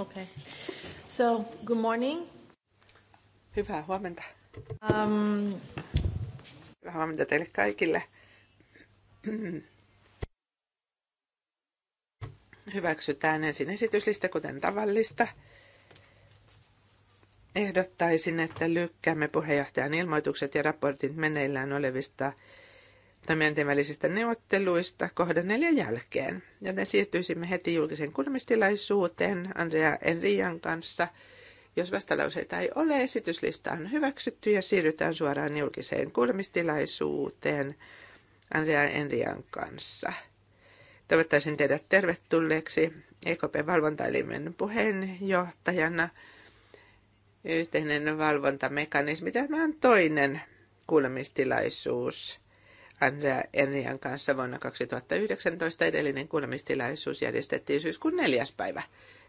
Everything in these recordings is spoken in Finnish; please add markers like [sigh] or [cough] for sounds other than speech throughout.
Okay. So, good morning. Hyvää huomenta. Um, Hyvää huomenta teille kaikille. Hyväksytään ensin esityslista, kuten tavallista. Ehdottaisin, että lykkäämme puheenjohtajan ilmoitukset ja raportit meneillään olevista toimijoiden välisistä neuvotteluista kohdan neljän jälkeen, joten siirtyisimme heti julkisen kuulemistilaisuuteen Andrea Enrian kanssa. Jos vastalauseita ei ole, esityslista on hyväksytty ja siirrytään suoraan julkiseen kuulemistilaisuuteen Andrea Enrian kanssa. Toivottaisin teidät tervetulleeksi EKP-valvontaelimen puheenjohtajana. Yhteinen valvontamekanismi. Tämä on toinen kuulemistilaisuus Andrea Ernian kanssa vuonna 2019. Edellinen kuulemistilaisuus järjestettiin syyskuun neljäs päivä.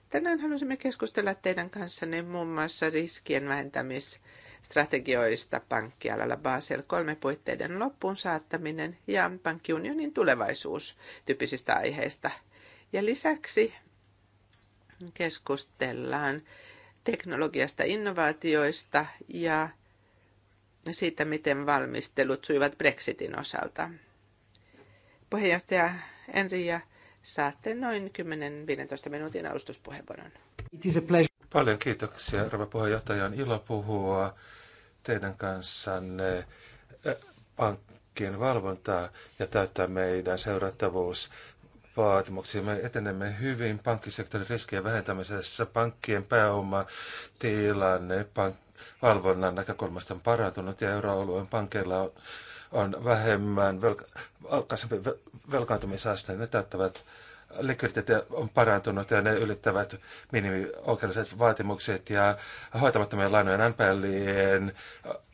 Tänään halusimme keskustella teidän kanssanne muun muassa riskien vähentämisstrategioista pankkialalla Basel 3 puitteiden loppuun saattaminen ja pankkiunionin tulevaisuus tyyppisistä aiheista. Ja lisäksi keskustellaan teknologiasta, innovaatioista ja siitä, miten valmistelut suivat Brexitin osalta. Puheenjohtaja Enria, saatte noin 10-15 minuutin alustuspuheenvuoron. Paljon kiitoksia, rouva puheenjohtaja. On ilo puhua teidän kanssanne eh, pankkien valvontaa ja täyttää meidän seurattavuus vaatimuksia. Me etenemme hyvin pankkisektorin riskien vähentämisessä, pankkien pääoma, tilanne, pank- valvonnan näkökulmasta on parantunut ja euroalueen pankeilla on, on vähemmän velka, alkaisempi velkaantumisaste. Ne täyttävät likviditeetti on parantunut ja ne ylittävät minimioikeudelliset vaatimukset ja hoitamattomien lainojen NPLien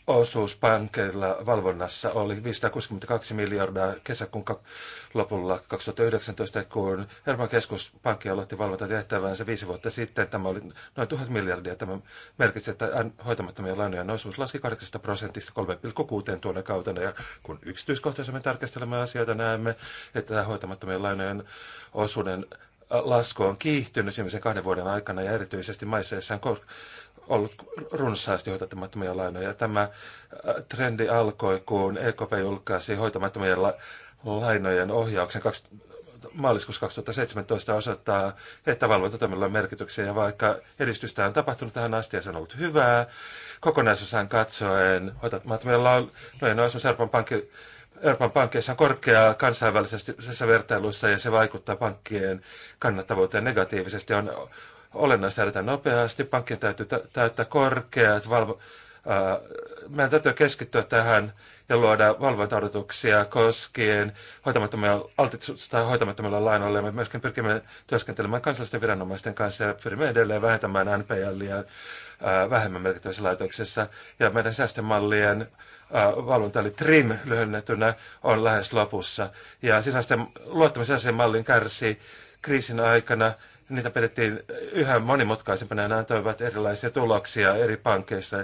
osuus pankeilla valvonnassa oli 562 miljardia kesäkuun lopulla 2019, kun Euroopan keskuspankki aloitti valvontatehtävänsä viisi vuotta sitten. Tämä oli noin 1000 miljardia. Tämä merkitsi, että hoitamattomia lainojen osuus laski 8 prosentista 3,6 tuona kautena. Ja kun yksityiskohtaisemmin tarkastelemme asioita, näemme, että hoitamattomien lainojen osuuden lasku on kiihtynyt viimeisen kahden vuoden aikana ja erityisesti maissa, joissa on ollut runsaasti hoitamattomia lainoja. Tämä äh, trendi alkoi, kun EKP julkaisi hoitamattomien la- lainojen ohjauksen maaliskuussa 2017 osoittaa, että valvontatoimilla on merkityksiä. Ja vaikka edistystä on tapahtunut tähän asti ja se on ollut hyvää, Kokonaisuusan katsoen hoitamattomien lainojen osuus Euroopan pankki Euroopan pankkeissa on korkea kansainvälisessä vertailussa ja se vaikuttaa pankkien kannattavuuteen negatiivisesti. On olennaista säädetään nopeasti, pankkien täytyy täyttää korkeat valvo, ää, äh, meidän täytyy keskittyä tähän ja luoda valvontaodotuksia koskien hoitamattomia, altistusta hoitamattomilla lainoilla. Me myöskin pyrkimme työskentelemään kansallisten viranomaisten kanssa ja pyrimme edelleen vähentämään NPL ja äh, vähemmän merkittävissä laitoksissa. Ja meidän säästömallien äh, valvonta, eli TRIM lyhennettynä, on lähes lopussa. Ja sisäisten luottamisen mallin kärsii kriisin aikana niitä pidettiin yhä monimutkaisempana ja nämä antoivat erilaisia tuloksia eri pankeissa.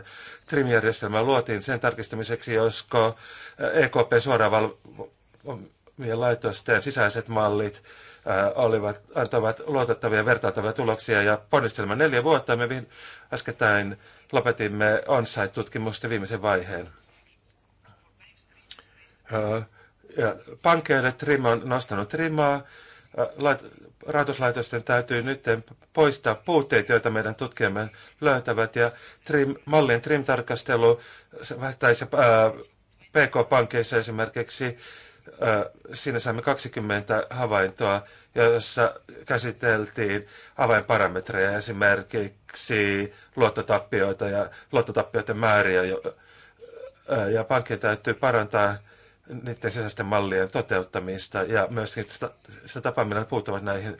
Trim-järjestelmä luotiin sen tarkistamiseksi, josko EKP eh, e suoraan valvomien laitosten sisäiset mallit eh, olivat, antavat luotettavia vertailtavia tuloksia ja ponnistelma neljä vuotta. Me äskettäin lopetimme on-site-tutkimusten viimeisen vaiheen. Eh, ja pankeille Trim on nostanut rimaa, rahoituslaitosten täytyy nyt poistaa puutteet, joita meidän tutkijamme löytävät. Ja trim, mallin trim-tarkastelu äh, PK-pankeissa esimerkiksi äh, siinä saimme 20 havaintoa, joissa käsiteltiin avainparametreja, esimerkiksi luottotappioita ja luottotappioiden määriä. Äh, ja pankkien täytyy parantaa niiden sisäisten mallien toteuttamista ja myöskin sitä, sitä tapaa, millä ne puuttuvat näihin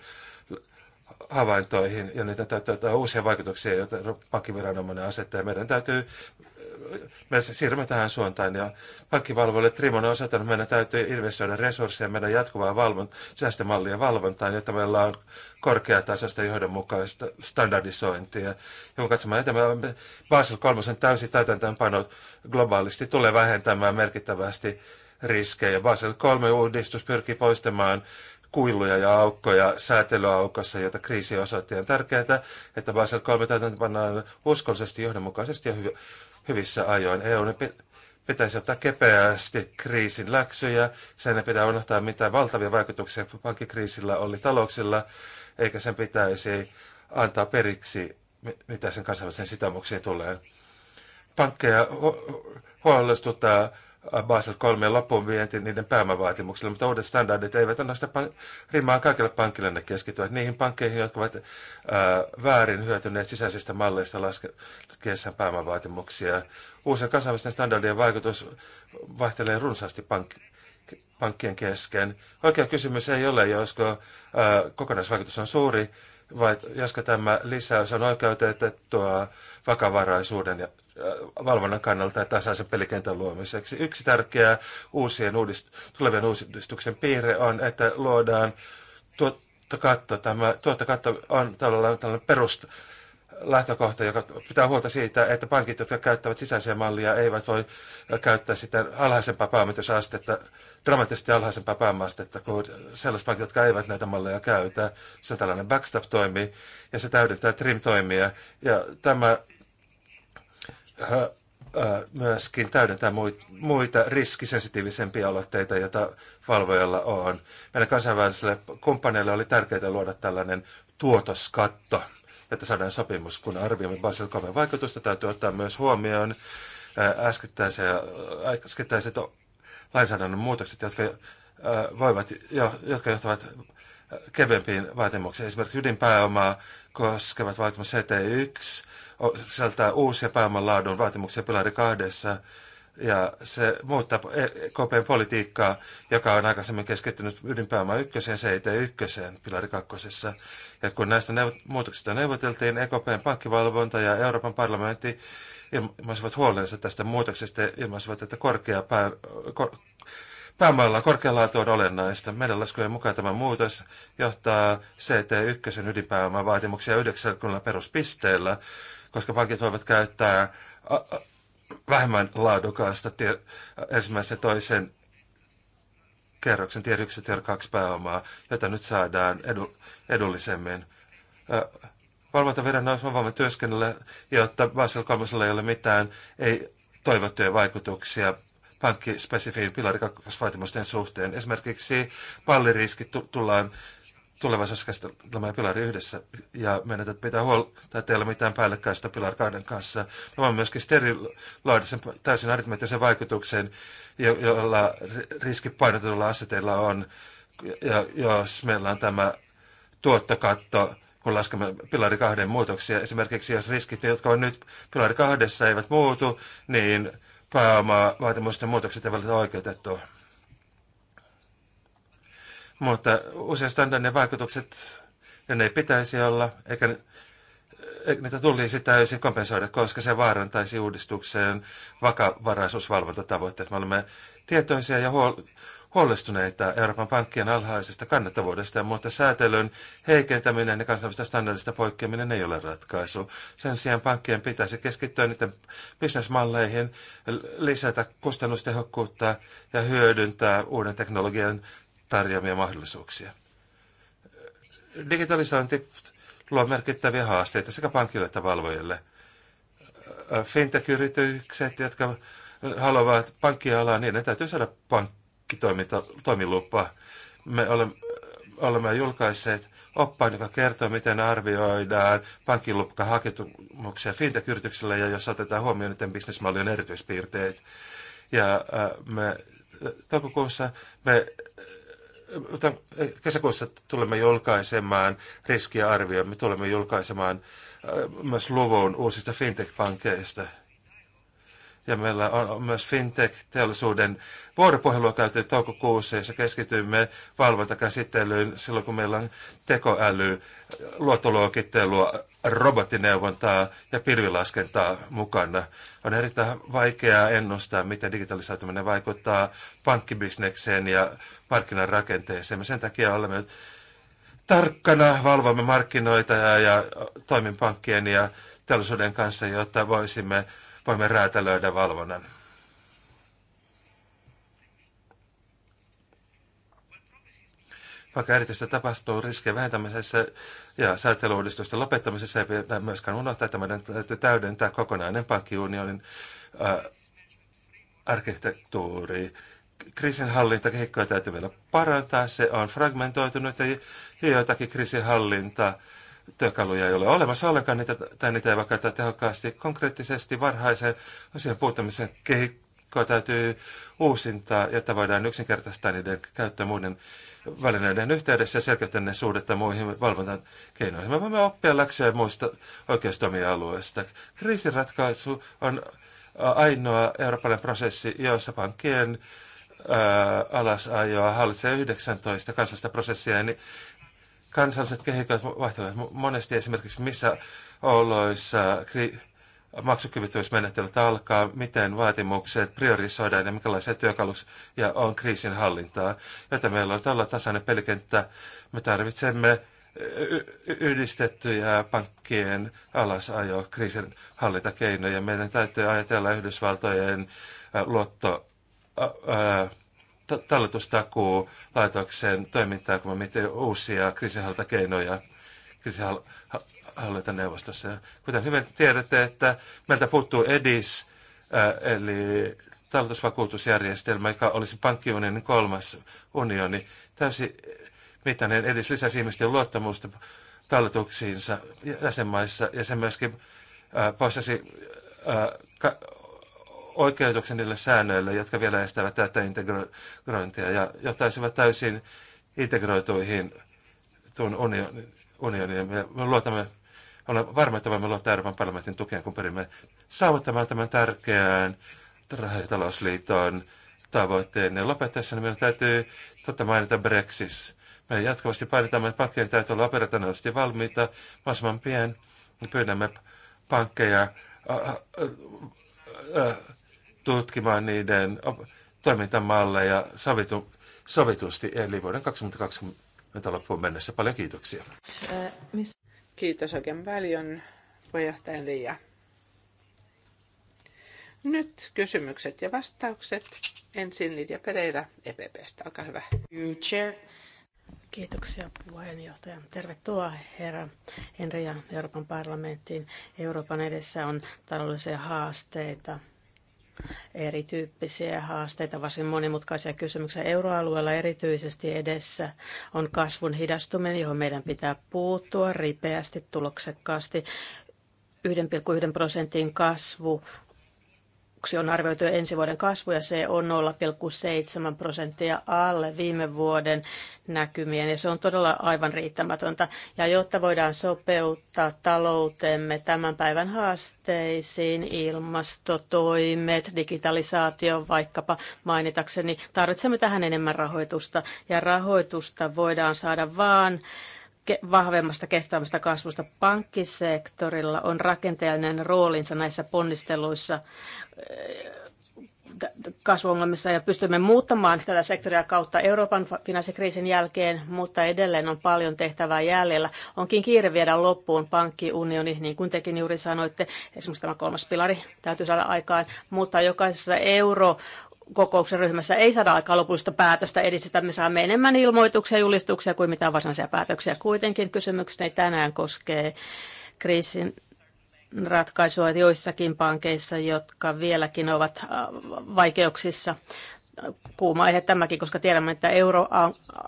havaintoihin ja niitä täytyy ottaa uusia vaikutuksia, joita pankkiviranomainen asettaa. Ja meidän täytyy, me siirrymme tähän suuntaan ja pankkivalvoille Trimon on osoittanut, meidän täytyy investoida resursseja meidän jatkuvaa valvon, säästömallien valvontaan, jotta meillä on korkeatasoista johdonmukaista standardisointia. Ja kun katsomaan eteenpäin, Basel 3 täysi täytäntöönpano globaalisti tulee vähentämään merkittävästi riskejä. Basel 3-uudistus pyrkii poistamaan kuiluja ja aukkoja säätelyaukossa, joita kriisi osoitti. On tärkeää, että Basel 3 täytäntöpannaan uskollisesti, johdonmukaisesti ja hyv- hyvissä ajoin. EUn pitäisi ottaa kepeästi kriisin läksyjä. Sen ei pidä unohtaa, mitä valtavia vaikutuksia pankkikriisillä oli talouksilla, eikä sen pitäisi antaa periksi, mitä sen kansainvälisen sitoumuksiin tulee. Pankkeja huolestuttaa Basel 3 loppuun vienti niiden pääomavaatimuksilla, mutta uudet standardit eivät anna sitä rimaa kaikille pankille ne keskittyvät niihin pankkeihin, jotka ovat ää, äh, väärin hyötyneet sisäisistä malleista laskeessaan pääomavaatimuksia. Uusien kansainvälisten standardien vaikutus vaihtelee runsaasti pank- pankkien kesken. Oikea kysymys ei ole, josko ää, äh, kokonaisvaikutus on suuri, vai josko tämä lisäys on oikeutettua vakavaraisuuden ja Äh, valvonnan kannalta ja tasaisen pelikentän luomiseksi. Yksi tärkeä uusien uudist- tulevien uudistuksen piirre on, että luodaan tuottokatto. Tämä tuottokatto on tavallaan tällainen perust lähtökohta, joka pitää huolta siitä, että pankit, jotka käyttävät sisäisiä mallia, eivät voi käyttää sitä alhaisempaa pääomitusastetta, dramaattisesti alhaisempaa pääomastetta kuin sellaiset pankit, jotka eivät näitä malleja käytä. Se on tällainen backstop-toimi ja se täydentää trim-toimia. Ja tämä myöskin täydentää muita riskisensitiivisempiä aloitteita, joita valvojalla on. Meidän kansainväliselle kumppaneille oli tärkeää luoda tällainen tuotoskatto, että saadaan sopimus, kun arvioimme Basel 3 vaikutusta. Täytyy ottaa myös huomioon äskettäiset lainsäädännön muutokset, jotka, voivat, jotka johtavat kevempiin vaatimuksiin. Esimerkiksi ydinpääomaa koskevat vaatimukset CT1, sisältää uusia pääomanlaadun vaatimuksia pilari kahdessa, ja se muuttaa EKPn e politiikkaa, joka on aikaisemmin keskittynyt ydinpääoma ykköseen, se ei tee ykköseen pilari kakkosessa. Ja kun näistä neuv- muutoksista neuvoteltiin, EKPn pankkivalvonta ja Euroopan parlamentti ilmaisivat huolensa tästä muutoksesta ja ilmaisivat, että korkea pää, kor, päämaalla laatu on olennaista. Meidän laskujen mukaan tämä muutos johtaa CT1 ydinpääomavaatimuksia 90 peruspisteellä, koska pankit voivat käyttää vähemmän laadukasta tie, ensimmäisen toisen kerroksen tier 1 tier 2 pääomaa, jota nyt saadaan edu, edullisemmin. Valvontaviranomaisena voimme työskennellä, jotta Basel 3 ei ole mitään ei toivottuja vaikutuksia pankkispesifiin pilarikakkausvaatimusten suhteen. Esimerkiksi palliriskit tullaan tulevaisuus käsittelemään ja Pilari yhdessä. Ja meidän täytyy pitää huolta, että ei ole mitään päällekkäistä Pilar kahden kanssa. Me voimme myöskin steriloida sen täysin aritmeettisen vaikutuksen, jo- jolla riskipainotetulla aseteilla on. Ja jos meillä on tämä tuottokatto, kun laskemme pilari kahden muutoksia. Esimerkiksi jos riskit, jotka on nyt pilari kahdessa, eivät muutu, niin pääomavaatimusten muutokset eivät ole oikeutettua. Mutta usein standardien vaikutukset, ne ei pitäisi olla, eikä niitä tulisi täysin kompensoida, koska se vaarantaisi uudistukseen vakavaraisuusvalvontatavoitteet. Me olemme tietoisia ja huol- huolestuneita Euroopan pankkien alhaisesta kannattavuudesta, mutta säätelyn heikentäminen ja kansainvälistä standardista poikkeaminen ei ole ratkaisu. Sen sijaan pankkien pitäisi keskittyä niiden bisnesmalleihin, lisätä kustannustehokkuutta ja hyödyntää uuden teknologian tarjoamia mahdollisuuksia. Digitalisointi luo merkittäviä haasteita sekä pankille että valvojille. Fintech-yritykset, jotka haluavat pankkialaa, niin ne täytyy saada pankkitoimilupa. Me olemme, olemme julkaisseet oppaan, joka kertoo, miten arvioidaan pankkilupkahakemuksia fintech-yrityksellä ja jos otetaan huomioon niiden bisnesmallien erityispiirteet. Ja me toukokuussa me Eh, kesäkuussa tulemme julkaisemaan riskiarvio, me tulemme julkaisemaan eh, myös luvun uusista fintech-pankeista pankkeista ja meillä on myös fintech-teollisuuden vuoropuhelua käyty toukokuussa, jossa keskitymme valvontakäsittelyyn silloin, kun meillä on tekoäly, luottoluokittelua, robottineuvontaa ja pilvilaskentaa mukana. On erittäin vaikeaa ennustaa, miten digitalisoituminen vaikuttaa pankkibisnekseen ja markkinarakenteeseen. Me sen takia olemme tarkkana, valvomme markkinoita ja, ja toimin pankkien ja teollisuuden kanssa, jotta voisimme voimme räätälöidä valvonnan. Vaikka erityistä tapahtuu riskejä vähentämisessä ja säätelyuudistusten lopettamisessa, ei pidä myöskään unohtaa, että meidän täytyy täydentää kokonainen pankkiunionin äh, arkkitehtuuri. Kriisinhallinta kehikkoja täytyy vielä parantaa. Se on fragmentoitunut ja joitakin kriisinhallinta työkaluja ei ole olemassa ollenkaan, niitä, tai niitä ei vaikka tehokkaasti. Konkreettisesti varhaisen asian puuttumisen kehikkoa täytyy uusintaa, jotta voidaan yksinkertaistaa niiden käyttöä muiden välineiden yhteydessä ja selkeyttää ne suhdetta muihin valvontan keinoihin. Me voimme oppia läksyä muista oikeustoimialueista. Kriisinratkaisu on ainoa eurooppalainen prosessi, jossa pankkien alasajoa hallitsee 19 kansallista prosessia, ja kansalliset kehikot vaihtelevat monesti esimerkiksi missä oloissa kri- maksukyvyttömyysmenettelyt alkaa, miten vaatimukset priorisoidaan ja minkälaisia työkaluja on kriisin hallintaa. Joten meillä on tällä tasainen pelikenttä. Me tarvitsemme yhdistettyjä pankkien alasajo kriisin hallintakeinoja. Meidän täytyy ajatella Yhdysvaltojen luotto ää, talletustakuu laitoksen toimintaa, kun me mietin uusia kriisinhallintakeinoja kriisinhallintaneuvostossa. Kuten hyvin tiedätte, että meiltä puuttuu EDIS, äh, eli talletusvakuutusjärjestelmä, joka olisi pankkiunionin kolmas unioni. Täysin mittainen EDIS lisäsi ihmisten luottamusta talletuksiinsa jäsenmaissa ja se myöskin äh, poistasi äh, oikeutuksen niille säännöille, jotka vielä estävät tätä integrointia ja johtaisivat täysin integroituihin tuon unionin. Me, luotamme, olemme varma, että voimme luottaa Euroopan parlamentin tukeen, kun pyrimme saavuttamaan tämän tärkeän rahoitalousliiton tavoitteen. Ja lopettaessa niin meidän täytyy totta mainita Brexit. Me jatkuvasti painetaan että pankkien täytyy olla operationaalisesti valmiita mahdollisimman pian. pyydämme pankkeja äh, äh, äh, tutkimaan niiden toimintamalleja sovitu, sovitusti, eli vuoden 2020 loppuun mennessä. Paljon kiitoksia. Äh, Kiitos oikein paljon, puheenjohtaja Liia. Nyt kysymykset ja vastaukset. Ensin Lidia Pereira EPPstä, olkaa hyvä. chair. Kiitoksia puheenjohtaja. Tervetuloa herra Henri ja Euroopan parlamenttiin. Euroopan edessä on taloudellisia haasteita erityyppisiä haasteita, varsin monimutkaisia kysymyksiä. Euroalueella erityisesti edessä on kasvun hidastuminen, johon meidän pitää puuttua ripeästi, tuloksekkaasti. 1,1 prosentin kasvu vuoksi on arvioitu ensi vuoden kasvu ja se on 0,7 prosenttia alle viime vuoden näkymien ja se on todella aivan riittämätöntä. Ja jotta voidaan sopeuttaa taloutemme tämän päivän haasteisiin, ilmastotoimet, digitalisaatio vaikkapa mainitakseni, tarvitsemme tähän enemmän rahoitusta ja rahoitusta voidaan saada vaan vahvemmasta kestävästä kasvusta. Pankkisektorilla on rakenteellinen roolinsa näissä ponnisteluissa äh, kasvuongelmissa ja pystymme muuttamaan tätä sektoria kautta Euroopan finanssikriisin jälkeen, mutta edelleen on paljon tehtävää jäljellä. Onkin kiire viedä loppuun pankkiunioni, niin kuin tekin juuri sanoitte, esimerkiksi tämä kolmas pilari täytyy saada aikaan, mutta jokaisessa euro kokouksen ryhmässä ei saada aikaa lopullista päätöstä edistä. Me saamme enemmän ilmoituksia ja julistuksia kuin mitä varsinaisia päätöksiä. Kuitenkin kysymykseni tänään koskee kriisin ratkaisua joissakin pankeissa, jotka vieläkin ovat äh, vaikeuksissa. Kuuma aihe tämäkin, koska tiedämme, että euro äh,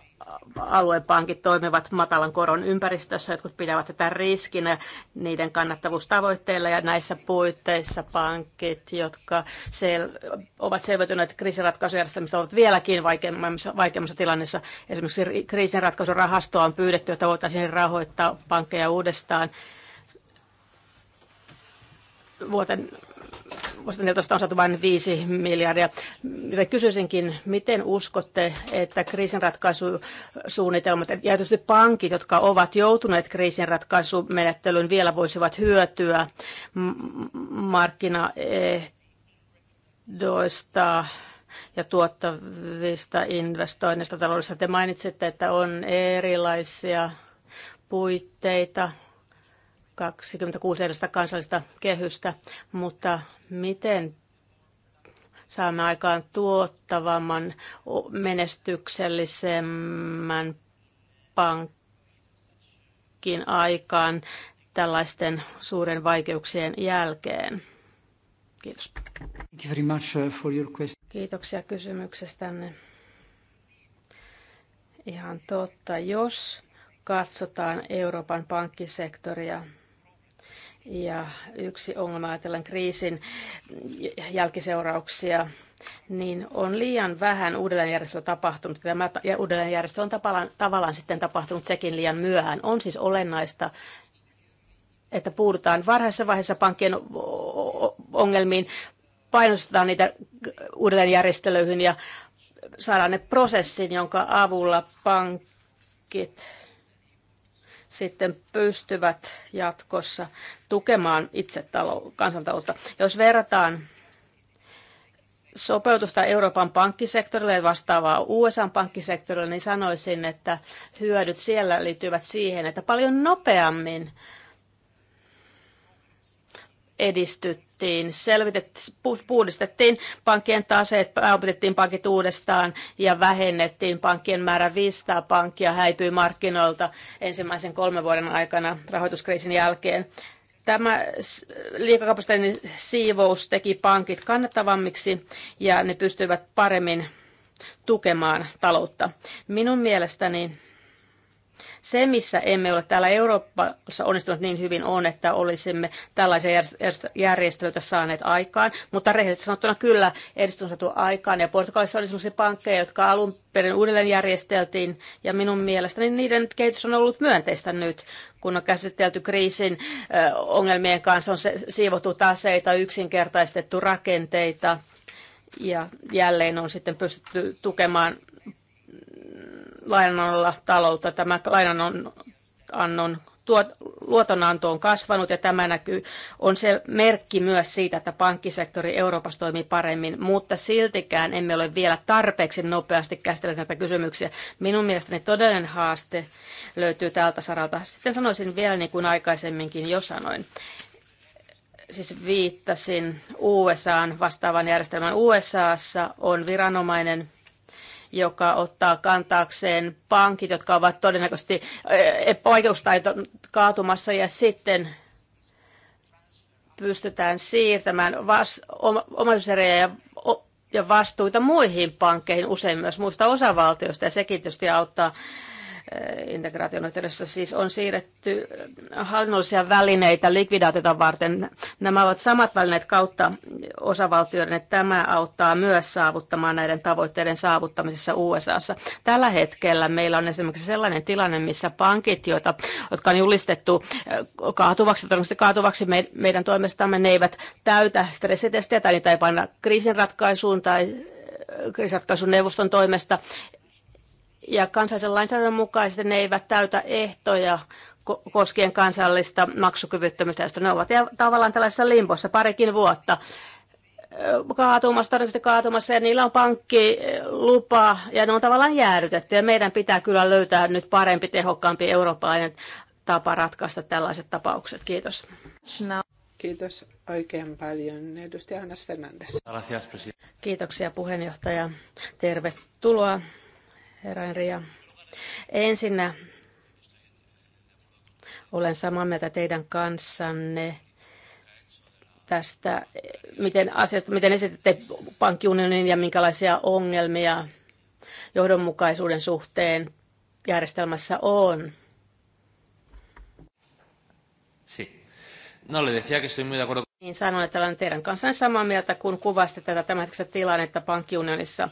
aluepankit toimivat matalan koron ympäristössä, jotkut pitävät tätä riskinä niiden kannattavuustavoitteilla ja näissä puitteissa pankit, jotka sel- ovat selvityneet kriisinratkaisujärjestelmistä, ovat vieläkin vaikeammassa, vaikeammassa tilanteessa. Esimerkiksi kriisinratkaisurahastoa on pyydetty, että voitaisiin rahoittaa pankkeja uudestaan vuoteen vuosina 14 on saatu vain 5 miljardia. Joten kysyisinkin, miten uskotte, että kriisinratkaisusuunnitelmat ja tietysti pankit, jotka ovat joutuneet kriisinratkaisumenettelyyn, vielä voisivat hyötyä markkinaehdoista ja tuottavista investoinneista taloudessa. Te mainitsitte, että on erilaisia puitteita 26 edellistä kansallista kehystä, mutta miten saamme aikaan tuottavamman, menestyksellisemmän pankin aikaan tällaisten suuren vaikeuksien jälkeen? Kiitos. Thank you very much uh, for your question. Kiitoksia kysymyksestänne. Ihan totta. Jos katsotaan Euroopan pankkisektoria, ja yksi ongelma ajatellen kriisin jälkiseurauksia, niin on liian vähän uudelleenjärjestelyä tapahtunut. Tämä uudelleenjärjestely on tavallaan, tavallaan sitten tapahtunut sekin liian myöhään. On siis olennaista, että puudutaan varhaisessa vaiheessa pankkien ongelmiin, painostetaan niitä uudelleenjärjestelyihin ja saadaan ne prosessin, jonka avulla pankit sitten pystyvät jatkossa tukemaan itse kansantaloutta. Jos verrataan sopeutusta Euroopan pankkisektorille ja vastaavaa USA-pankkisektorille, niin sanoisin, että hyödyt siellä liittyvät siihen, että paljon nopeammin edistyt puhdistettiin, selvitettiin, puhdistettiin pankkien taseet, pääomitettiin pankit uudestaan ja vähennettiin pankkien määrä 500 pankkia häipyi markkinoilta ensimmäisen kolmen vuoden aikana rahoituskriisin jälkeen. Tämä liikakapasiteetin siivous teki pankit kannattavammiksi ja ne pystyivät paremmin tukemaan taloutta. Minun mielestäni se, missä emme ole täällä Euroopassa onnistuneet niin hyvin, on, että olisimme tällaisia järjestelyitä saaneet aikaan. Mutta rehellisesti sanottuna kyllä edistys on saatu aikaan. Ja Portugalissa oli sellaisia pankkeja, jotka alun perin uudelleen järjesteltiin. Ja minun mielestäni niiden kehitys on ollut myönteistä nyt, kun on käsitelty kriisin ongelmien kanssa. On siivottu taseita, yksinkertaistettu rakenteita ja jälleen on sitten pystytty tukemaan lainanolla taloutta. Tämä lainanannon tuot, luotonanto on kasvanut ja tämä näkyy, on se merkki myös siitä, että pankkisektori Euroopassa toimii paremmin, mutta siltikään emme ole vielä tarpeeksi nopeasti käsitelleet näitä kysymyksiä. Minun mielestäni todellinen haaste löytyy tältä saralta. Sitten sanoisin vielä niin kuin aikaisemminkin jo sanoin, siis viittasin USAan vastaavan järjestelmän. USAssa on viranomainen, joka ottaa kantaakseen pankit, jotka ovat todennäköisesti vaikeustaito eh, eh, kaatumassa ja sitten pystytään siirtämään vas- omaisuuseriä ja ja vastuita muihin pankkeihin, usein myös muista osavaltioista, ja sekin tietysti auttaa integraation yhteydessä siis on siirretty hallinnollisia välineitä likvidaatiota varten. Nämä ovat samat välineet kautta osavaltioiden, että tämä auttaa myös saavuttamaan näiden tavoitteiden saavuttamisessa USAssa. Tällä hetkellä meillä on esimerkiksi sellainen tilanne, missä pankit, joita, jotka on julistettu eh, kaatuvaksi, todennäköisesti kaatuvaksi meidän toimestamme, ne eivät täytä stressitestiä tai niitä ei panna kriisinratkaisuun tai eh, kriisinratkaisun neuvoston toimesta ja kansallisen lainsäädännön mukaisesti ne eivät täytä ehtoja koskien kansallista maksukyvyttömyyttä, josta ne ovat tavallaan tällaisessa limboissa parikin vuotta kaatumassa, todennäköisesti kaatumassa, ja niillä on pankkilupa, ja ne on tavallaan jäädytetty, ja meidän pitää kyllä löytää nyt parempi, tehokkaampi eurooppalainen tapa ratkaista tällaiset tapaukset. Kiitos. Kiitos oikein paljon. Edustaja Anas Fernandes. Kiitoksia puheenjohtaja. Tervetuloa herra Enria. Ensinnä olen samaa mieltä teidän kanssanne tästä, miten, asiasta, miten esitette pankkiunionin ja minkälaisia ongelmia johdonmukaisuuden suhteen järjestelmässä on. Si. No le decía que estoy muy de acuerdo. Niin sanoin, että olen teidän kanssanne samaa mieltä, kun kuvasitte tätä tämänhetkistä tilannetta pankkiunionissa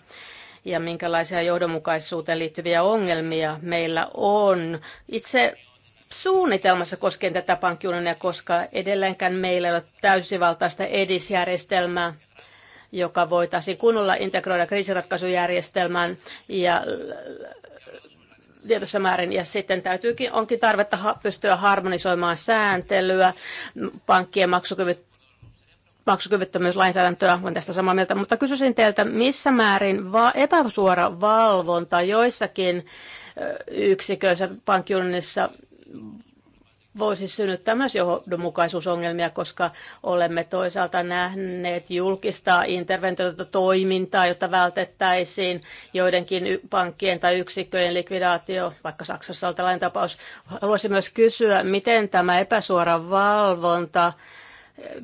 ja minkälaisia johdonmukaisuuteen liittyviä ongelmia meillä on. Itse suunnitelmassa koskien tätä pankkiunionia, koska edelleenkään meillä ei ole täysivaltaista edisjärjestelmää, joka voitaisiin kunnolla integroida kriisiratkaisujärjestelmään ja tietyssä määrin. Ja sitten täytyykin, onkin tarvetta pystyä harmonisoimaan sääntelyä, pankkien maksukyvyt maksukyvyttömyyslainsäädäntöä, olen tästä samaa mieltä, mutta kysyisin teiltä, missä määrin va- epäsuora valvonta joissakin yksiköissä pankkiunionissa voisi synnyttää myös johdonmukaisuusongelmia, koska olemme toisaalta nähneet julkista interventiota toimintaa, jotta vältettäisiin joidenkin pankkien tai yksikköjen likvidaatio, vaikka Saksassa on tällainen tapaus. Haluaisin myös kysyä, miten tämä epäsuora valvonta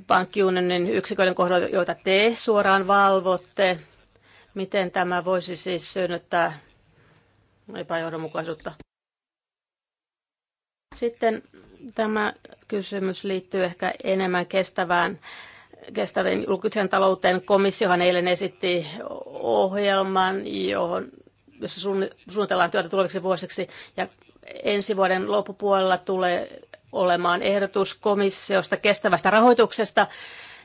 pankkiunionin yksiköiden kohdalla, joita te suoraan valvotte. Miten tämä voisi siis synnyttää epäjohdonmukaisuutta? Sitten tämä kysymys liittyy ehkä enemmän kestävään kestävän julkisen talouteen. Komissiohan eilen esitti ohjelman, johon, jossa suunnitellaan työtä tuleviksi vuosiksi ja ensi vuoden loppupuolella tulee olemaan ehdotus komissiosta kestävästä rahoituksesta.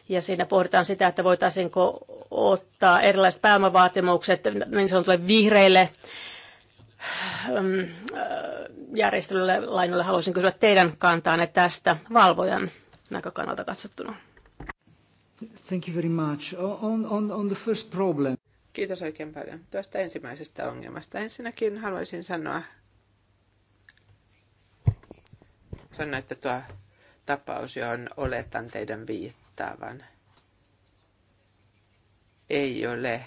Ja siinä pohditaan sitä, että voitaisiinko ottaa erilaiset pääomavaatimukset niin sanotulle vihreille ähm, äh, järjestelylle lainoille. Haluaisin kysyä teidän kantaanne tästä valvojan näkökannalta katsottuna. Thank you very much. On, on, on the first problem. Kiitos oikein paljon tästä ensimmäisestä ongelmasta. Ensinnäkin haluaisin sanoa sanoi, että tuo tapaus, johon oletan teidän viittaavan, ei ole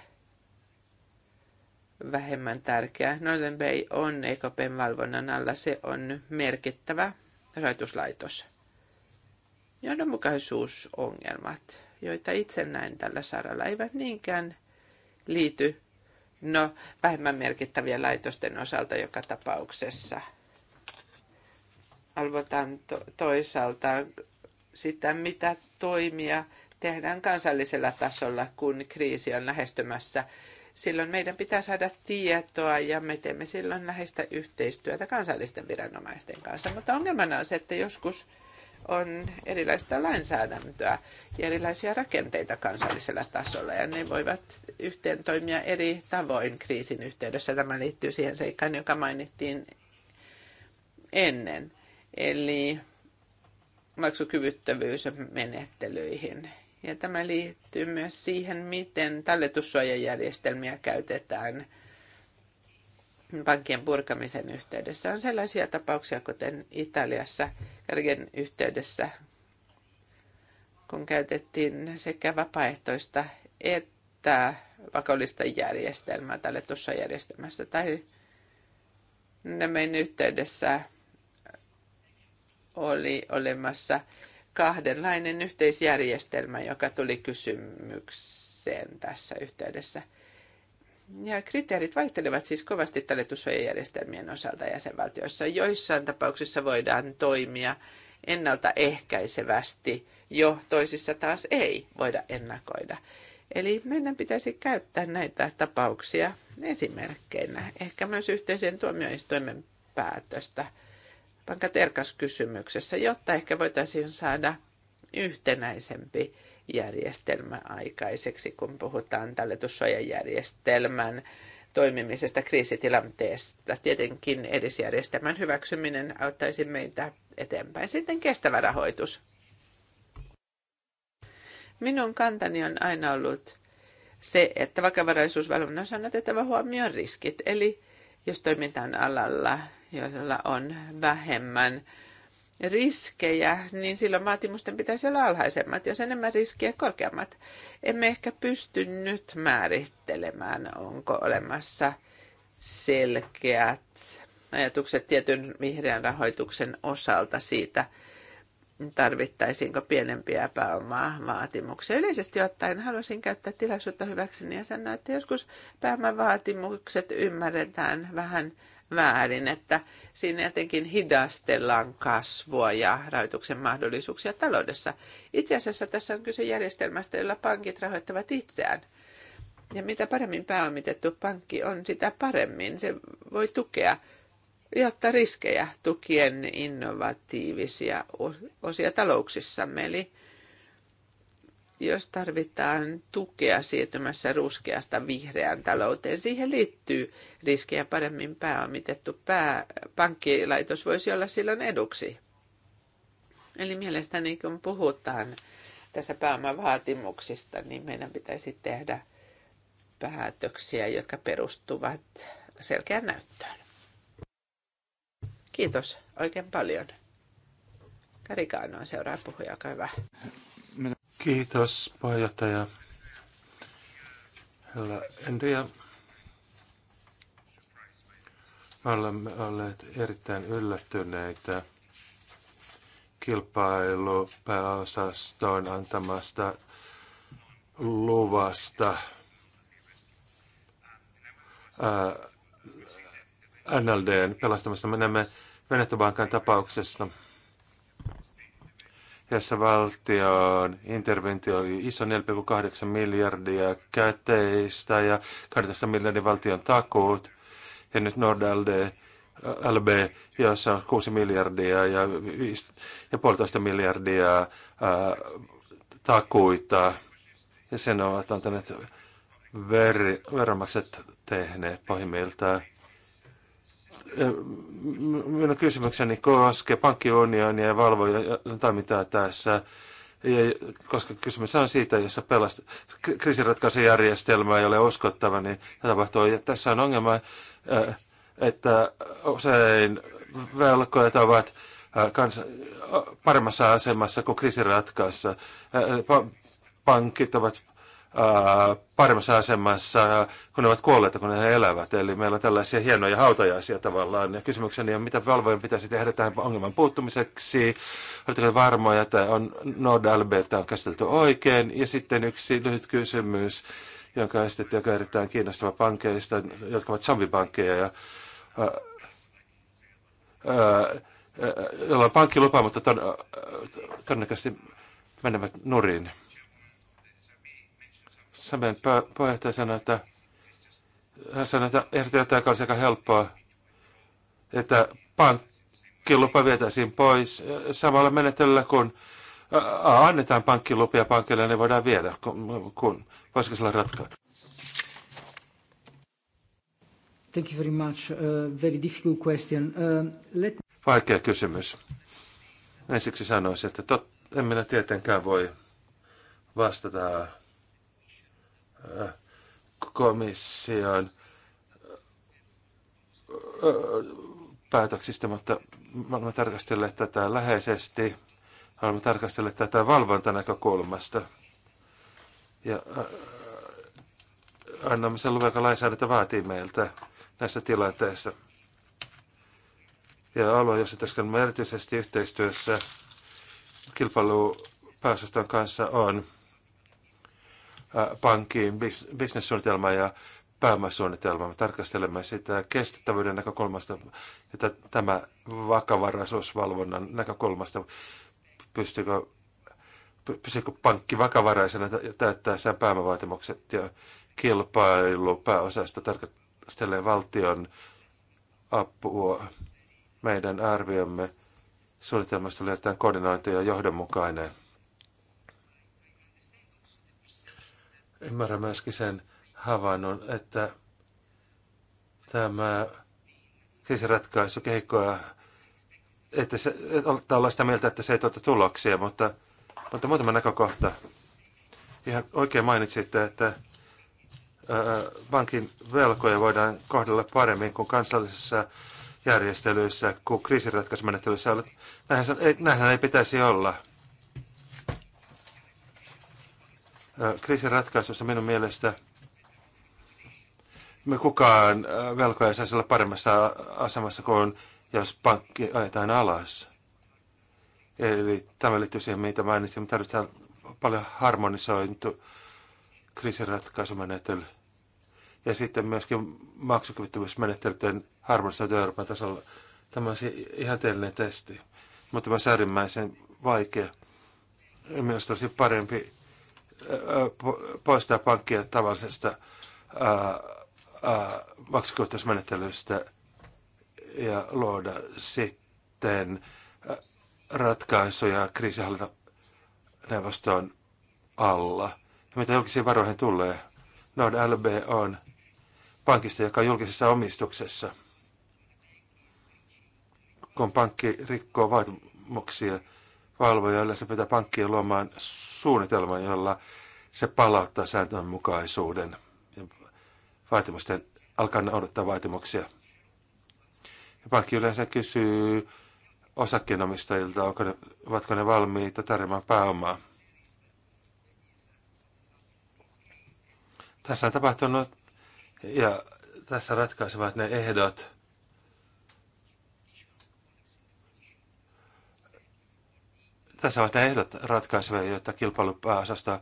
vähemmän tärkeä. Northern Bay on EKPn valvonnan alla. Se on merkittävä rahoituslaitos. Johdonmukaisuusongelmat, joita itse näen tällä saralla, eivät niinkään liity no, vähemmän merkittäviä laitosten osalta joka tapauksessa – valvotaan to- toisaalta sitä, mitä toimia tehdään kansallisella tasolla, kun kriisi on lähestymässä. Silloin meidän pitää saada tietoa ja me teemme silloin läheistä yhteistyötä kansallisten viranomaisten kanssa. Mutta ongelmana on se, että joskus on erilaista lainsäädäntöä ja erilaisia rakenteita kansallisella tasolla ja ne voivat yhteen toimia eri tavoin kriisin yhteydessä. Tämä liittyy siihen seikkaan, joka mainittiin ennen eli maksukyvyttövyysmenettelyihin. Ja tämä liittyy myös siihen, miten talletussuojajärjestelmiä käytetään pankkien purkamisen yhteydessä. On sellaisia tapauksia, kuten Italiassa kärjen yhteydessä, kun käytettiin sekä vapaaehtoista että pakollista järjestelmää talletussuojajärjestelmässä. Tai meidän yhteydessä oli olemassa kahdenlainen yhteisjärjestelmä, joka tuli kysymykseen tässä yhteydessä. Ja kriteerit vaihtelevat siis kovasti talletussuojajärjestelmien osalta jäsenvaltioissa. Joissain tapauksissa voidaan toimia ennaltaehkäisevästi, jo toisissa taas ei voida ennakoida. Eli meidän pitäisi käyttää näitä tapauksia esimerkkeinä, ehkä myös yhteisen tuomioistuimen päätöstä – terkaskysymyksessä, jotta ehkä voitaisiin saada yhtenäisempi järjestelmä aikaiseksi, kun puhutaan talletussuojajärjestelmän toimimisesta kriisitilanteesta. Tietenkin edisjärjestelmän hyväksyminen auttaisi meitä eteenpäin. Sitten kestävä rahoitus. Minun kantani on aina ollut se, että vakavaraisuusvalvonnassa on otettava huomioon riskit. Eli jos on alalla, joilla on vähemmän riskejä, niin silloin vaatimusten pitäisi olla alhaisemmat, jos enemmän riskiä korkeammat. Emme ehkä pysty nyt määrittelemään, onko olemassa selkeät ajatukset tietyn vihreän rahoituksen osalta siitä, tarvittaisiinko pienempiä pääomaa vaatimuksia. Yleisesti ottaen haluaisin käyttää tilaisuutta hyväkseni ja sanoa, että joskus pääomavaatimukset ymmärretään vähän – väärin, että siinä jotenkin hidastellaan kasvua ja rahoituksen mahdollisuuksia taloudessa. Itse asiassa tässä on kyse järjestelmästä, jolla pankit rahoittavat itseään. Ja mitä paremmin pääomitettu pankki on, sitä paremmin se voi tukea ja ottaa riskejä tukien innovatiivisia osia talouksissamme. Eli jos tarvitaan tukea siirtymässä ruskeasta vihreään talouteen. Siihen liittyy riskejä paremmin pääomitettu pää, pankkilaitos voisi olla silloin eduksi. Eli mielestäni kun puhutaan tässä pääomavaatimuksista, niin meidän pitäisi tehdä päätöksiä, jotka perustuvat selkeään näyttöön. Kiitos oikein paljon. Karikaano on seuraava puhuja, olkaa hyvä. Kiitos puheenjohtaja Hella Enria. Me olemme olleet erittäin yllättyneitä kilpailupääosastoon antamasta luvasta ää, NLDn pelastamassa. Menemme Venetobankan tapauksesta jossa valtion interventio oli iso 4,8 miljardia käteistä ja 12 miljardin valtion takuut. Ja nyt Nordalde LB, jossa on 6 miljardia ja, 5, ja puolitoista miljardia ää, takuita. Ja sen ovat antaneet ver, veronmaksajat tehneet pohjimmiltaan minun kysymykseni koskee pankkiunionia ja valvoja mitä tässä. Ja, koska kysymys on siitä, jossa pelast, kriisiratkaisujärjestelmä ei ole uskottava, niin tapahtuu. Ja tässä on ongelma, äh, että usein velkojat ovat äh, kans, äh, paremmassa asemassa kuin kriisiratkaisussa Pankit ovat paremmassa asemassa, kun ne ovat kuolleita, kun ne elävät. Eli meillä on tällaisia hienoja hautajaisia tavallaan. Ja kysymykseni on, mitä valvojen pitäisi tehdä tähän ongelman puuttumiseksi? Oletteko varmoja, että on Nordalbetta on käsitelty oikein? Ja sitten yksi lyhyt kysymys, jonka esitetty, joka on erittäin kiinnostava pankeista, jotka ovat zombipankkeja. Ja, ää, ää, jolla on pankkilupa, mutta ton, todennäköisesti menevät nurin. Samen puheenjohtaja sanoi, että hän sanoi, että ehdotti jotain, joka olisi aika helppoa, että pankkilupa vietäisiin pois äh, samalla menetellä kun äh, äh, annetaan pankkilupia pankille, niin ne niin voidaan viedä, kun, voisiko sillä ratkaa. Thank you very much. Uh, very difficult question. Uh, let... Vaikea kysymys. Ensiksi sanoisin, että tot, en minä tietenkään voi vastata Äh, komission äh, päätöksistä, mutta me olemme tarkastelleet tätä läheisesti. Olemme tarkastelleet tätä valvontanäkökulmasta. Ja äh, annamme sen luvan, joka lainsäädäntö vaatii meiltä näissä tilanteissa. Ja alue, jossa tässä erityisesti yhteistyössä kilpailupääosaston kanssa, on – pankin bis, bisnessuunnitelma ja pääomasuunnitelma. Me tarkastelemme sitä kestettävyyden näkökulmasta, että tämä vakavaraisuusvalvonnan näkökulmasta, pystyykö, pystyykö pankki vakavaraisena täyttää sen pääomavaatimukset ja kilpailu pääosasta tarkastelee valtion apua. Meidän arviomme suunnitelmasta löydetään koordinointi ja johdonmukainen. Ymmärrän myöskin sen havainnon, että tämä kriisiratkaisu kehikkoa, että se, et olla sitä mieltä, että se ei tuota tuloksia, mutta, mutta muutama näkökohta. Ihan oikein mainitsitte, että ää, pankin velkoja voidaan kohdella paremmin kuin kansallisessa järjestelyissä, kuin kriisiratkaisumenettelyissä. Näinhän, näinhän ei pitäisi olla. Äh, kriisin ratkaisussa minun mielestä me kukaan äh, velkoja saisi olla paremmassa asemassa kuin jos pankki ajetaan alas. Eli tämä liittyy siihen, mitä mainitsin. Me tarvitaan paljon harmonisointu kriisiratkaisumenettely. Ja sitten myöskin maksukyvyttömyysmenettelyiden harmonisoitu Euroopan tasolla. Tämä on ihan teellinen testi, mutta myös äärimmäisen vaikea. Minusta olisi parempi poistaa pankkia tavallisesta maksukohtaismenettelystä ja luoda sitten ratkaisuja kriisinhallintaneuvoston alla. Ja mitä julkisiin varoihin tulee? Nord LB on pankista, joka on julkisessa omistuksessa. Kun pankki rikkoo vaatimuksia, valvoja yleensä pitää pankkien luomaan suunnitelman, jolla se palauttaa sääntönmukaisuuden ja vaatimusten alkaa odottaa vaatimuksia. Ja pankki yleensä kysyy osakkeenomistajilta, onko ne, ovatko ne valmiita tarjoamaan pääomaa. Tässä on tapahtunut ja tässä ratkaisevat ne ehdot, tässä ovat nämä ehdot ratkaisevia, joita kilpailupääosasto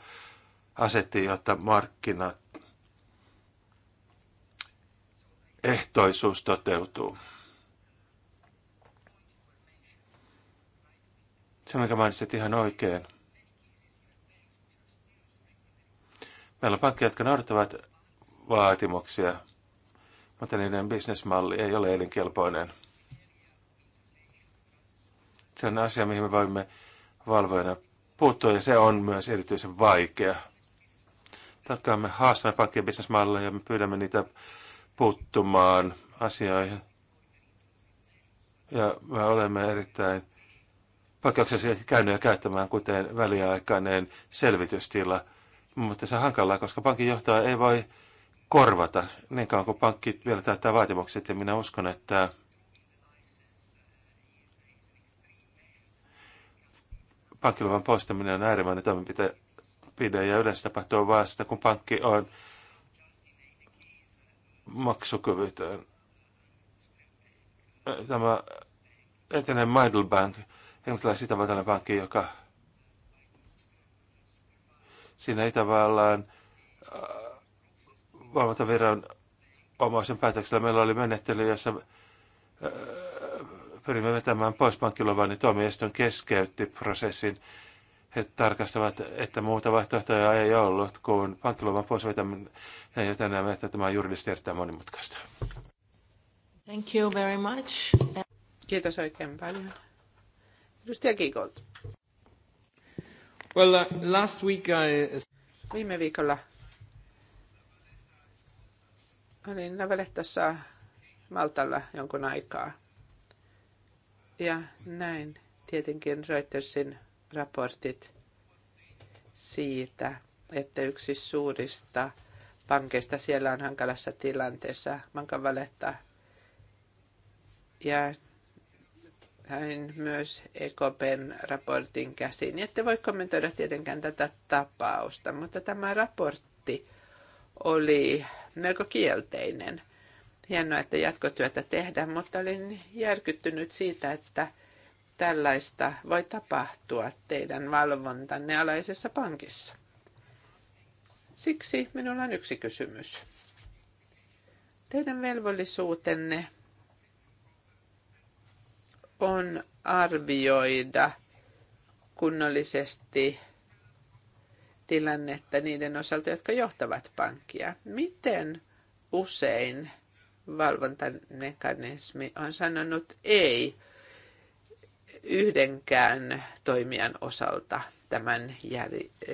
asetti, jotta markkinat ehtoisuus toteutuu. Se, minkä mainitsit ihan oikein. Meillä on pankkeja, jotka noudattavat vaatimuksia, mutta niiden bisnesmalli ei ole elinkelpoinen. Se on asia, mihin me voimme valvojana puuttua, ja se on myös erityisen vaikea. Takaa me haastamme pankkien bisnesmalleja ja me pyydämme niitä puuttumaan asioihin. Ja me olemme erittäin poikkeuksellisia käynyt käyttämään, kuten väliaikainen selvitystila. Mutta se on hankalaa, koska pankin johtaja ei voi korvata niin kauan kuin pankki vielä täyttää vaatimukset. Ja minä uskon, että pankkiluvan poistaminen on äärimmäinen toimenpide ja yleensä tapahtuu vasta, kun pankki on maksukyvytön. Tämä entinen Bank, englantilainen itävaltainen pankki, joka siinä Itävallan äh, valvontaviran omaisen päätöksellä meillä oli menettely, jossa äh, pyrimme vetämään pois pankkiluvan, niin tuomioistuin keskeytti prosessin. He tarkastavat, että muuta vaihtoehtoja ei ollut, kun pankkiluvan pois vetäminen, joten näemme, että tämä on juridisesti erittäin monimutkaista. Thank you very much. Kiitos oikein paljon. Edustaja Giegold. Well, uh, last week I... Uh, Viime viikolla olin Navelettassa Maltalla jonkun aikaa. Ja näin tietenkin Reutersin raportit siitä, että yksi suurista pankeista siellä on hankalassa tilanteessa, Valetta. Ja hän myös EKPn raportin käsiin. Ette voi kommentoida tietenkään tätä tapausta, mutta tämä raportti oli melko kielteinen – hienoa, että jatkotyötä tehdään, mutta olin järkyttynyt siitä, että tällaista voi tapahtua teidän valvontanne alaisessa pankissa. Siksi minulla on yksi kysymys. Teidän velvollisuutenne on arvioida kunnollisesti tilannetta niiden osalta, jotka johtavat pankkia. Miten usein valvontamekanismi on sanonut ei yhdenkään toimijan osalta tämän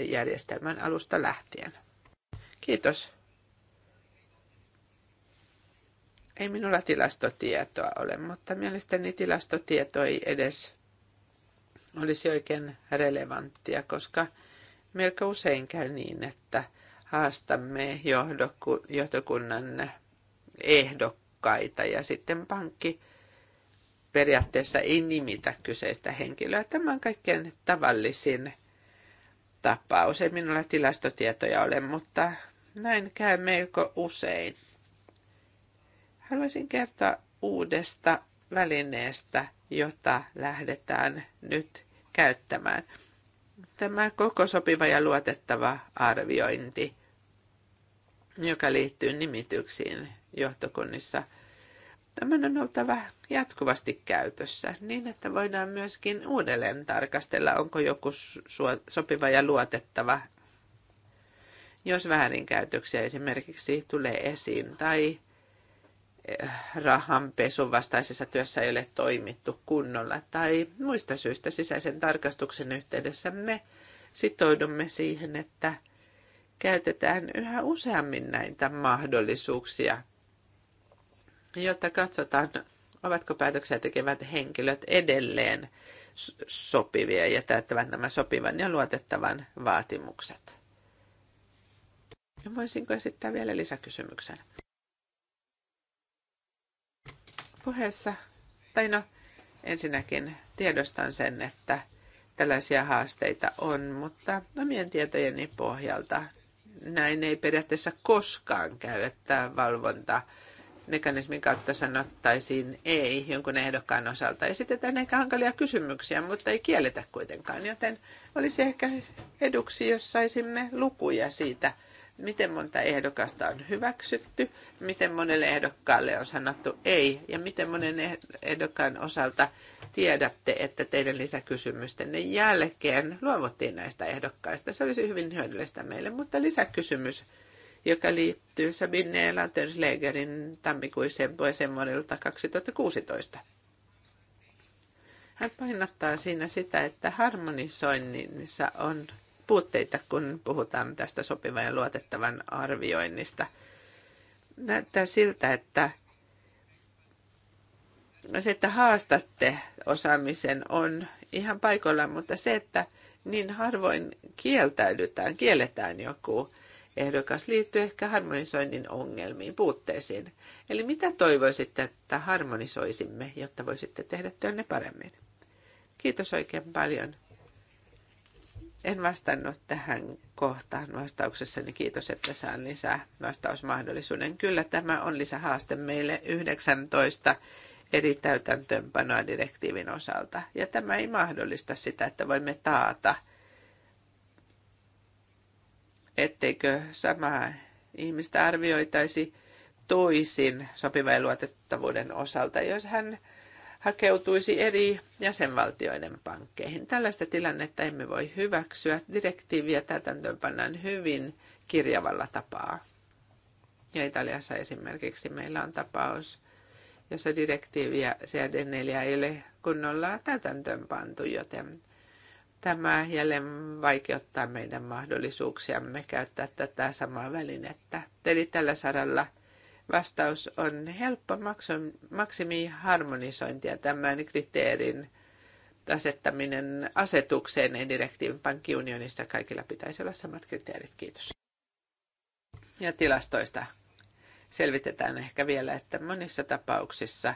järjestelmän alusta lähtien. Kiitos. Ei minulla tilastotietoa ole, mutta mielestäni tilastotieto ei edes olisi oikein relevanttia, koska melko usein käy niin, että haastamme johdokunnan ehdokkaita ja sitten pankki periaatteessa ei nimitä kyseistä henkilöä. Tämä on kaikkein tavallisin tapaus. Ei minulla tilastotietoja ole, mutta näin käy melko usein. Haluaisin kertoa uudesta välineestä, jota lähdetään nyt käyttämään. Tämä koko sopiva ja luotettava arviointi, joka liittyy nimityksiin johtokunnissa. Tämän on oltava jatkuvasti käytössä niin, että voidaan myöskin uudelleen tarkastella, onko joku sopiva ja luotettava, jos väärinkäytöksiä esimerkiksi tulee esiin tai eh, rahanpesun vastaisessa työssä ei ole toimittu kunnolla tai muista syistä sisäisen tarkastuksen yhteydessä me sitoudumme siihen, että käytetään yhä useammin näitä mahdollisuuksia jotta katsotaan, ovatko päätöksiä tekevät henkilöt edelleen sopivia ja täyttävät nämä sopivan ja luotettavan vaatimukset. Voisinko esittää vielä lisäkysymyksen? Puheessa, tai no, ensinnäkin tiedostan sen, että tällaisia haasteita on, mutta omien tietojeni pohjalta näin ei periaatteessa koskaan käy, että valvonta mekanismin kautta sanottaisiin ei jonkun ehdokkaan osalta. Esitetään ehkä hankalia kysymyksiä, mutta ei kielletä kuitenkaan, joten olisi ehkä eduksi, jos saisimme lukuja siitä, miten monta ehdokasta on hyväksytty, miten monelle ehdokkaalle on sanottu ei ja miten monen ehdokkaan osalta tiedätte, että teidän lisäkysymystenne jälkeen luovuttiin näistä ehdokkaista. Se olisi hyvin hyödyllistä meille, mutta lisäkysymys joka liittyy Sabine Lanterslägerin tammikuiseen puheeseen vuodelta 2016. Hän painottaa siinä sitä, että harmonisoinnissa on puutteita, kun puhutaan tästä sopivan ja luotettavan arvioinnista. Näyttää siltä, että se, että haastatte osaamisen on ihan paikallaan, mutta se, että niin harvoin kieltäydytään, kielletään joku ehdokas liittyy ehkä harmonisoinnin ongelmiin, puutteisiin. Eli mitä toivoisitte, että harmonisoisimme, jotta voisitte tehdä työnne paremmin? Kiitos oikein paljon. En vastannut tähän kohtaan vastauksessani. Kiitos, että saan lisää vastausmahdollisuuden. Kyllä tämä on lisähaaste meille 19 eri täytäntöönpanoa direktiivin osalta. Ja tämä ei mahdollista sitä, että voimme taata – etteikö samaa ihmistä arvioitaisi toisin sopivan luotettavuuden osalta, jos hän hakeutuisi eri jäsenvaltioiden pankkeihin. Tällaista tilannetta emme voi hyväksyä. Direktiiviä täytäntöön pannaan hyvin kirjavalla tapaa. Ja Italiassa esimerkiksi meillä on tapaus, jossa direktiiviä CD4 ei ole kunnolla täytäntöön pantu, joten Tämä jälleen vaikeuttaa meidän mahdollisuuksiamme käyttää tätä samaa välinettä. Eli tällä saralla vastaus on helppo maksimiharmonisointi ja tämän kriteerin asettaminen asetukseen ei direktiivin pankkiunionissa. Kaikilla pitäisi olla samat kriteerit. Kiitos. Ja tilastoista selvitetään ehkä vielä, että monissa tapauksissa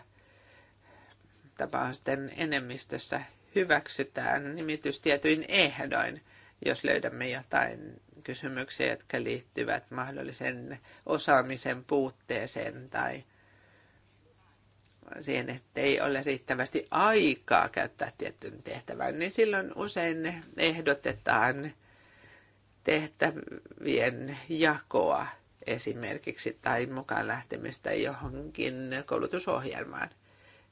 tapausten enemmistössä hyväksytään tietyin ehdoin, jos löydämme jotain kysymyksiä, jotka liittyvät mahdollisen osaamisen puutteeseen tai siihen, että ei ole riittävästi aikaa käyttää tiettyyn tehtävään, niin silloin usein ehdotetaan tehtävien jakoa esimerkiksi tai mukaan lähtemistä johonkin koulutusohjelmaan.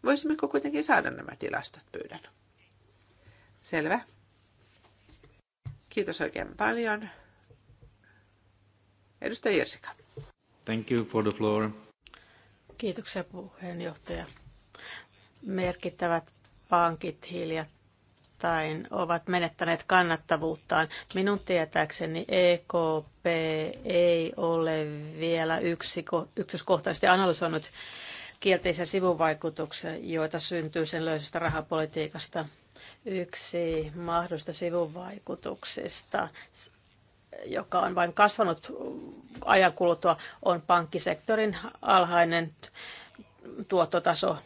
Voisimmeko kuitenkin saada nämä tilastot pyydän? Selvä. Kiitos oikein paljon. Edustaja Jyrsika. Thank you for the floor. Kiitoksia puheenjohtaja. Merkittävät pankit hiljattain ovat menettäneet kannattavuuttaan. Minun tietääkseni EKP ei ole vielä yksiko, yksityiskohtaisesti analysoinut kielteisiä sivuvaikutuksia, joita syntyy sen löysestä rahapolitiikasta – Yksi mahdollista sivuvaikutuksista, joka on vain kasvanut ajan kuluttua, on pankkisektorin alhainen tuottotaso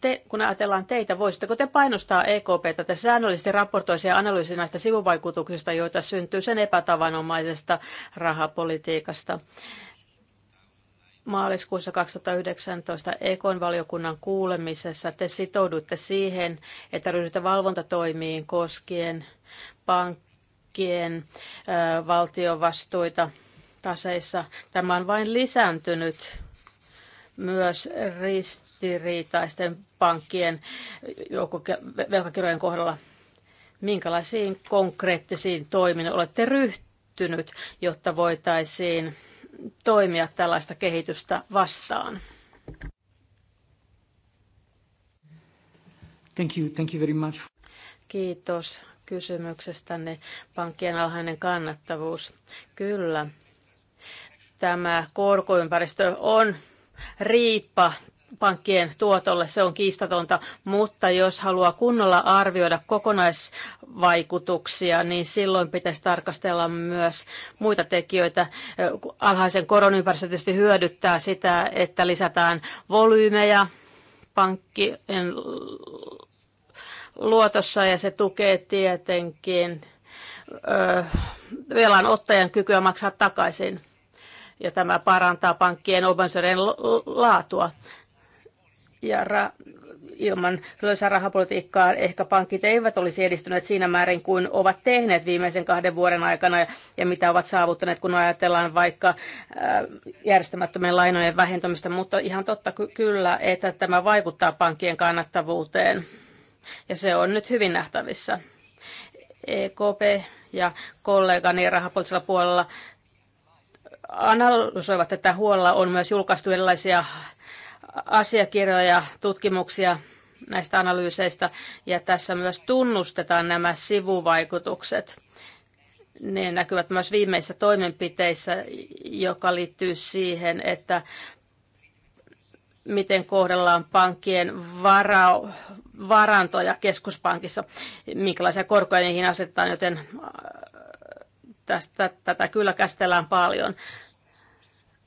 te, kun ajatellaan teitä, voisitteko te painostaa EKPtä, että säännöllisesti raportoisi ja analyysi näistä sivuvaikutuksista, joita syntyy sen epätavanomaisesta rahapolitiikasta? maaliskuussa 2019 Ekon valiokunnan kuulemisessa te sitoudutte siihen, että ryhdytte valvontatoimiin koskien pankkien valtiovastuita taseissa. Tämä on vain lisääntynyt myös ristiriitaisten pankkien velkakirjojen kohdalla. Minkälaisiin konkreettisiin toimiin olette ryhtyneet? ryhtynyt, jotta voitaisiin toimia tällaista kehitystä vastaan. Thank you, thank you very much. Kiitos kysymyksestänne. Pankkien alhainen kannattavuus. Kyllä, tämä korkoympäristö on riippa pankkien tuotolle, se on kiistatonta, mutta jos haluaa kunnolla arvioida kokonaisvaikutuksia, niin silloin pitäisi tarkastella myös muita tekijöitä. Alhaisen koron ympäristössä tietysti hyödyttää sitä, että lisätään volyymejä pankkien luotossa ja se tukee tietenkin velan ottajan kykyä maksaa takaisin ja tämä parantaa pankkien omaisuuden laatua ja ra- ilman löysää rahapolitiikkaa ehkä pankit eivät olisi edistyneet siinä määrin kuin ovat tehneet viimeisen kahden vuoden aikana ja mitä ovat saavuttaneet, kun ajatellaan vaikka äh, järjestämättömien lainojen vähentämistä. Mutta ihan totta kyllä, että tämä vaikuttaa pankkien kannattavuuteen ja se on nyt hyvin nähtävissä. EKP ja kollegani rahapoliittisella puolella analysoivat tätä huolella. On myös julkaistu erilaisia asiakirjoja, tutkimuksia näistä analyyseistä, ja tässä myös tunnustetaan nämä sivuvaikutukset. Ne näkyvät myös viimeisissä toimenpiteissä, joka liittyy siihen, että miten kohdellaan pankkien vara, varantoja keskuspankissa, minkälaisia korkoja niihin asetetaan, joten äh, tästä, tätä kyllä käsitellään paljon.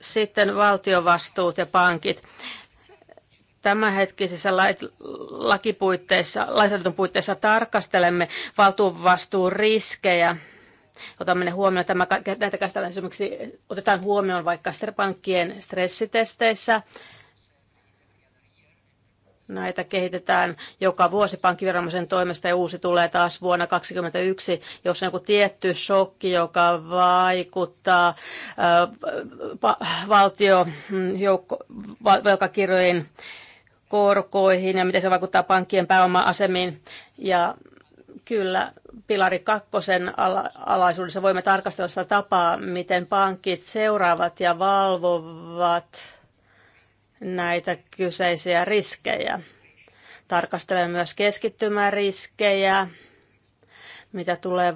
Sitten valtiovastuut ja pankit tämänhetkisessä lakipuitteissa, lainsäädäntön puitteissa tarkastelemme valtuun riskejä, otamme ne huomioon. Tämä, näitä käsitellään esimerkiksi, otetaan huomioon vaikka pankkien stressitesteissä. Näitä kehitetään joka vuosi pankkiviranomaisen toimesta ja uusi tulee taas vuonna 2021, jos on joku tietty shokki, joka vaikuttaa valtiojoukko, mm, velkakirjojen korkoihin ja miten se vaikuttaa pankkien pääoma-asemiin. Ja kyllä pilari kakkosen alaisuudessa voimme tarkastella sitä tapaa, miten pankit seuraavat ja valvovat näitä kyseisiä riskejä. Tarkastelemme myös keskittymäriskejä, mitä tulee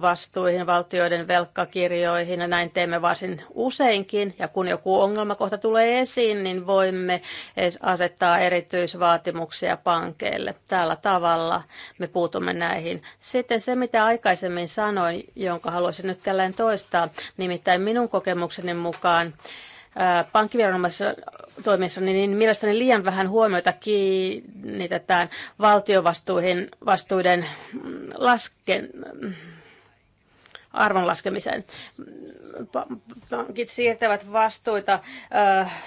vastuihin, valtioiden velkkakirjoihin, ja näin teemme varsin useinkin. Ja kun joku ongelmakohta tulee esiin, niin voimme asettaa erityisvaatimuksia pankeille. Tällä tavalla me puutumme näihin. Sitten se, mitä aikaisemmin sanoin, jonka haluaisin nyt tälleen toistaa, nimittäin minun kokemukseni mukaan, pankkiviranomaisessa toimissa, niin, niin mielestäni liian vähän huomiota kiinnitetään valtiovastuihin vastuiden mm, lasken, mm, arvon laskemiseen. Pankit siirtävät vastuita äh,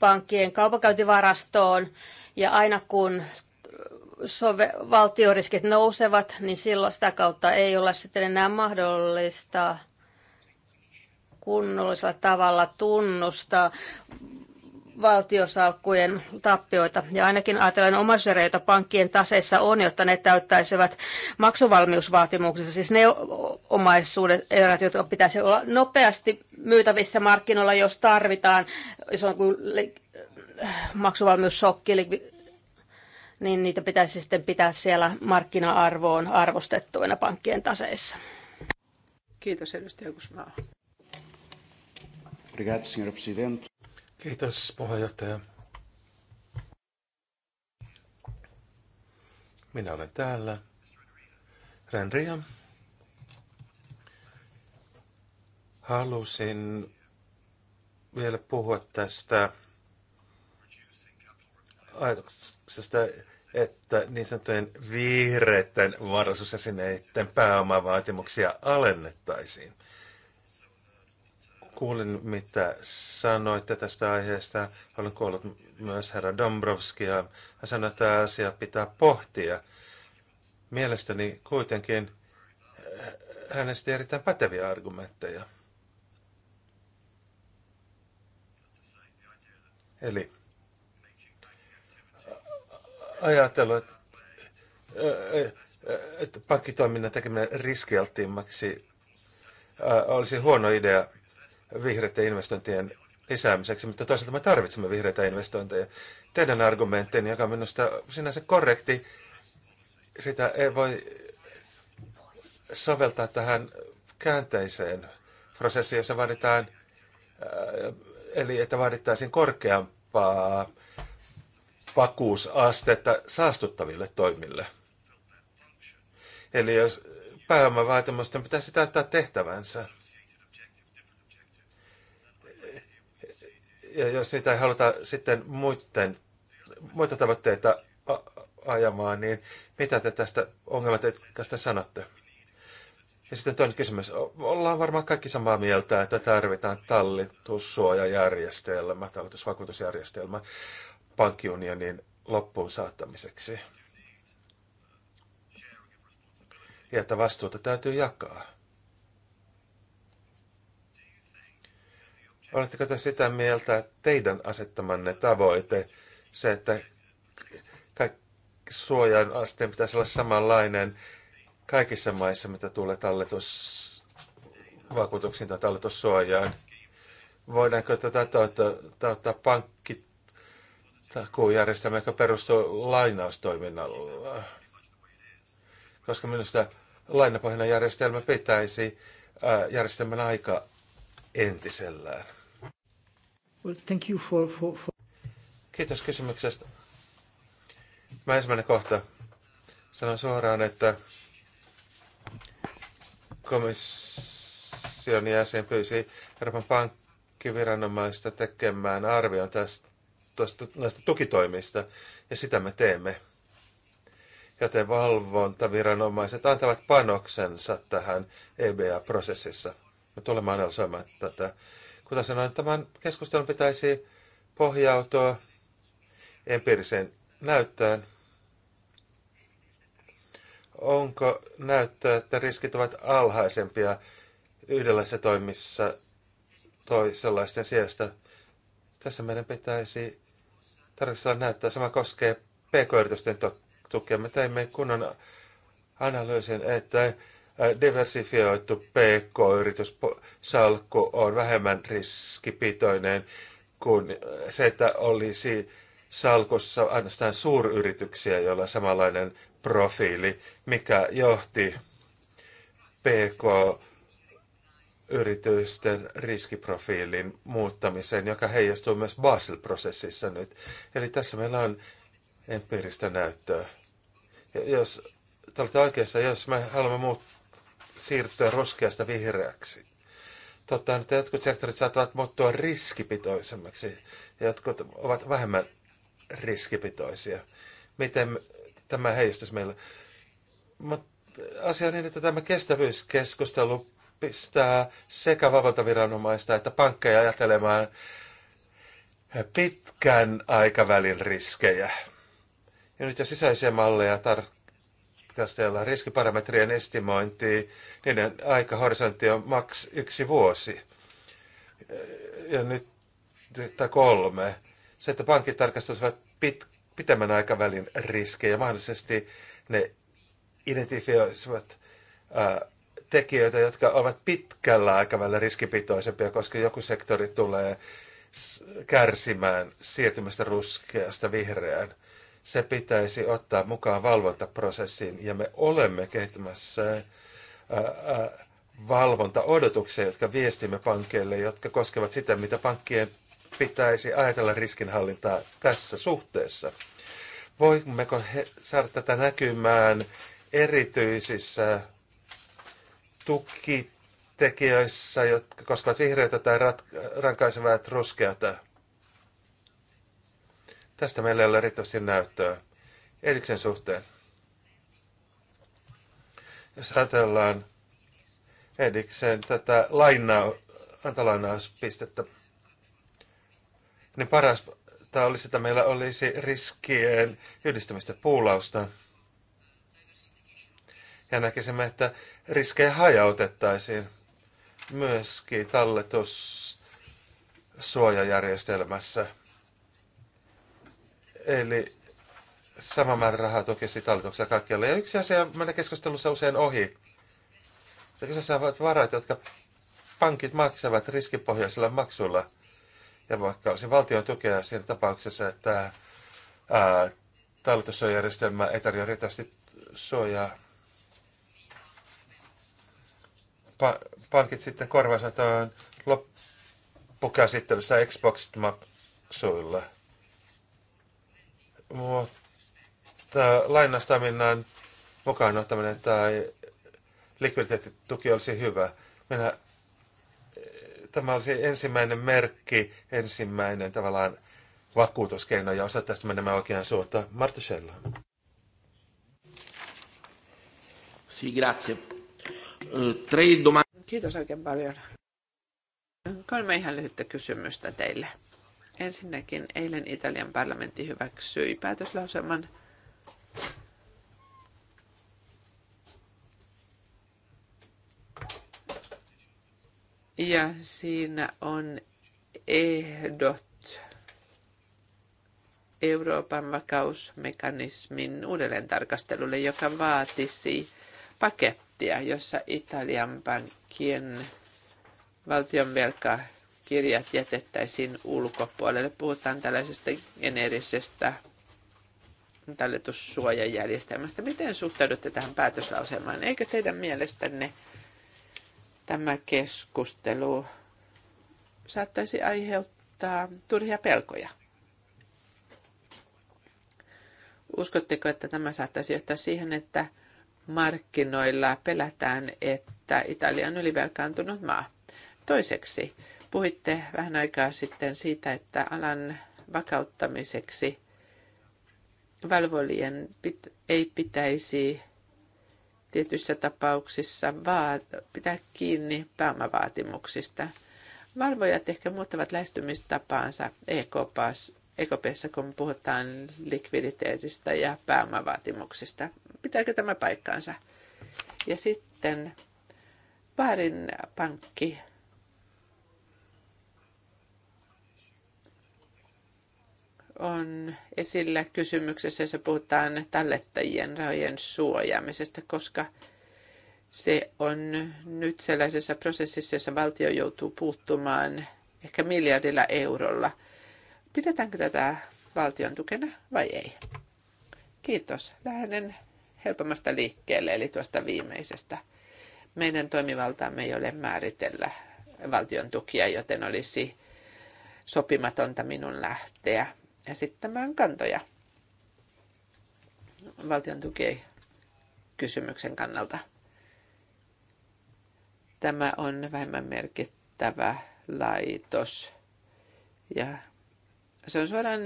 pankkien kaupankäyntivarastoon ja aina kun sove- valtioriskit nousevat, niin silloin sitä kautta ei ole sitten enää mahdollista kunnollisella tavalla tunnustaa valtiosalkkujen tappioita. Ja ainakin ajatellen omaisuusereita pankkien taseissa on, jotta ne täyttäisivät maksuvalmiusvaatimuksensa, siis ne omaisuudet, erät, jotka pitäisi olla nopeasti myytävissä markkinoilla, jos tarvitaan, jos on kuin maksuvalmiussokki, niin niitä pitäisi sitten pitää siellä markkina-arvoon arvostettuina pankkien taseissa. Kiitos edustaja Kusmaa. Obrigado, senhor presidente. Kiitos, puheenjohtaja. Minä olen täällä. Renria. Halusin vielä puhua tästä ajatuksesta, että niin sanottujen vihreiden varallisuusesineiden pääomavaatimuksia alennettaisiin. Kuulin, mitä sanoitte tästä aiheesta. Olen kuullut myös herra Dombrovskia. Hän sanoi, että tämä asia pitää pohtia. Mielestäni kuitenkin eh, hän esitti erittäin päteviä argumentteja. Eli ajatellut, että, eh, eh, että pankkitoiminnan tekeminen riskialttiimmaksi olisi huono idea vihreiden investointien lisäämiseksi, mutta toisaalta me tarvitsemme vihreitä investointeja. Teidän argumenttini, joka on minusta sinänsä korrekti, sitä ei voi soveltaa tähän käänteiseen prosessiin, jossa vaaditaan, äh, eli että vaadittaisiin korkeampaa vakuusastetta saastuttaville toimille. Eli jos pääomavaatimusten pitäisi täyttää tehtävänsä. Ja jos niitä ei haluta sitten muiden, muita tavoitteita ajamaan, niin mitä te tästä ongelmatekasta sanotte? Ja sitten toinen kysymys. Ollaan varmaan kaikki samaa mieltä, että tarvitaan tallitussuojajärjestelmä, talletusvakuutusjärjestelmä pankkiunionin loppuun saattamiseksi. Ja että vastuuta täytyy jakaa. Oletteko te sitä mieltä, että teidän asettamanne tavoite, se, että suojan asteen pitäisi olla samanlainen kaikissa maissa, mitä tulee talletusvakuutuksiin tai talletussuojaan, voidaanko tätä toteuttaa pankki takuujärjestelmä, joka perustuu lainaustoiminnalla. Koska minusta lainapohjainen järjestelmä pitäisi järjestelmän aika entisellään. Well, thank you for, for, for... Kiitos kysymyksestä. Mä ensimmäinen kohta sanon suoraan, että komission jäsen pyysi Euroopan pankkiviranomaista tekemään arvion tästä, tuosta, näistä tukitoimista, ja sitä me teemme. Joten valvontaviranomaiset antavat panoksensa tähän EBA-prosessissa. Me tulemme analysoimaan tätä Kuten sanoin, tämän keskustelun pitäisi pohjautua empiiriseen näyttöön. Onko näyttöä, että riskit ovat alhaisempia yhdellässä toimissa toisenlaisten sijasta? Tässä meidän pitäisi tarkastella näyttöä. Sama koskee pk-yritysten tukea. Me teimme kunnon analyysin, että diversifioitu PK-yrityssalkku on vähemmän riskipitoinen kuin se, että olisi salkussa ainoastaan suuryrityksiä, joilla on samanlainen profiili, mikä johti PK-yritysten riskiprofiilin muuttamiseen, joka heijastuu myös Basel-prosessissa nyt. Eli tässä meillä on empiiristä näyttöä. Jos te olette oikeassa, jos me haluamme muuttaa siirtyä ruskeasta vihreäksi. Totta on, että jotkut sektorit saattavat muuttua riskipitoisemmaksi ja jotkut ovat vähemmän riskipitoisia. Miten tämä heijastus meillä? Mutta asia on niin, että tämä kestävyyskeskustelu pistää sekä valvontaviranomaista että pankkeja ajattelemaan pitkän aikavälin riskejä. Ja nyt jo sisäisiä malleja tar- tarkastella riskiparametrien estimointia, niiden aikahorisontti on maks yksi vuosi. Ja nyt tai kolme. Se, että pankit tarkastaisivat pit, pitemmän aikavälin riskejä, mahdollisesti ne identifioisivat ää, tekijöitä, jotka ovat pitkällä aikavälillä riskipitoisempia, koska joku sektori tulee kärsimään siirtymästä ruskeasta vihreään se pitäisi ottaa mukaan valvontaprosessiin. Ja me olemme kehittämässä valvontaodotuksia, jotka viestimme pankkeille, jotka koskevat sitä, mitä pankkien pitäisi ajatella riskinhallintaa tässä suhteessa. Voimmeko he saada tätä näkymään erityisissä tukitekijöissä, jotka koskevat vihreitä tai rankaisevat ruskeata? Tästä meillä ei ole riittävästi näyttöä Eriksen suhteen. Jos ajatellaan Eriksen tätä lainaa, antalainauspistettä, niin paras tämä olisi, että meillä olisi riskien yhdistämistä puulausta. Ja näkisimme, että riskejä hajautettaisiin myöskin talletussuojajärjestelmässä. Eli sama määrä rahaa tukisi talletuksia kaikkialle. Ja yksi asia menee keskustelussa usein ohi. Ja kyseessä ovat varat, jotka pankit maksavat riskipohjaisilla maksuilla. Ja vaikka olisi valtion tukea siinä tapauksessa, että talletussuojajärjestelmä ei tarjoa riittävästi suojaa. Pa- pankit sitten korvaisivat loppukäsittelyssä Xbox-maksuilla. Mutta lainastaminen, mukaan ottaminen tai likviditeettituki olisi hyvä. Minä, tämä olisi ensimmäinen merkki, ensimmäinen tavallaan vakuutuskeino ja osa tästä menemään oikeaan suuntaan. Marta Schella. Sì, grazie. Eh, tre Kiitos oikein paljon. Kolme ihan lyhyttä kysymystä teille. Ensinnäkin eilen Italian parlamentti hyväksyi päätöslauselman ja siinä on ehdot Euroopan vakausmekanismin uudelleen tarkastelulle, joka vaatisi pakettia, jossa Italian pankkien valtionvelka kirjat jätettäisiin ulkopuolelle. Puhutaan tällaisesta geneerisestä talletussuojajärjestelmästä. Miten suhtaudutte tähän päätöslauselmaan? Eikö teidän mielestänne tämä keskustelu saattaisi aiheuttaa turhia pelkoja? Uskotteko, että tämä saattaisi johtaa siihen, että markkinoilla pelätään, että Italia on ylivelkaantunut maa? Toiseksi, Puhuitte vähän aikaa sitten siitä, että alan vakauttamiseksi pit- ei pitäisi tietyissä tapauksissa pitää kiinni pääomavaatimuksista. Valvojat ehkä muuttavat lähestymistapaansa EKPssä, e kun puhutaan likviditeetistä ja pääomavaatimuksista. Pitääkö tämä paikkaansa? Ja sitten Baarin pankki on esillä kysymyksessä, jossa puhutaan tallettajien rahojen suojaamisesta, koska se on nyt sellaisessa prosessissa, jossa valtio joutuu puuttumaan ehkä miljardilla eurolla. Pidetäänkö tätä valtion tukena vai ei? Kiitos. Lähden helpommasta liikkeelle, eli tuosta viimeisestä. Meidän toimivaltaamme ei ole määritellä valtion tukia, joten olisi sopimatonta minun lähteä esittämään kantoja valtion kysymyksen kannalta. Tämä on vähemmän merkittävä laitos ja se on suoraan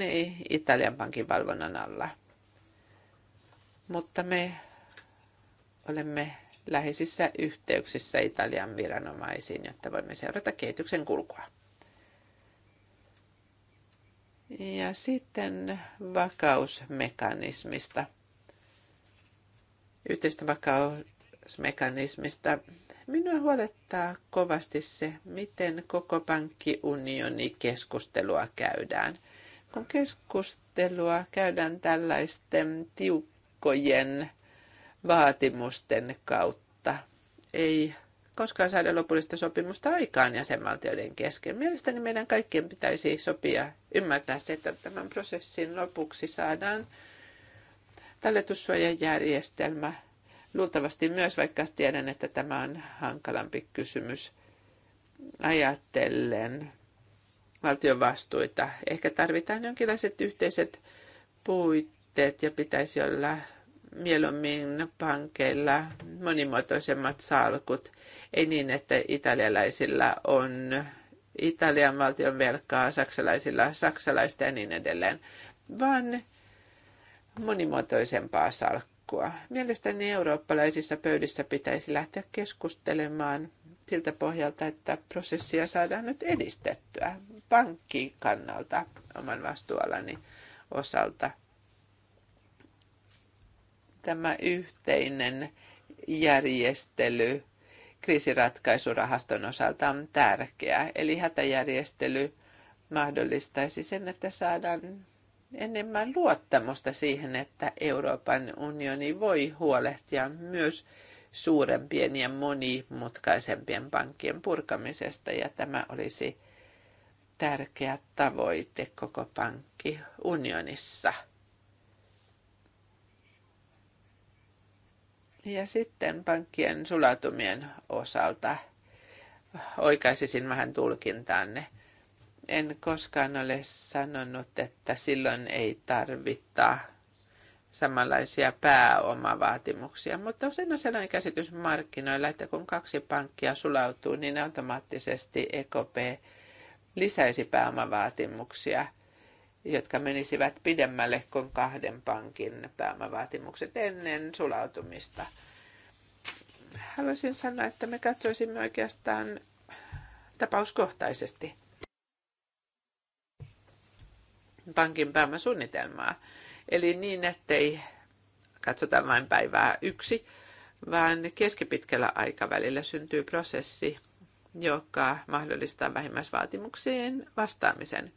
Italian pankin valvonnan alla. Mutta me olemme läheisissä yhteyksissä Italian viranomaisiin, jotta voimme seurata kehityksen kulkua. Ja sitten vakausmekanismista. Yhteistä vakausmekanismista. Minua huolettaa kovasti se, miten koko pankkiunioni keskustelua käydään. Kun keskustelua käydään tällaisten tiukkojen vaatimusten kautta, ei koskaan saada lopullista sopimusta aikaan jäsenvaltioiden kesken. Mielestäni meidän kaikkien pitäisi sopia ymmärtää se, että tämän prosessin lopuksi saadaan talletussuojajärjestelmä. Luultavasti myös, vaikka tiedän, että tämä on hankalampi kysymys ajatellen valtion vastuita. Ehkä tarvitaan jonkinlaiset yhteiset puitteet ja pitäisi olla mieluummin pankeilla monimuotoisemmat salkut. Ei niin, että italialaisilla on Italian valtion velkaa, saksalaisilla saksalaista ja niin edelleen, vaan monimuotoisempaa salkkua. Mielestäni eurooppalaisissa pöydissä pitäisi lähteä keskustelemaan siltä pohjalta, että prosessia saadaan nyt edistettyä pankkikannalta kannalta oman vastuualani osalta – tämä yhteinen järjestely kriisiratkaisurahaston osalta on tärkeää. Eli hätäjärjestely mahdollistaisi sen, että saadaan enemmän luottamusta siihen, että Euroopan unioni voi huolehtia myös suurempien ja monimutkaisempien pankkien purkamisesta, ja tämä olisi tärkeä tavoite koko pankkiunionissa. Ja sitten pankkien sulatumien osalta oikaisisin vähän tulkintaanne. En koskaan ole sanonut, että silloin ei tarvita samanlaisia pääomavaatimuksia, mutta usein on sellainen käsitys markkinoilla, että kun kaksi pankkia sulautuu, niin automaattisesti EKP lisäisi pääomavaatimuksia – jotka menisivät pidemmälle kuin kahden pankin pääomavaatimukset ennen sulautumista. Haluaisin sanoa, että me katsoisimme oikeastaan tapauskohtaisesti pankin pääomasuunnitelmaa. Eli niin, ettei katsota vain päivää yksi, vaan keskipitkällä aikavälillä syntyy prosessi, joka mahdollistaa vähimmäisvaatimuksiin vastaamisen.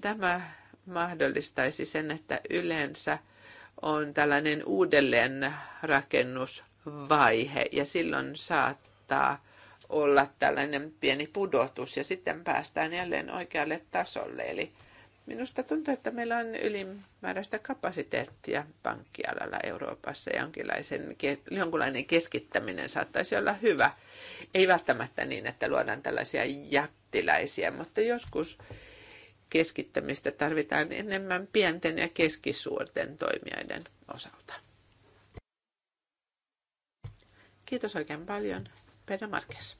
Tämä mahdollistaisi sen, että yleensä on tällainen uudelleenrakennusvaihe ja silloin saattaa olla tällainen pieni pudotus ja sitten päästään jälleen oikealle tasolle. Eli minusta tuntuu, että meillä on ylimääräistä kapasiteettia pankkialalla Euroopassa. Jonkinlaisen, jonkinlainen keskittäminen saattaisi olla hyvä. Ei välttämättä niin, että luodaan tällaisia jättiläisiä, mutta joskus keskittämistä tarvitaan enemmän pienten ja keskisuurten toimijoiden osalta. Kiitos oikein paljon, Pedro Marques.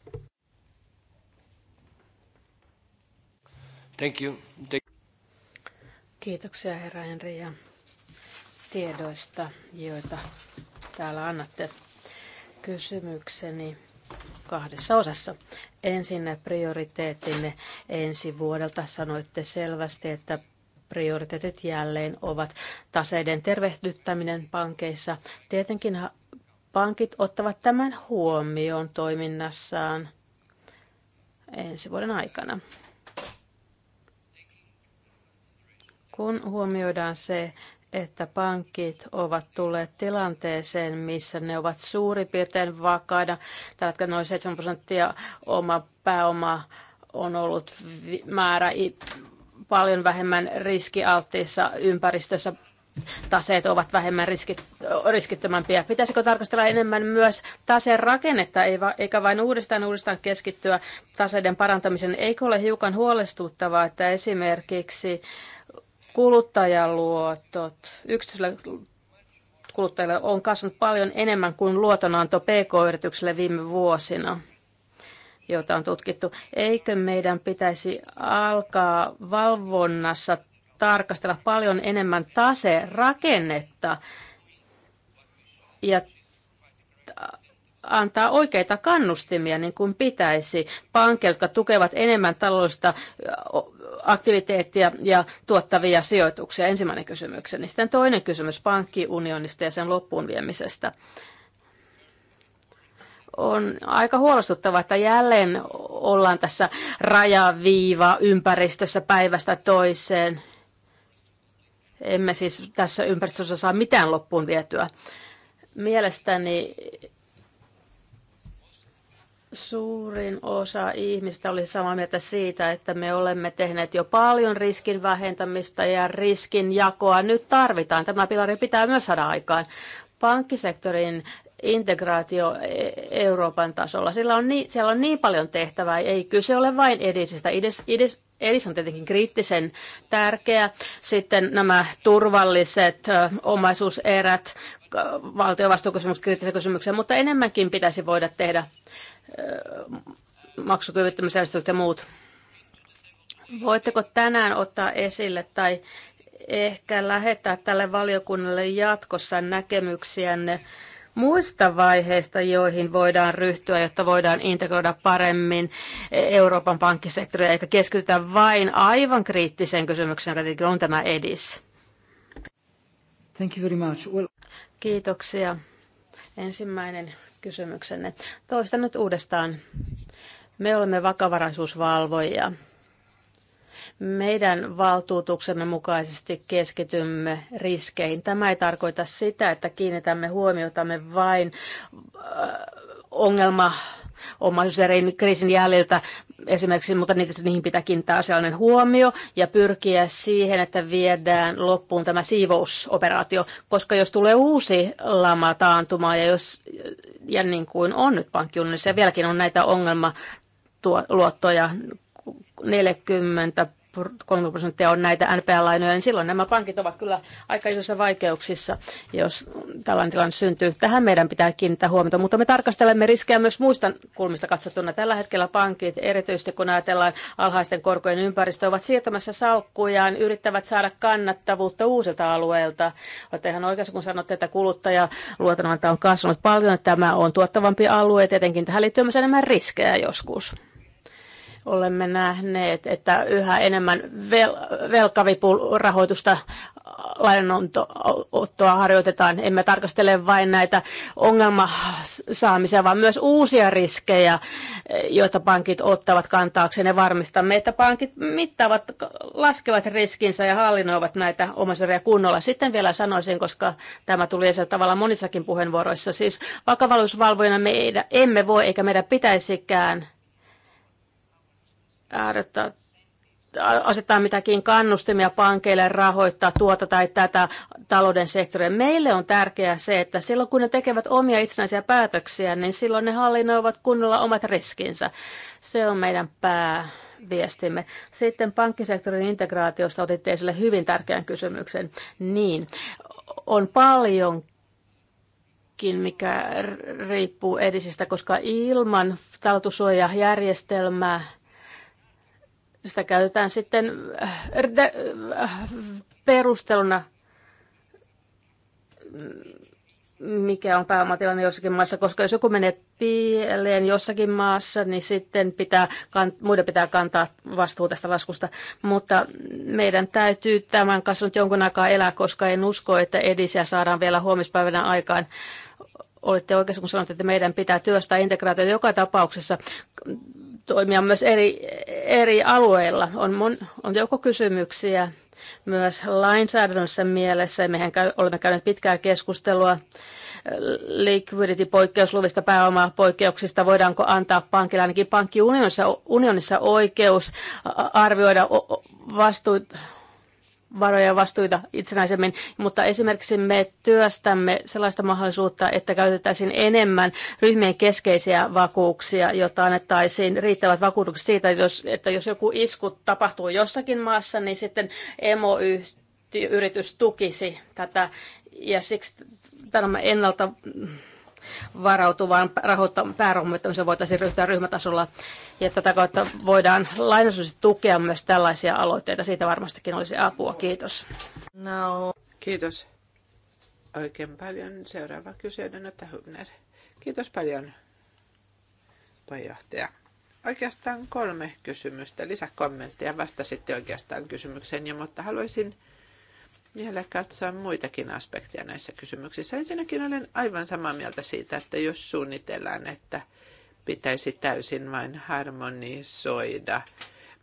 Thank you. Thank Kiitoksia herra Henri ja tiedoista, joita täällä annatte. Kysymykseni kahdessa osassa. Ensin prioriteettinne ensi vuodelta sanoitte selvästi, että prioriteetit jälleen ovat taseiden tervehdyttäminen pankeissa. Tietenkin pankit ottavat tämän huomioon toiminnassaan ensi vuoden aikana. Kun huomioidaan se, että pankit ovat tulleet tilanteeseen, missä ne ovat suurin piirtein vakaina. Tällä hetkellä noin 7 prosenttia oma pääoma on ollut määrä paljon vähemmän riskialttiissa ympäristössä taseet ovat vähemmän riskit, riskittömämpiä. Pitäisikö tarkastella enemmän myös taseen rakennetta, eikä vain uudestaan uudestaan keskittyä taseiden parantamiseen? Eikö ole hiukan huolestuttavaa, että esimerkiksi Kuluttajaluotot yksityiselle kuluttajille on kasvanut paljon enemmän kuin luotonanto PK-yrityksille viime vuosina jota on tutkittu. Eikö meidän pitäisi alkaa valvonnassa tarkastella paljon enemmän taserakennetta ja antaa oikeita kannustimia niin kuin pitäisi pankkeja, jotka tukevat enemmän taloudellista aktiviteettia ja tuottavia sijoituksia. Ensimmäinen kysymykseni. Sitten toinen kysymys pankkiunionista ja sen loppuun viemisestä. On aika huolestuttavaa, että jälleen ollaan tässä rajaviiva ympäristössä päivästä toiseen. Emme siis tässä ympäristössä saa mitään loppuun vietyä. Mielestäni Suurin osa ihmistä oli samaa mieltä siitä, että me olemme tehneet jo paljon riskin vähentämistä ja riskin jakoa nyt tarvitaan. Tämä pilari pitää myös saada aikaan. Pankkisektorin integraatio e- Euroopan tasolla. Sillä on niin, siellä on niin paljon tehtävää, ei kyse ole vain edisistä. Edis, edis, edis on tietenkin kriittisen tärkeä. Sitten nämä turvalliset omaisuuserät, valtiovastuukysymykset, kriittisiä kysymyksiä, mutta enemmänkin pitäisi voida tehdä maksukyvyttömyysjärjestelyt ja muut. Voitteko tänään ottaa esille tai ehkä lähettää tälle valiokunnalle jatkossa näkemyksiänne muista vaiheista, joihin voidaan ryhtyä, jotta voidaan integroida paremmin Euroopan pankkisektoria, eikä keskitytä vain aivan kriittiseen kysymykseen, joka on tämä EDIS. Thank you very much. Well... Kiitoksia. Ensimmäinen kysymyksenne. Toistan nyt uudestaan. Me olemme vakavaraisuusvalvojia. Meidän valtuutuksemme mukaisesti keskitymme riskeihin. Tämä ei tarkoita sitä, että kiinnitämme huomiotamme vain äh, ongelma omaisuuserin kriisin jäljiltä esimerkiksi, mutta niihin pitää kiinnittää asiallinen huomio ja pyrkiä siihen, että viedään loppuun tämä siivousoperaatio, koska jos tulee uusi lama taantuma ja, jos, ja niin kuin on nyt pankkiunnissa ja vieläkin on näitä ongelmaluottoja luottoja 40 30 prosenttia on näitä NPL-lainoja, niin silloin nämä pankit ovat kyllä aika isoissa vaikeuksissa, jos tällainen tilanne syntyy. Tähän meidän pitää kiinnittää huomiota, mutta me tarkastelemme riskejä myös muista kulmista katsottuna. Tällä hetkellä pankit, erityisesti kun ajatellaan alhaisten korkojen ympäristöä, ovat siirtämässä salkkujaan, yrittävät saada kannattavuutta uusilta alueilta. Olette ihan oikeassa, kun sanotte, että kuluttaja luotonanta on kasvanut paljon, että tämä on tuottavampi alue, tietenkin tähän liittyy myös enemmän riskejä joskus. Olemme nähneet, että yhä enemmän vel- velkavipurahoitusta lainanottoa harjoitetaan. Emme tarkastele vain näitä ongelmasaamisia, vaan myös uusia riskejä, joita pankit ottavat kantaakseen ja varmistamme, että pankit mittaavat, laskevat riskinsä ja hallinnoivat näitä omaisuuden kunnolla. Sitten vielä sanoisin, koska tämä tuli esille tavalla monissakin puheenvuoroissa, siis vakavallisuusvalvojana me emme voi eikä meidän pitäisikään äärettä, asettaa mitäkin kannustimia pankeille rahoittaa tuota tai tätä talouden sektoria. Meille on tärkeää se, että silloin kun ne tekevät omia itsenäisiä päätöksiä, niin silloin ne hallinnoivat kunnolla omat riskinsä. Se on meidän Viestimme. Sitten pankkisektorin integraatiosta otitte esille hyvin tärkeän kysymyksen. Niin, on paljonkin mikä riippuu edisistä, koska ilman talletussuojajärjestelmää sitä käytetään sitten äh, äh, perusteluna, mm, mikä on pääomatilanne jossakin maassa, koska jos joku menee pieleen jossakin maassa, niin sitten pitää, muiden pitää kantaa vastuu tästä laskusta. Mutta meidän täytyy tämän kanssa nyt jonkun aikaa elää, koska en usko, että edisiä saadaan vielä huomispäivänä aikaan olette oikeassa, kun sanoitte, että meidän pitää työstää integraatiota joka tapauksessa toimia myös eri, eri alueilla. On, mon, on joukko kysymyksiä myös lainsäädännössä mielessä. Mehän käy, olemme käyneet pitkää keskustelua liquidity-poikkeusluvista, pääomapoikkeuksista, voidaanko antaa pankille ainakin pankkiunionissa unionissa oikeus arvioida vastuut varoja ja vastuita itsenäisemmin, mutta esimerkiksi me työstämme sellaista mahdollisuutta, että käytettäisiin enemmän ryhmien keskeisiä vakuuksia, jotta annettaisiin riittävät vakuutukset siitä, jos, että jos joku isku tapahtuu jossakin maassa, niin sitten emoyritys tukisi tätä ja siksi tämä ennalta varautuvaan päärahoittamiseen voitaisiin ryhtyä ryhmätasolla. Ja tätä kautta voidaan lainaisuus tukea myös tällaisia aloitteita. Siitä varmastikin olisi apua. Kiitos. No. Kiitos oikein paljon. Seuraava että Hübner. Kiitos paljon, puheenjohtaja. Oikeastaan kolme kysymystä, lisäkommentteja vastasitte oikeastaan kysymykseen, ja, mutta haluaisin vielä katsoa muitakin aspekteja näissä kysymyksissä. Ensinnäkin olen aivan samaa mieltä siitä, että jos suunnitellaan, että pitäisi täysin vain harmonisoida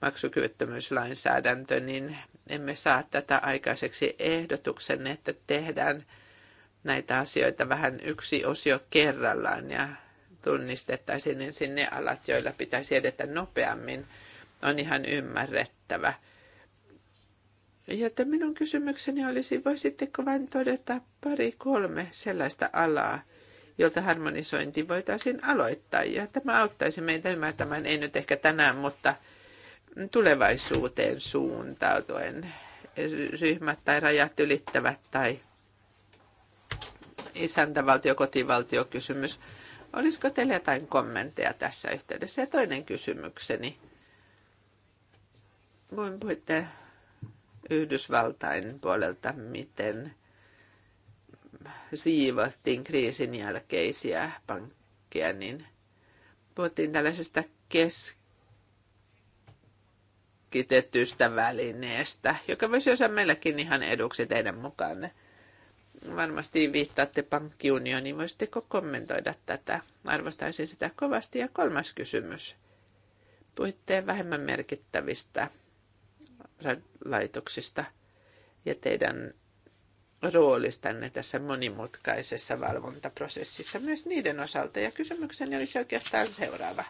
maksukyvyttömyyslainsäädäntö, niin emme saa tätä aikaiseksi ehdotuksen, että tehdään näitä asioita vähän yksi osio kerrallaan ja tunnistettaisiin ensin ne alat, joilla pitäisi edetä nopeammin, on ihan ymmärrettävä – Joten minun kysymykseni olisi, voisitteko vain todeta pari kolme sellaista alaa, jolta harmonisointi voitaisiin aloittaa. Ja tämä auttaisi meitä ymmärtämään, ei nyt ehkä tänään, mutta tulevaisuuteen suuntautuen ryhmät tai rajat ylittävät tai isäntävaltio, kotivaltio kysymys. Olisiko teillä jotain kommentteja tässä yhteydessä? Ja toinen kysymykseni. Voin puhutte Yhdysvaltain puolelta, miten siivottiin kriisin jälkeisiä pankkeja, niin puhuttiin tällaisesta keskitetystä välineestä, joka voisi osaa meilläkin ihan eduksi teidän mukaan. Varmasti viittaatte pankkiunioniin, voisitteko kommentoida tätä? Arvostaisin sitä kovasti. Ja kolmas kysymys. Puhuitte vähemmän merkittävistä laitoksista ja teidän roolistanne tässä monimutkaisessa valvontaprosessissa myös niiden osalta. Ja kysymykseni olisi oikeastaan seuraava.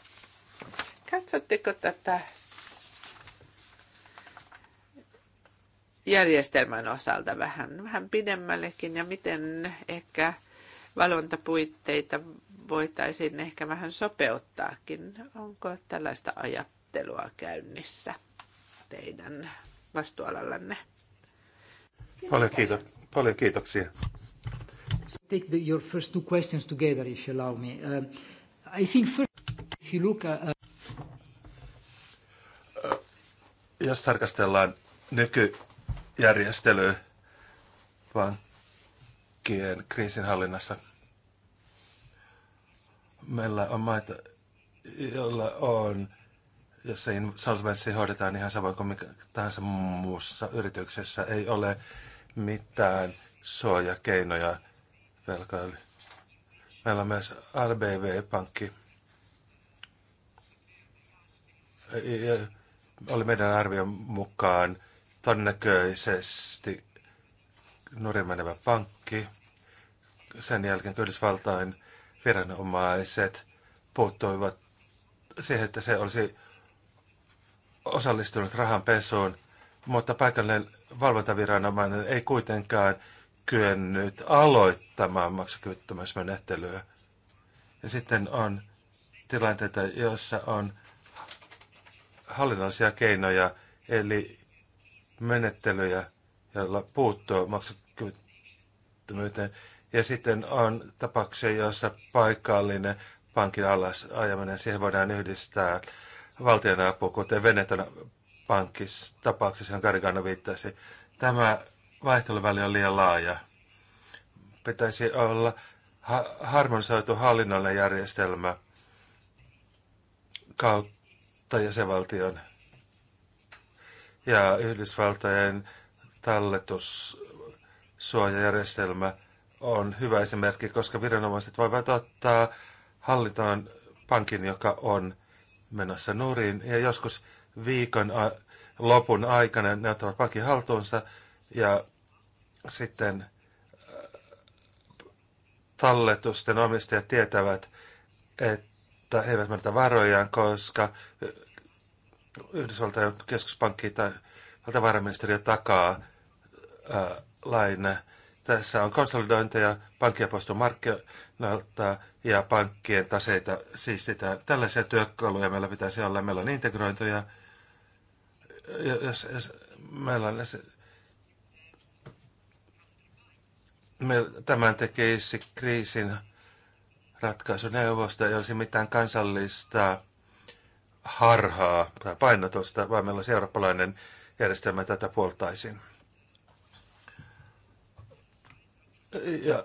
Katsotteko tätä järjestelmän osalta vähän, vähän pidemmällekin ja miten ehkä valvontapuitteita voitaisiin ehkä vähän sopeuttaakin? Onko tällaista ajattelua käynnissä? teidän vastuualallanne. Paljon, kiito- paljon kiitoksia. Take the, your first two questions together, if you allow me. Uh, I think first, if you look at... Uh, uh... Jos tarkastellaan nykyjärjestelyä pankkien kriisinhallinnassa, meillä on maita, joilla on jossa insolvenssi hoidetaan ihan samoin kuin mikä tahansa muussa yrityksessä, ei ole mitään suojakeinoja velkaille. Meillä on myös RBV-pankki. Oli meidän arvion mukaan todennäköisesti nurin menevä pankki. Sen jälkeen Yhdysvaltain viranomaiset puuttuivat siihen, että se olisi osallistunut rahanpesuun, mutta paikallinen valvontaviranomainen ei kuitenkaan kyennyt aloittamaan maksukyvyttömyysmenettelyä. Ja sitten on tilanteita, joissa on hallinnollisia keinoja, eli menettelyjä, joilla puuttuu maksukyvyttömyyteen. Ja sitten on tapauksia, joissa paikallinen pankin alas ajaminen, siihen voidaan yhdistää valtion apua, kuten Veneton pankissa tapauksessa, johon Karikana viittasi. Tämä vaihteluväli on liian laaja. Pitäisi olla ha- harmonisoitu hallinnollinen järjestelmä kautta jäsenvaltion ja Yhdysvaltojen talletussuojajärjestelmä on hyvä esimerkki, koska viranomaiset voivat ottaa hallintaan pankin, joka on menossa nurin ja joskus viikon lopun aikana ne ottavat pakin haltuunsa ja sitten talletusten omistajat tietävät, että he eivät menetä varojaan, koska Yhdysvaltain keskuspankki tai valtavarainministeriö takaa ää, laina. Tässä on konsolidointeja, pankkia poistuu markkinoilta näyttää ja pankkien taseita siistitään. Tällaisia työkaluja meillä pitäisi olla. Meillä on integrointoja. Jos, jos meillä on me, tämän tekisi kriisin ratkaisuneuvosta, ei olisi mitään kansallista harhaa tai painotusta, vaan meillä olisi eurooppalainen järjestelmä tätä puoltaisin. Ja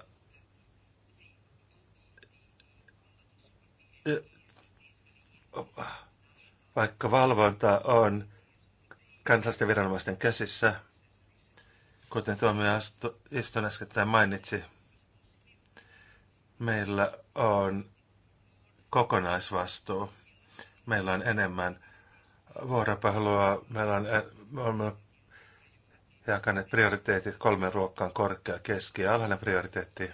vaikka valvonta on kansallisten viranomaisten käsissä, kuten tuomioistuin äsken mainitsi, meillä on kokonaisvastuu. Meillä on enemmän vuoropuhelua, meillä on, eh, olemme jakaneet prioriteetit kolmen ruokkaan korkea, keski ja alhainen prioriteetti.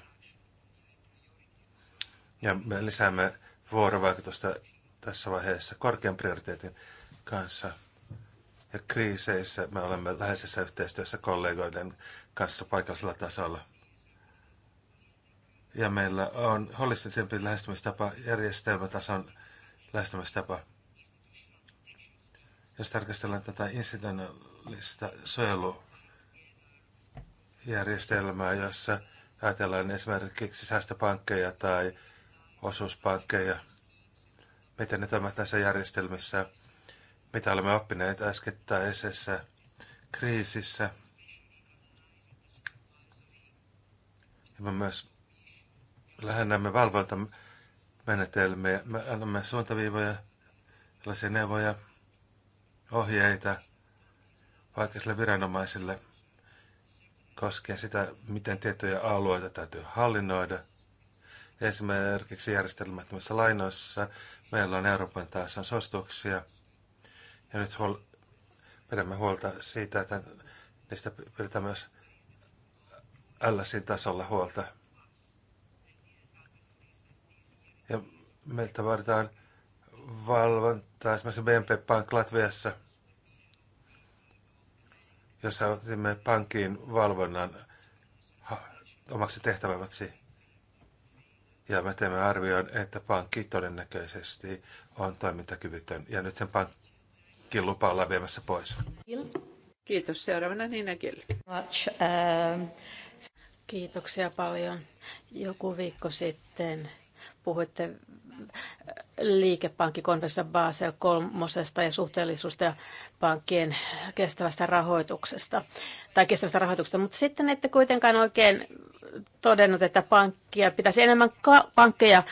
Ja me lisäämme vuorovaikutusta tässä vaiheessa korkean prioriteetin kanssa. Ja kriiseissä me olemme läheisessä yhteistyössä kollegoiden kanssa paikallisella tasolla. Ja meillä on holistisempi lähestymistapa, järjestelmätason lähestymistapa. Jos tarkastellaan tätä institutionaalista suojelujärjestelmää, jossa ajatellaan esimerkiksi säästöpankkeja tai osuuspankkeja – miten ne tämä tässä järjestelmissä, mitä olemme oppineet äskettäisessä kriisissä. Ja me myös lähennämme valvontamenetelmiä. Me annamme suuntaviivoja, sellaisia neuvoja, ohjeita vaikeille viranomaisille koskien sitä, miten tietoja alueita täytyy hallinnoida, Esimerkiksi järjestelmättömissä lainoissa meillä on Euroopan tason suosituksia. Ja nyt huol- pidämme huolta siitä, että niistä pidetään myös LSin tasolla huolta. Ja meiltä vaaditaan valvontaa esimerkiksi BNP Bank Latviassa, jossa otimme pankin valvonnan omaksi tehtäväksi ja me teemme arvion, että pankki todennäköisesti on toimintakyvytön ja nyt sen pankin lupa ollaan viemässä pois. Kiitos. Seuraavana Niina Kill. Um, Kiitoksia paljon. Joku viikko sitten puhuitte liikepankkikonferenssissa Basel kolmosesta ja suhteellisuudesta ja pankkien kestävästä rahoituksesta, tai kestävästä rahoituksesta, mutta sitten ette kuitenkaan oikein todennut, että pankkia pitäisi enemmän ka- pankkeja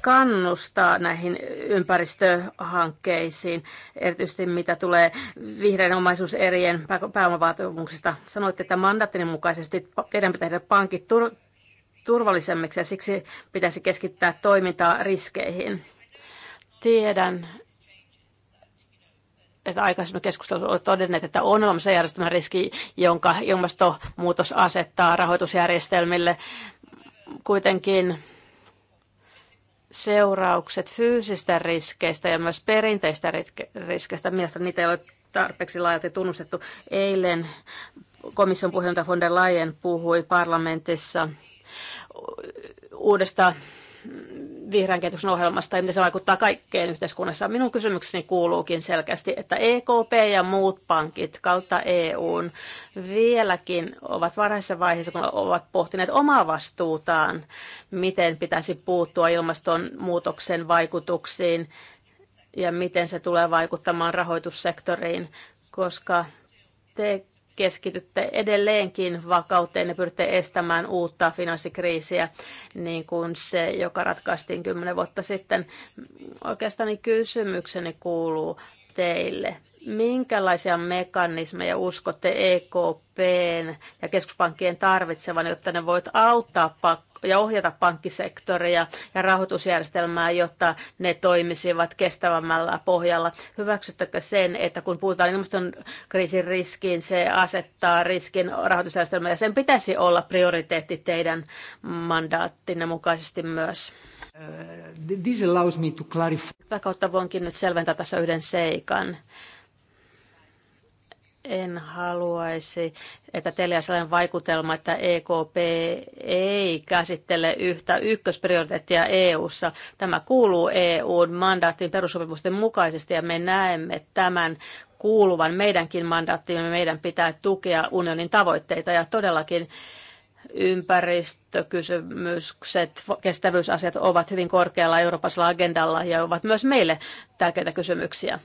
kannustaa näihin ympäristöhankkeisiin, erityisesti mitä tulee vihreän omaisuuserien pääomavaatimuksista. Sanoitte, että mandaattinen mukaisesti teidän pitää tehdä pankit turvallisemmiksi ja siksi pitäisi keskittää toimintaa riskeihin. Tiedän, että aikaisemmin keskustelussa on todenneet, että on olemassa järjestelmän riski, jonka ilmastonmuutos asettaa rahoitusjärjestelmille. Kuitenkin seuraukset fyysistä riskeistä ja myös perinteistä riskeistä, mielestäni niitä ei ole tarpeeksi laajalti tunnustettu. Eilen komission puheenjohtaja von der Leyen puhui parlamentissa uudesta vihreän kehityksen ohjelmasta ja miten se vaikuttaa kaikkeen yhteiskunnassa. Minun kysymykseni kuuluukin selkeästi, että EKP ja muut pankit kautta EUn vieläkin ovat varhaisessa vaiheessa, kun ovat pohtineet omaa vastuutaan, miten pitäisi puuttua ilmastonmuutoksen vaikutuksiin ja miten se tulee vaikuttamaan rahoitussektoriin, koska te keskitytte edelleenkin vakauteen ja pyritte estämään uutta finanssikriisiä, niin kuin se, joka ratkaistiin kymmenen vuotta sitten. Oikeastaan kysymykseni kuuluu teille. Minkälaisia mekanismeja uskotte EKPn ja keskuspankkien tarvitsevan, jotta ne voit auttaa ja ohjata pankkisektoria ja rahoitusjärjestelmää, jotta ne toimisivat kestävämmällä pohjalla. Hyväksyttekö sen, että kun puhutaan ilmastonkriisin riskiin, se asettaa riskin rahoitusjärjestelmää ja sen pitäisi olla prioriteetti teidän mandaattinne mukaisesti myös? Uh, this allows me to clarify. Tätä kautta voinkin nyt selventää tässä yhden seikan en haluaisi, että teillä on sellainen vaikutelma, että EKP ei käsittele yhtä ykkösprioriteettia EU:ssa. Tämä kuuluu EUn mandaattiin perussopimusten mukaisesti ja me näemme tämän kuuluvan meidänkin mandaattiimme. Meidän pitää tukea unionin tavoitteita ja todellakin ympäristökysymykset, kestävyysasiat ovat hyvin korkealla Euroopan agendalla ja ovat myös meille tärkeitä kysymyksiä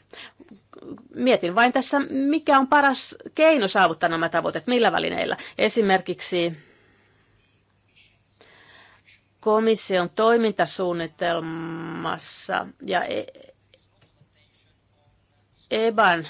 mietin vain tässä, mikä on paras keino saavuttaa nämä tavoitteet, millä välineillä. Esimerkiksi komission toimintasuunnitelmassa ja e- EBAN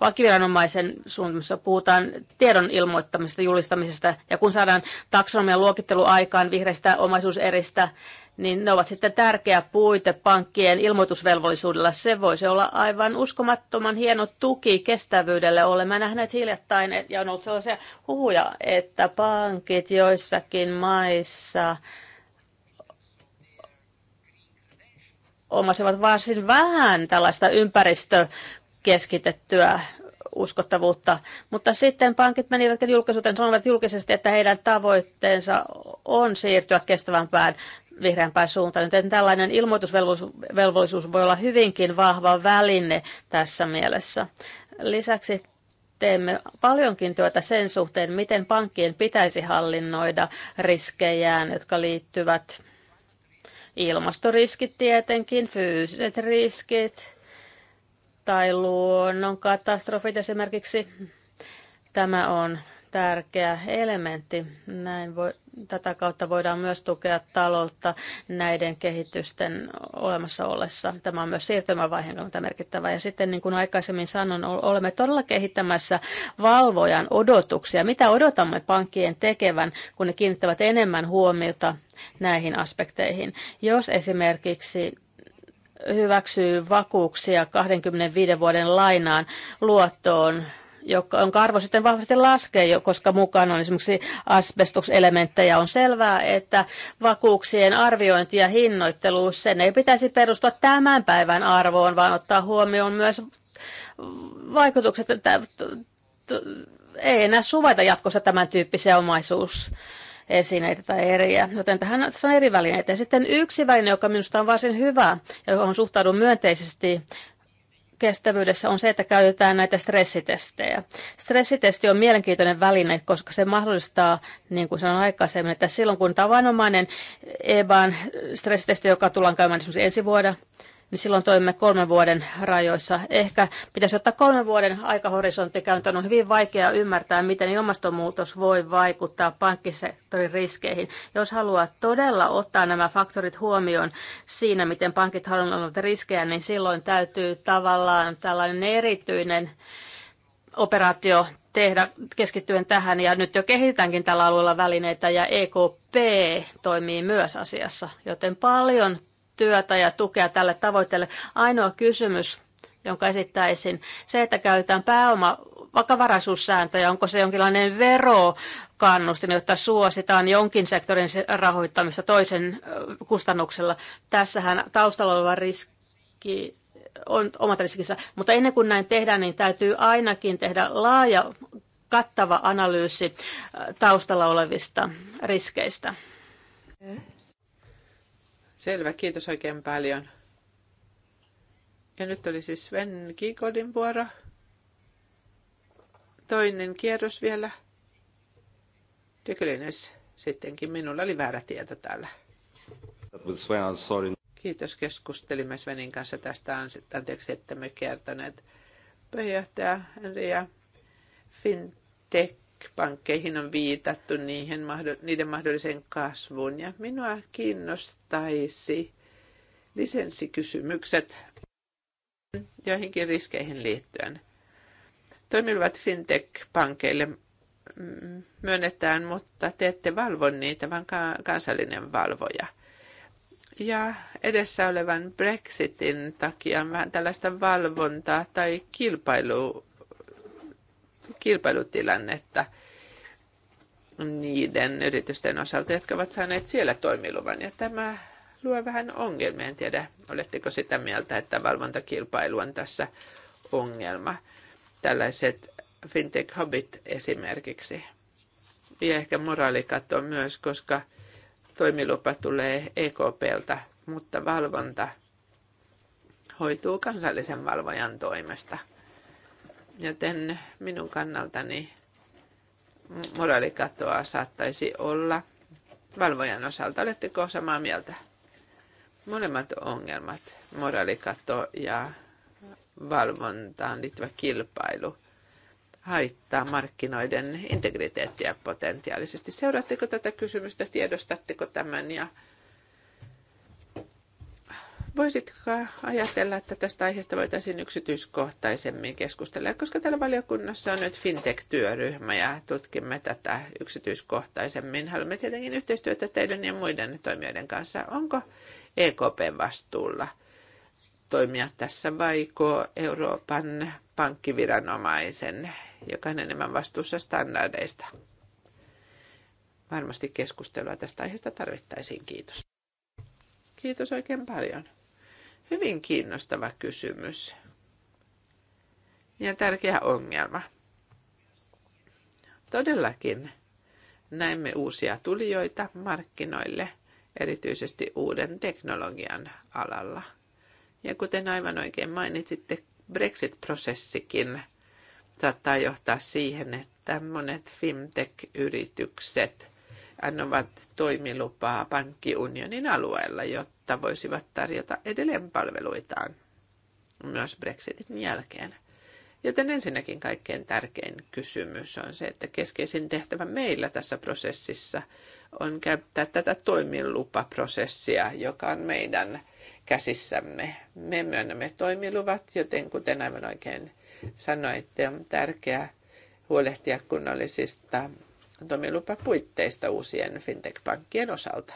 vakiviranomaisen suunnitelmassa puhutaan tiedon ilmoittamisesta, julistamisesta ja kun saadaan taksonomian luokittelu aikaan vihreistä omaisuuseristä, niin ne ovat sitten tärkeä puite pankkien ilmoitusvelvollisuudella. Se voisi olla aivan uskomattoman hieno tuki kestävyydelle. Olemme nähneet hiljattain, ja on ollut sellaisia huhuja, että pankit joissakin maissa omasivat varsin vähän tällaista ympäristökeskitettyä uskottavuutta. Mutta sitten pankit menivät julkisuuteen sanoivat julkisesti, että heidän tavoitteensa on siirtyä kestävämpään vihreämpään suuntaan. Joten tällainen ilmoitusvelvollisuus voi olla hyvinkin vahva väline tässä mielessä. Lisäksi teemme paljonkin työtä sen suhteen, miten pankkien pitäisi hallinnoida riskejään, jotka liittyvät ilmastoriskit tietenkin, fyysiset riskit tai luonnonkatastrofit esimerkiksi. Tämä on tärkeä elementti. Näin voi, tätä kautta voidaan myös tukea taloutta näiden kehitysten olemassa ollessa. Tämä on myös siirtymävaiheen kannalta merkittävä. Ja sitten niin kuin aikaisemmin sanon, olemme todella kehittämässä valvojan odotuksia. Mitä odotamme pankkien tekevän, kun ne kiinnittävät enemmän huomiota näihin aspekteihin? Jos esimerkiksi hyväksyy vakuuksia 25 vuoden lainaan luottoon joka, jonka arvo sitten vahvasti laskee, koska mukana on esimerkiksi asbestuselementtejä. On selvää, että vakuuksien arviointi ja hinnoittelu, sen ei pitäisi perustua tämän päivän arvoon, vaan ottaa huomioon myös vaikutukset, että ei enää suvaita jatkossa tämän tyyppisiä omaisuus esineitä tai eriä. Joten tähän on eri välineitä. Ja sitten yksi väline, joka minusta on varsin hyvä ja johon suhtaudun myönteisesti, kestävyydessä on se, että käytetään näitä stressitestejä. Stressitesti on mielenkiintoinen väline, koska se mahdollistaa, niin kuin sanoin aikaisemmin, että silloin kun tavanomainen EBAn stressitesti, joka tullaan käymään esimerkiksi ensi vuonna, niin silloin toimimme kolmen vuoden rajoissa. Ehkä pitäisi ottaa kolmen vuoden aikahorisontti käyntöön. On hyvin vaikea ymmärtää, miten ilmastonmuutos voi vaikuttaa pankkisektorin riskeihin. Jos haluaa todella ottaa nämä faktorit huomioon siinä, miten pankit haluavat riskejä, niin silloin täytyy tavallaan tällainen erityinen operaatio tehdä keskittyen tähän, ja nyt jo kehitetäänkin tällä alueella välineitä, ja EKP toimii myös asiassa, joten paljon työtä ja tukea tälle tavoitteelle. Ainoa kysymys, jonka esittäisin, se, että käytetään pääoma vakavaraisuussääntöjä, onko se jonkinlainen verokannustin, jotta suositaan jonkin sektorin rahoittamista toisen kustannuksella. Tässähän taustalla oleva riski on omat riskinsä, mutta ennen kuin näin tehdään, niin täytyy ainakin tehdä laaja kattava analyysi taustalla olevista riskeistä. Selvä, kiitos oikein paljon. Ja nyt oli siis Sven Kikodin vuoro. Toinen kierros vielä. Tykylinys sittenkin. Minulla oli väärä tieto täällä. Kiitos, keskustelimme Svenin kanssa tästä. Anteeksi, että me kertoneet. Puheenjohtaja ja Fintech pankkeihin on viitattu niihin, niiden mahdolliseen kasvuun. Ja minua kiinnostaisi lisenssikysymykset joihinkin riskeihin liittyen. Toimivat fintech-pankeille mm, myönnetään, mutta te ette valvo niitä, vaan kansallinen valvoja. Ja edessä olevan Brexitin takia on vähän tällaista valvontaa tai kilpailu kilpailutilannetta niiden yritysten osalta, jotka ovat saaneet siellä toimiluvan. Ja tämä luo vähän ongelmia. En tiedä, oletteko sitä mieltä, että valvontakilpailu on tässä ongelma. Tällaiset fintech hobbit esimerkiksi. Ja ehkä moraalikatto myös, koska toimilupa tulee EKPltä, mutta valvonta hoituu kansallisen valvojan toimesta – Joten minun kannaltani moraalikatoa saattaisi olla valvojan osalta. Oletteko samaa mieltä? Molemmat ongelmat, moraalikato ja valvontaan liittyvä kilpailu, haittaa markkinoiden integriteettiä potentiaalisesti. Seuraatteko tätä kysymystä, tiedostatteko tämän ja Voisitko ajatella, että tästä aiheesta voitaisiin yksityiskohtaisemmin keskustella, koska täällä valiokunnassa on nyt fintech-työryhmä ja tutkimme tätä yksityiskohtaisemmin. Haluamme tietenkin yhteistyötä teidän ja muiden toimijoiden kanssa. Onko EKP vastuulla toimia tässä vaiko Euroopan pankkiviranomaisen, joka on enemmän vastuussa standardeista? Varmasti keskustelua tästä aiheesta tarvittaisiin. Kiitos. Kiitos oikein paljon. Hyvin kiinnostava kysymys ja tärkeä ongelma. Todellakin näemme uusia tulijoita markkinoille, erityisesti uuden teknologian alalla. Ja kuten aivan oikein mainitsitte, Brexit-prosessikin saattaa johtaa siihen, että monet fintech-yritykset annovat toimilupaa pankkiunionin alueella, jotta voisivat tarjota edelleen palveluitaan myös Brexitin jälkeen. Joten ensinnäkin kaikkein tärkein kysymys on se, että keskeisin tehtävä meillä tässä prosessissa on käyttää tätä toimilupaprosessia, joka on meidän käsissämme. Me myönnämme toimiluvat, joten kuten aivan oikein sanoitte, on tärkeää huolehtia kunnollisista toimilupapuitteista uusien fintech-pankkien osalta.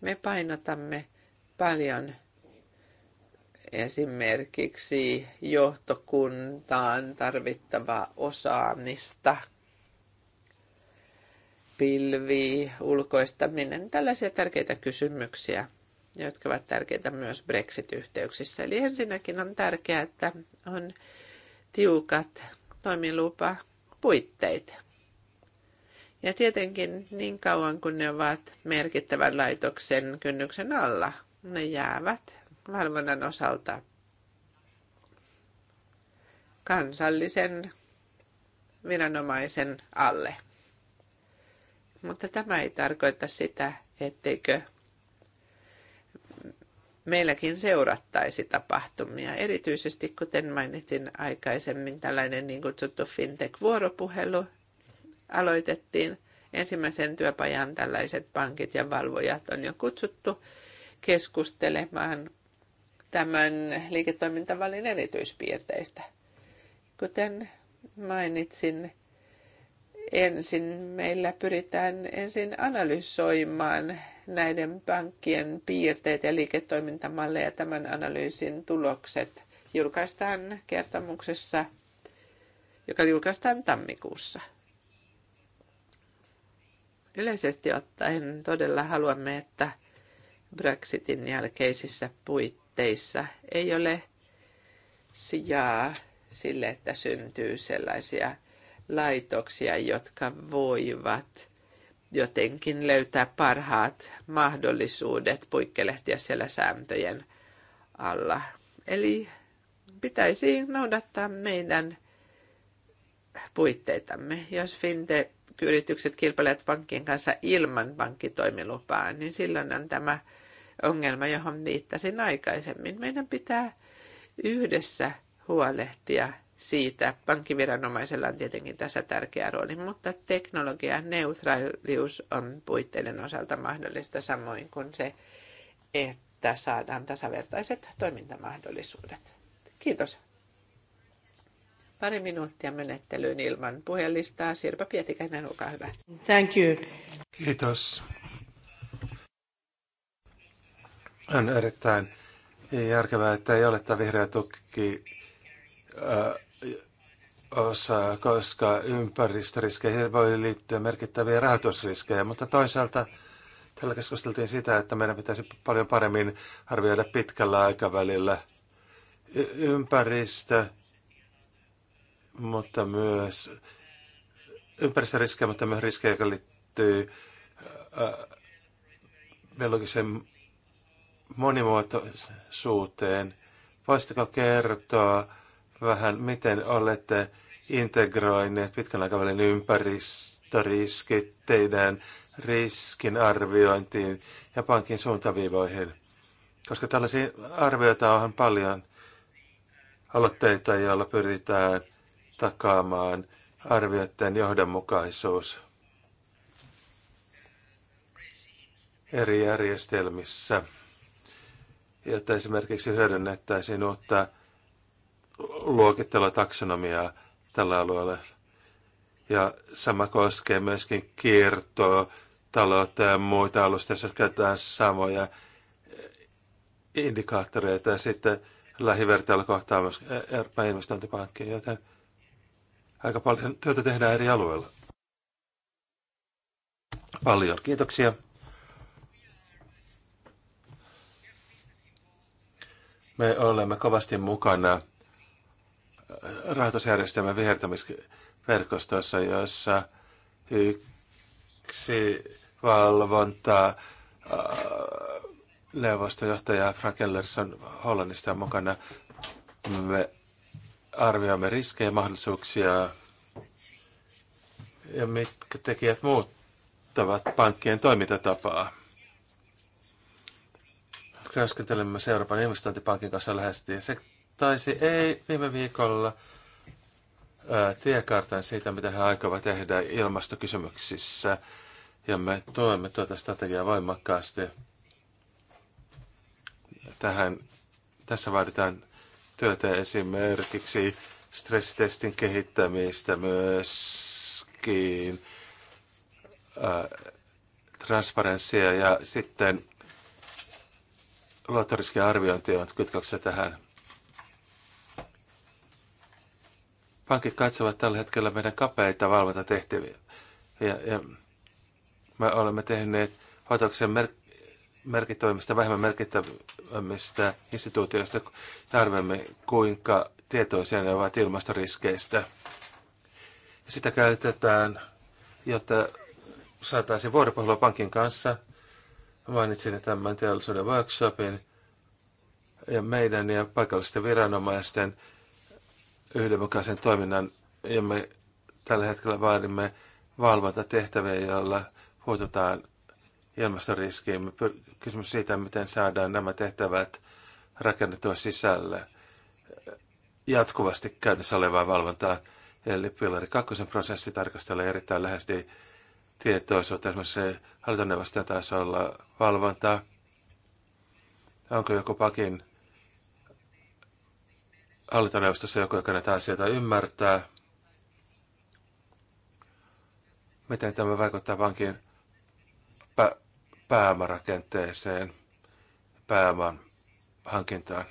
Me painotamme paljon esimerkiksi johtokuntaan tarvittavaa osaamista, pilvi, ulkoistaminen, tällaisia tärkeitä kysymyksiä, jotka ovat tärkeitä myös Brexit-yhteyksissä. Eli ensinnäkin on tärkeää, että on tiukat toimilupa puitteita. Ja tietenkin niin kauan kun ne ovat merkittävän laitoksen kynnyksen alla, ne jäävät valvonnan osalta kansallisen viranomaisen alle. Mutta tämä ei tarkoita sitä, etteikö meilläkin seurattaisi tapahtumia. Erityisesti, kuten mainitsin aikaisemmin, tällainen niin kutsuttu fintech-vuoropuhelu aloitettiin. Ensimmäisen työpajan tällaiset pankit ja valvojat on jo kutsuttu keskustelemaan tämän liiketoimintavallin erityispiirteistä. Kuten mainitsin, ensin meillä pyritään ensin analysoimaan näiden pankkien piirteet ja liiketoimintamalleja. Tämän analyysin tulokset julkaistaan kertomuksessa, joka julkaistaan tammikuussa. Yleisesti ottaen todella haluamme, että Brexitin jälkeisissä puitteissa ei ole sijaa sille, että syntyy sellaisia laitoksia, jotka voivat jotenkin löytää parhaat mahdollisuudet poikkelehtiä siellä sääntöjen alla. Eli pitäisi noudattaa meidän puitteitamme. Jos fintech-yritykset kilpailevat pankkien kanssa ilman pankkitoimilupaa, niin silloin on tämä ongelma, johon viittasin aikaisemmin. Meidän pitää yhdessä huolehtia siitä. Pankkiviranomaisella on tietenkin tässä tärkeä rooli, mutta teknologia neutraalius on puitteiden osalta mahdollista samoin kuin se, että saadaan tasavertaiset toimintamahdollisuudet. Kiitos. Pari minuuttia menettelyyn ilman puhelistaa. Sirpa Pietikäinen, olkaa hyvä. Thank you. Kiitos. On erittäin järkevää, että ei ole tämä vihreä tukki osa, koska ympäristöriskeihin voi liittyä merkittäviä rahoitusriskejä, mutta toisaalta tällä keskusteltiin sitä, että meidän pitäisi paljon paremmin arvioida pitkällä aikavälillä y- ympäristö, mutta myös ympäristöriskejä, mutta myös riskejä, jotka liittyy biologiseen monimuotoisuuteen. Voisitteko kertoa vähän, miten olette integroineet pitkän aikavälin ympäristöriskit teidän arviointiin ja pankin suuntaviivoihin? Koska tällaisia arvioita on paljon aloitteita, joilla pyritään takaamaan arvioiden johdonmukaisuus eri järjestelmissä, jotta esimerkiksi hyödynnettäisiin uutta luokittelua taksonomiaa tällä alueella. Ja sama koskee myöskin kiertoa, taloutta ja muita alustoja, joissa käytetään samoja eh, indikaattoreita ja sitten lähivertailla kohtaa myös eh, Euroopan investointipankki, joten aika paljon työtä tehdään eri alueilla. Paljon. Kiitoksia. Me olemme kovasti mukana rahoitusjärjestelmän vihertämisverkostossa, jossa yksi valvonta neuvostojohtaja Frank Ellerson Hollannista on mukana. Me arvioimme riskejä, mahdollisuuksia ja mitkä tekijät muuttavat pankkien toimintatapaa. Työskentelemme Euroopan investointipankin kanssa läheisesti sek taisi ei viime viikolla ää, tiekartan siitä, mitä he aikovat tehdä ilmastokysymyksissä. Ja me tuemme tuota strategiaa voimakkaasti. Tähän, tässä vaaditaan työtä esimerkiksi stressitestin kehittämistä myöskin, ää, transparenssia ja sitten luottoriskien on kytköksessä tähän – Pankit katsovat tällä hetkellä meidän kapeita valvontatehtäviä. Ja, ja me olemme tehneet hoitoksen mer- merkittävimmistä, vähemmän merkittävimmistä instituutioista tarvemme, kuinka tietoisia ne ovat ilmastoriskeistä. Ja sitä käytetään, jotta saataisiin vuoropuhelua pankin kanssa. Mainitsin tämän teollisuuden workshopin ja meidän ja paikallisten viranomaisten yhdenmukaisen toiminnan ja me tällä hetkellä vaadimme valvonta tehtäviä, joilla puututaan ilmastoriskiin. Kysymys siitä, miten saadaan nämä tehtävät rakennettua sisälle jatkuvasti käynnissä olevaa valvontaa. Eli Pilari kakkosen prosessi tarkastelee erittäin läheisesti tietoisuutta esimerkiksi hallintoneuvoston valvontaa. Onko joku pakin hallintoneuvostossa joku, joka näitä asioita ymmärtää. Miten tämä vaikuttaa pankin pä- pääomarakenteeseen, pääoman hankintaan?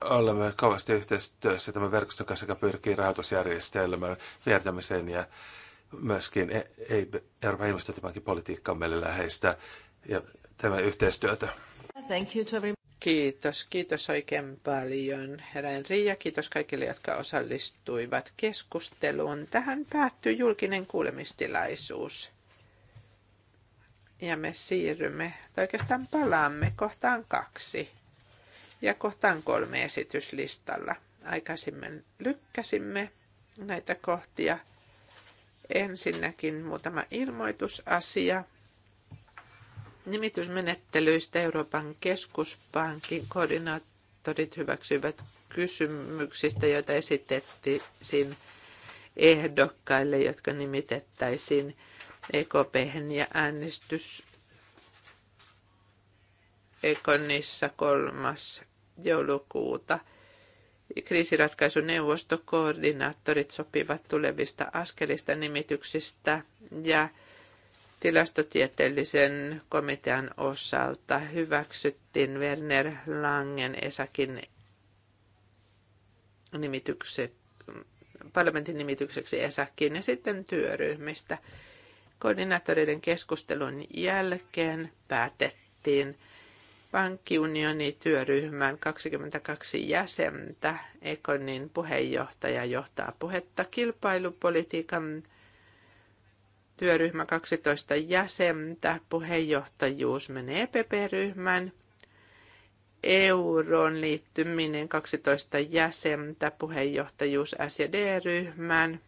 Olemme kovasti yhteistyössä tämän verkoston kanssa, joka pyrkii rahoitusjärjestelmän viertämiseen ja myöskin ei e- Euroopan ilmastotipankin politiikka on meille läheistä ja tämän yhteistyötä. Thank you to Kiitos, kiitos oikein paljon herra Enri kiitos kaikille, jotka osallistuivat keskusteluun. Tähän päättyy julkinen kuulemistilaisuus. Ja me siirrymme, tai oikeastaan palaamme kohtaan kaksi ja kohtaan kolme esityslistalla. Aikaisemmin lykkäsimme näitä kohtia. Ensinnäkin muutama ilmoitusasia. Nimitysmenettelyistä Euroopan keskuspankin koordinaattorit hyväksyivät kysymyksistä, joita esitettiin ehdokkaille, jotka nimitettäisiin EKP ja äänestys Ekonissa kolmas joulukuuta. Kriisiratkaisuneuvostokoordinaattorit sopivat tulevista askelista nimityksistä ja tilastotieteellisen komitean osalta hyväksyttiin Werner Langen Esakin nimitykset, parlamentin nimitykseksi Esakin ja sitten työryhmistä. Koordinaattoreiden keskustelun jälkeen päätettiin työryhmän 22 jäsentä. Ekonin puheenjohtaja johtaa puhetta kilpailupolitiikan työryhmä 12 jäsentä, puheenjohtajuus menee EPP-ryhmän, euroon liittyminen 12 jäsentä, puheenjohtajuus SED-ryhmän,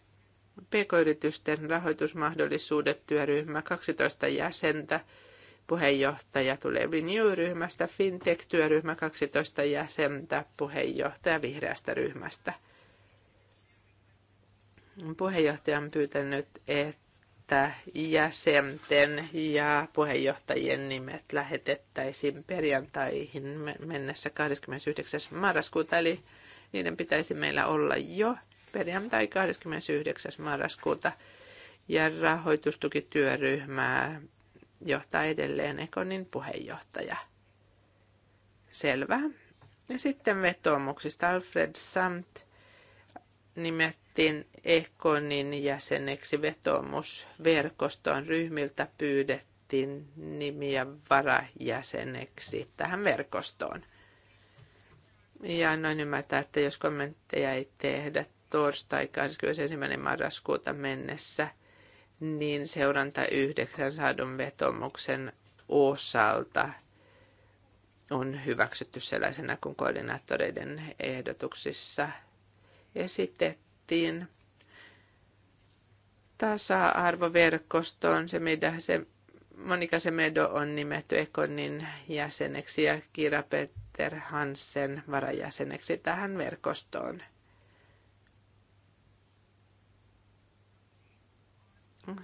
pk-yritysten rahoitusmahdollisuudet työryhmä 12 jäsentä, puheenjohtaja tulee Renew-ryhmästä, Fintech-työryhmä 12 jäsentä, puheenjohtaja vihreästä ryhmästä. Puheenjohtaja on pyytänyt, että että jäsenten ja puheenjohtajien nimet lähetettäisiin perjantaihin mennessä 29. marraskuuta, eli niiden pitäisi meillä olla jo perjantai 29. marraskuuta. Ja rahoitustukityöryhmää johtaa edelleen Ekonin puheenjohtaja. Selvä. Ja sitten vetoomuksista Alfred Samt nimettiin Ekonin jäseneksi vetomusverkostoon. Ryhmiltä pyydettiin nimiä varajäseneksi tähän verkostoon. Ja noin ymmärtää, että jos kommentteja ei tehdä torstai 21. marraskuuta mennessä, niin seuranta yhdeksän saadun vetomuksen osalta on hyväksytty sellaisena kuin koordinaattoreiden ehdotuksissa – esitettiin tasa-arvoverkostoon, se mitä se Monika Semedo on nimetty Ekonin jäseneksi ja Kira Peter Hansen varajäseneksi tähän verkostoon.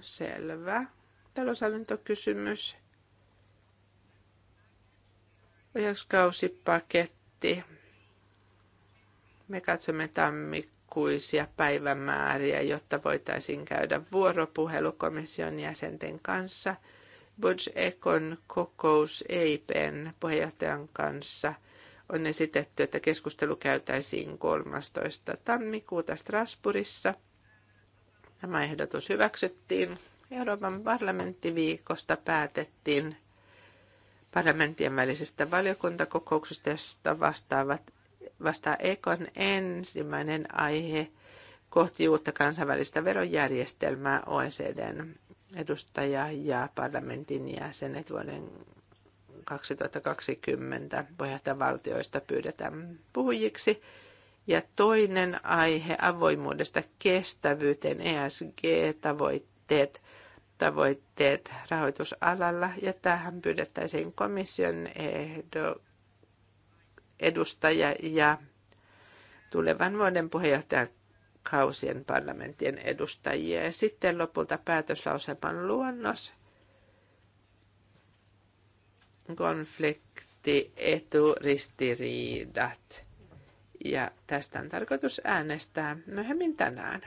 Selvä. Taloushallintokysymys. Ohjauskausipaketti. Me katsomme tammikuisia päivämääriä, jotta voitaisiin käydä vuoropuhelu komission jäsenten kanssa. Budge Ekon kokous EIPn puheenjohtajan kanssa on esitetty, että keskustelu käytäisiin 13. tammikuuta Strasbourgissa. Tämä ehdotus hyväksyttiin. Euroopan parlamenttiviikosta päätettiin parlamenttien välisestä valiokuntakokouksesta, josta vastaavat vastaa Ekon ensimmäinen aihe kohti uutta kansainvälistä verojärjestelmää OECDn edustaja ja parlamentin jäsenet vuoden 2020 puheenjohtajavaltioista pyydetään puhujiksi. Ja toinen aihe avoimuudesta kestävyyteen ESG-tavoitteet tavoitteet rahoitusalalla ja tähän pyydettäisiin komission ehdo, edustaja ja tulevan vuoden kausien parlamenttien edustajia. Ja sitten lopulta päätöslauseman luonnos konflikti, etu, ristiriidat. Ja tästä on tarkoitus äänestää myöhemmin tänään.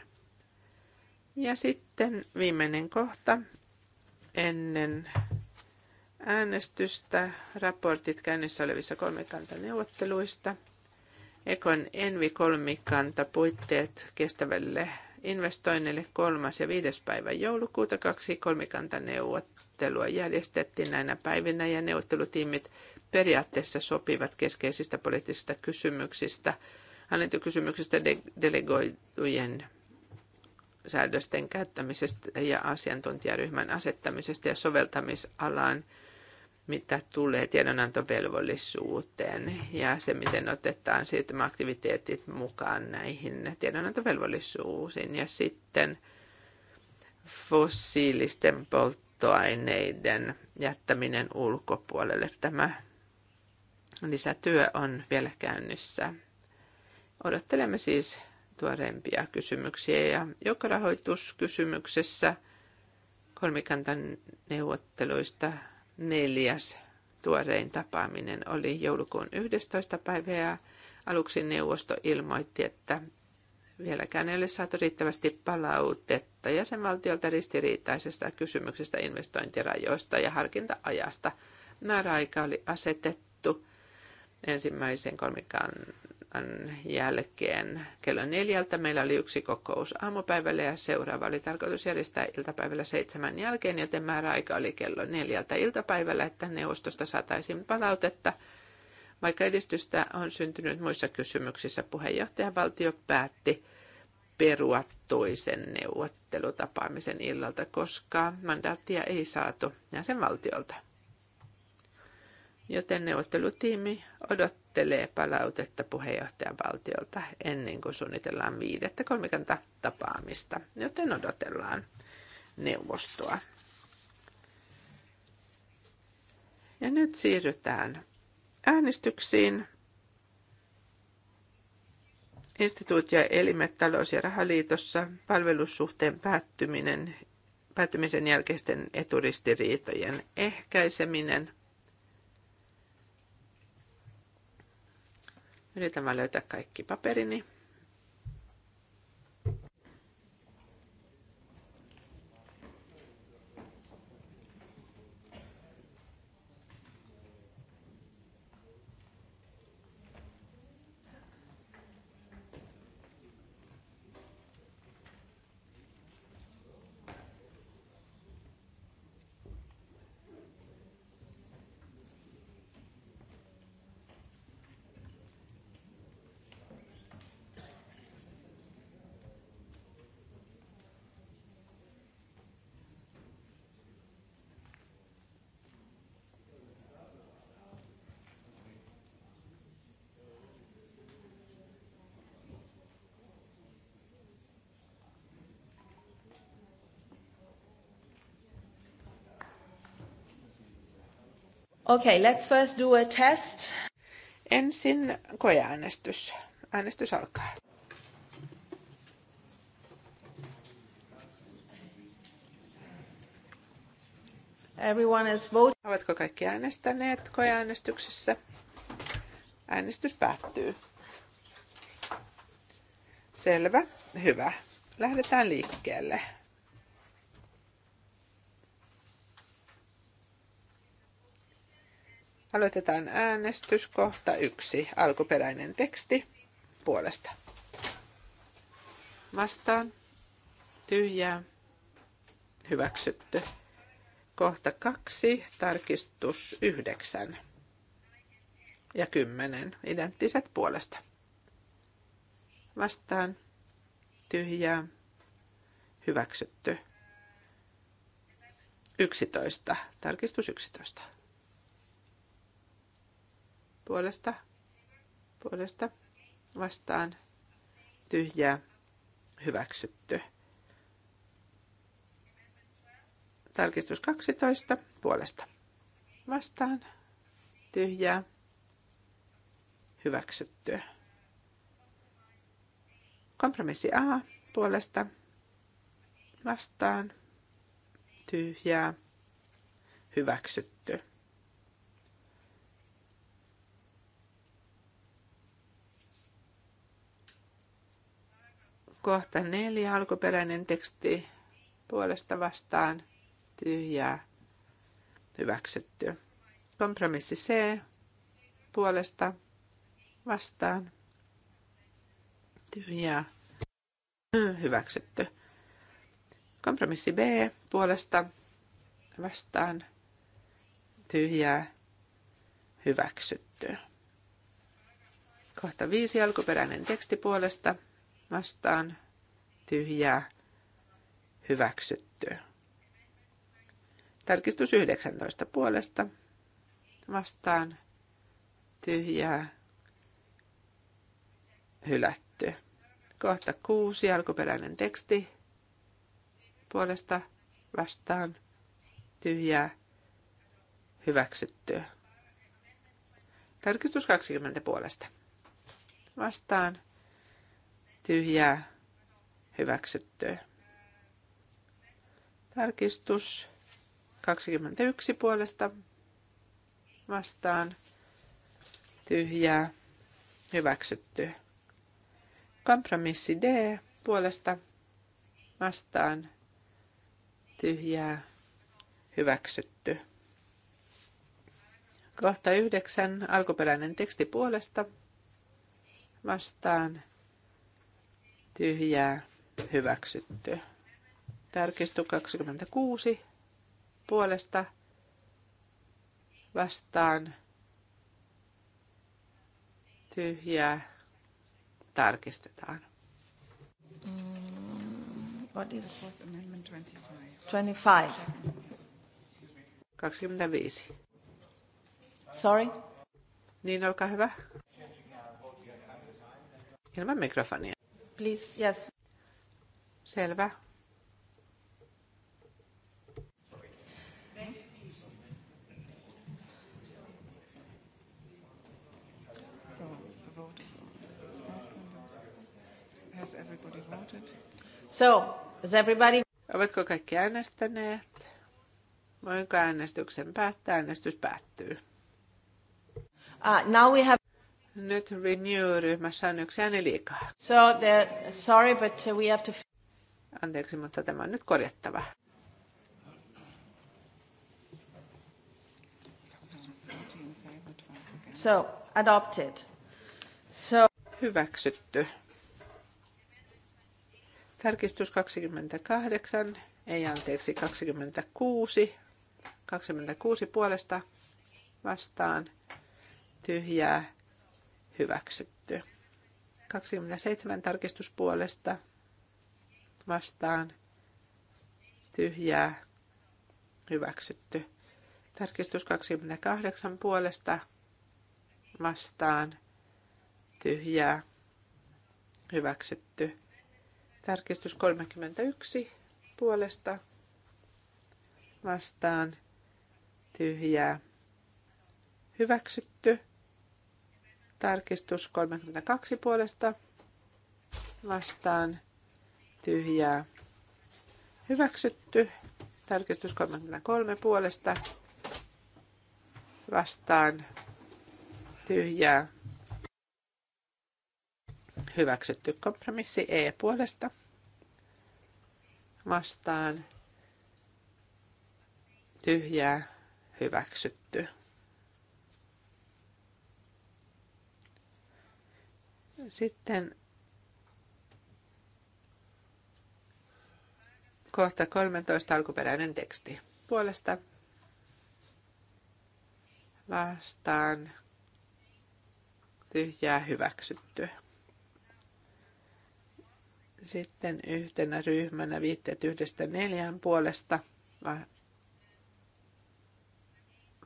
Ja sitten viimeinen kohta ennen äänestystä, raportit käynnissä olevissa kolmikantaneuvotteluista, Ekon Envi-kolmikanta puitteet kestävälle investoinnille kolmas ja viides päivä joulukuuta kaksi kolmikantaneuvottelua järjestettiin näinä päivinä ja neuvottelutiimit periaatteessa sopivat keskeisistä poliittisista kysymyksistä, hallintokysymyksistä de- delegoitujen säädösten käyttämisestä ja asiantuntijaryhmän asettamisesta ja soveltamisalaan mitä tulee tiedonantovelvollisuuteen ja se, miten otetaan siirtymäaktiviteetit mukaan näihin tiedonantovelvollisuusiin. Ja sitten fossiilisten polttoaineiden jättäminen ulkopuolelle. Tämä lisätyö on vielä käynnissä. Odottelemme siis tuoreempia kysymyksiä ja joka rahoituskysymyksessä kolmikantan neuvotteluista neljäs tuorein tapaaminen oli joulukuun 11. päivä ja aluksi neuvosto ilmoitti, että vieläkään ei ole saatu riittävästi palautetta jäsenvaltiolta ristiriitaisesta kysymyksestä investointirajoista ja harkinta-ajasta. Määräaika oli asetettu ensimmäisen kolmikan jälkeen kello neljältä. Meillä oli yksi kokous aamupäivällä ja seuraava oli tarkoitus järjestää iltapäivällä seitsemän jälkeen, joten määräaika oli kello neljältä iltapäivällä, että neuvostosta saataisiin palautetta. Vaikka edistystä on syntynyt muissa kysymyksissä, puheenjohtajavaltio päätti perua toisen neuvottelutapaamisen illalta, koska mandaattia ei saatu jäsenvaltiolta joten neuvottelutiimi odottelee palautetta puheenjohtajan valtiolta ennen kuin suunnitellaan viidettä kolmikanta tapaamista, joten odotellaan neuvostoa. Ja nyt siirrytään äänestyksiin. Instituutio- ja elimet talous- ja rahaliitossa palvelussuhteen päättyminen, päättymisen jälkeisten eturistiriitojen ehkäiseminen – Yritän vaan löytää kaikki paperini. Okay, let's first do a test. Ensin koeäänestys. Äänestys alkaa. Everyone is voting. Ovatko kaikki äänestäneet koeäänestyksessä? Äänestys päättyy. Selvä. Hyvä. Lähdetään liikkeelle. Aloitetaan äänestys kohta yksi. Alkuperäinen teksti puolesta. Vastaan. Tyhjää. Hyväksytty. Kohta kaksi. Tarkistus yhdeksän. Ja kymmenen. Identtiset puolesta. Vastaan. Tyhjää. Hyväksytty. 11. Tarkistus 11 puolesta, puolesta, vastaan, tyhjää, hyväksytty. Tarkistus 12, puolesta, vastaan, tyhjää, hyväksytty. Kompromissi A, puolesta, vastaan, tyhjää, hyväksytty. Kohta neljä alkuperäinen teksti puolesta vastaan tyhjää hyväksytty. Kompromissi C puolesta vastaan tyhjää hyväksytty. Kompromissi B puolesta vastaan tyhjää hyväksytty. Kohta viisi alkuperäinen teksti puolesta vastaan tyhjää hyväksytty. Tarkistus 19 puolesta vastaan tyhjää hylättyä. Kohta kuusi alkuperäinen teksti puolesta vastaan tyhjää hyväksytty. Tarkistus 20 puolesta vastaan tyhjää hyväksytty. Tarkistus 21 puolesta vastaan tyhjää hyväksytty. Kompromissi D puolesta vastaan tyhjää hyväksytty. Kohta yhdeksän alkuperäinen teksti puolesta vastaan tyhjää hyväksytty. Tarkistu 26 puolesta vastaan tyhjää tarkistetaan. Mm, what is 25? 25. Sorry? Niin, olkaa hyvä. Ilman mikrofonia. Please, yes. Selvä. So, has everybody... Ovatko kaikki äänestäneet? Voinko äänestyksen päättää? Äänestys päättyy. Uh, now we have... Nyt Renew-ryhmässä on yksi ääni liikaa. So the, sorry, but uh, we have to... Anteeksi, mutta tämä on nyt korjattava. So, adopted. So... Hyväksytty. Tarkistus 28, ei anteeksi 26, 26 puolesta vastaan tyhjää hyväksytty. 27 tarkistuspuolesta vastaan tyhjää hyväksytty. Tarkistus 28 puolesta vastaan tyhjää hyväksytty. Tarkistus 31 puolesta vastaan tyhjää hyväksytty. Tarkistus 32 puolesta vastaan tyhjää hyväksytty. Tarkistus 33 puolesta vastaan tyhjää hyväksytty. Kompromissi E puolesta vastaan tyhjää hyväksytty. Sitten kohta 13 alkuperäinen teksti. Puolesta vastaan tyhjää hyväksyttyä. Sitten yhtenä ryhmänä viitteet yhdestä neljään puolesta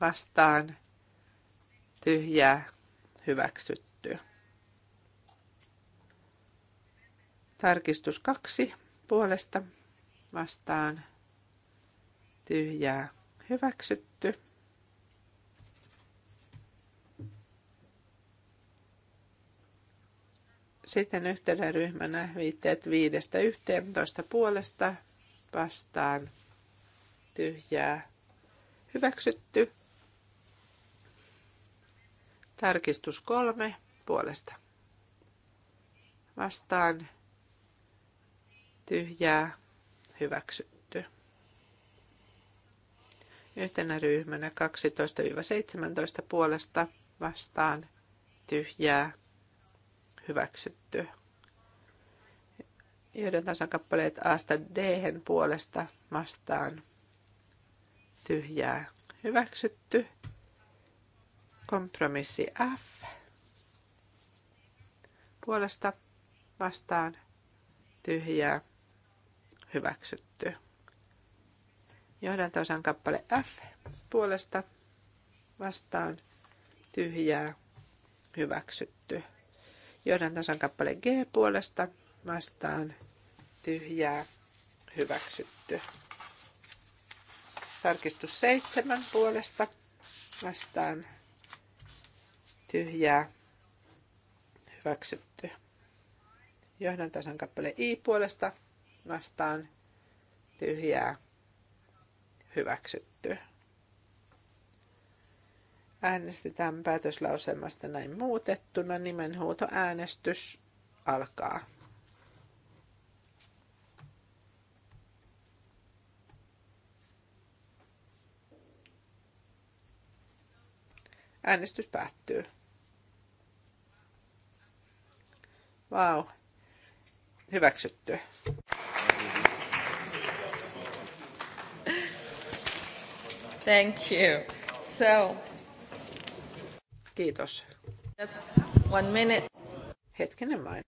vastaan tyhjää hyväksyttyä. Tarkistus kaksi puolesta vastaan tyhjää hyväksytty. Sitten yhtenä ryhmänä viitteet viidestä toista puolesta vastaan tyhjää hyväksytty. Tarkistus kolme puolesta vastaan tyhjää hyväksytty. Yhtenä ryhmänä 12-17 puolesta vastaan tyhjää hyväksytty. Joiden tasakappaleet Asta d puolesta vastaan tyhjää hyväksytty. Kompromissi F puolesta vastaan tyhjää hyväksytty. Johdantosan kappale F puolesta vastaan tyhjää hyväksytty. Johdantosan kappale G puolesta vastaan tyhjää hyväksytty. Tarkistus 7 puolesta vastaan tyhjää hyväksytty. Johdantosan kappale I puolesta vastaan tyhjää hyväksytty. Äänestetään päätöslauselmasta näin muutettuna. Nimenhuutoäänestys alkaa. Äänestys päättyy. Vau. Wow. Hyväksytty. Thank you. So. Kiitos. Just one minute. Hetkinen vain.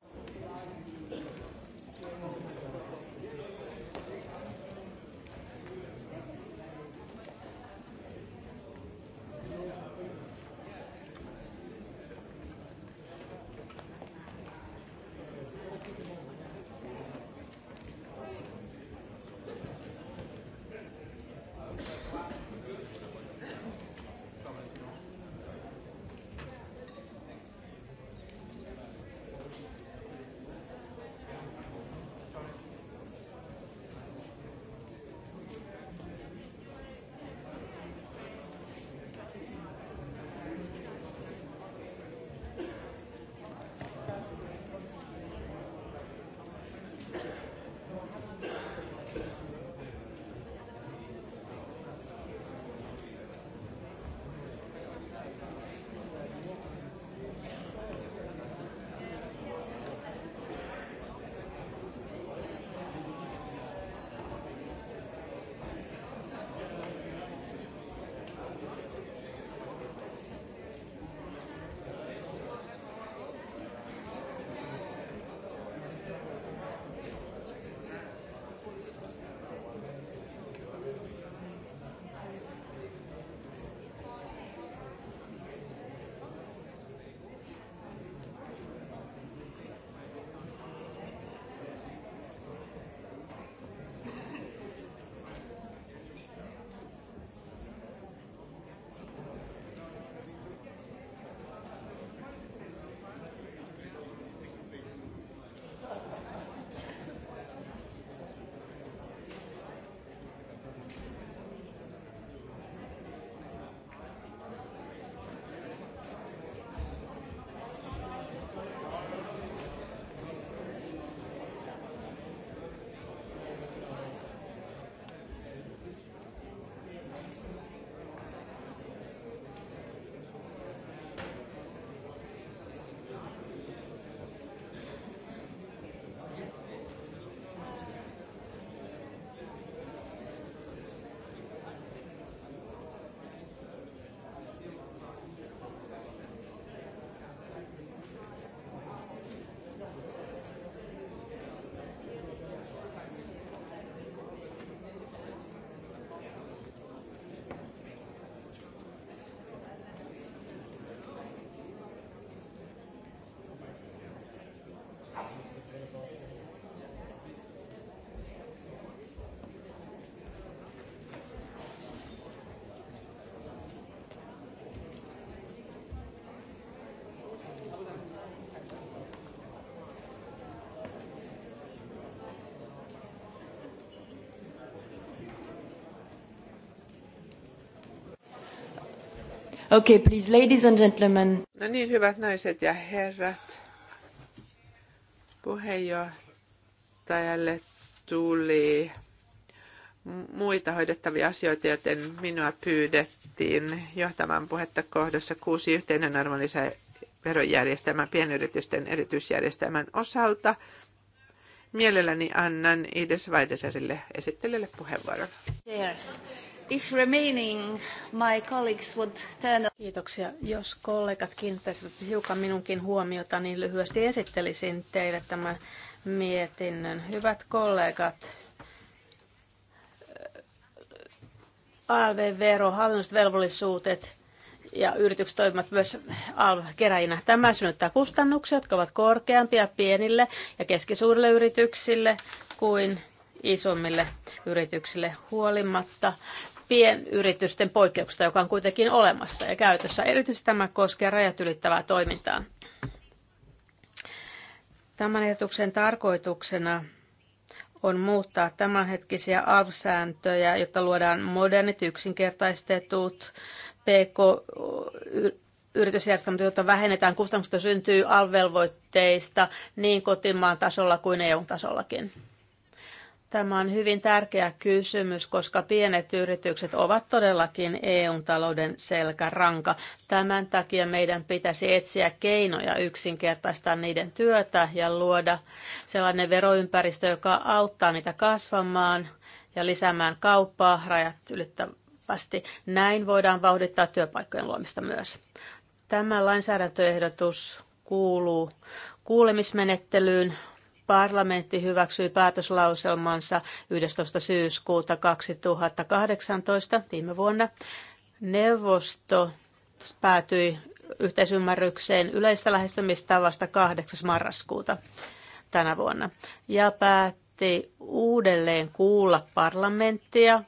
Okay, please, ladies and gentlemen. No niin, hyvät naiset ja herrat. Puheenjohtajalle tuli muita hoidettavia asioita, joten minua pyydettiin johtamaan puhetta kohdassa kuusi yhteinen arvonlisäverojärjestelmän pienyritysten erityisjärjestelmän osalta. Mielelläni annan Ides Weiderille esittelijälle puheenvuoron. Yeah. If remaining, my colleagues would turn... Kiitoksia. Jos kollegat kiinnittäisivät hiukan minunkin huomiota, niin lyhyesti esittelisin teille tämän mietinnön. Hyvät kollegat, ALV-vero, hallinnolliset velvollisuudet ja yritykset toimivat myös ALV-keräjinä. Tämä synnyttää kustannuksia, jotka ovat korkeampia pienille ja keskisuurille yrityksille kuin isommille yrityksille huolimatta pienyritysten poikkeuksesta, joka on kuitenkin olemassa ja käytössä. Erityisesti tämä koskee rajat ylittävää toimintaa. Tämän ehdotuksen tarkoituksena on muuttaa tämänhetkisiä ALV-sääntöjä, jotta luodaan modernit, yksinkertaistetut PK-yritysjärjestelmät, jotta vähennetään kustannusta syntyy alvelvoitteista niin kotimaan tasolla kuin EU-tasollakin. Tämä on hyvin tärkeä kysymys, koska pienet yritykset ovat todellakin EU-talouden selkäranka. Tämän takia meidän pitäisi etsiä keinoja yksinkertaistaa niiden työtä ja luoda sellainen veroympäristö, joka auttaa niitä kasvamaan ja lisäämään kauppaa rajat ylittävästi. Näin voidaan vauhdittaa työpaikkojen luomista myös. Tämä lainsäädäntöehdotus kuuluu kuulemismenettelyyn Parlamentti hyväksyi päätöslauselmansa 11. syyskuuta 2018 viime vuonna. Neuvosto päätyi yhteisymmärrykseen yleistä lähestymistavasta 8. marraskuuta tänä vuonna ja päätti uudelleen kuulla parlamenttia,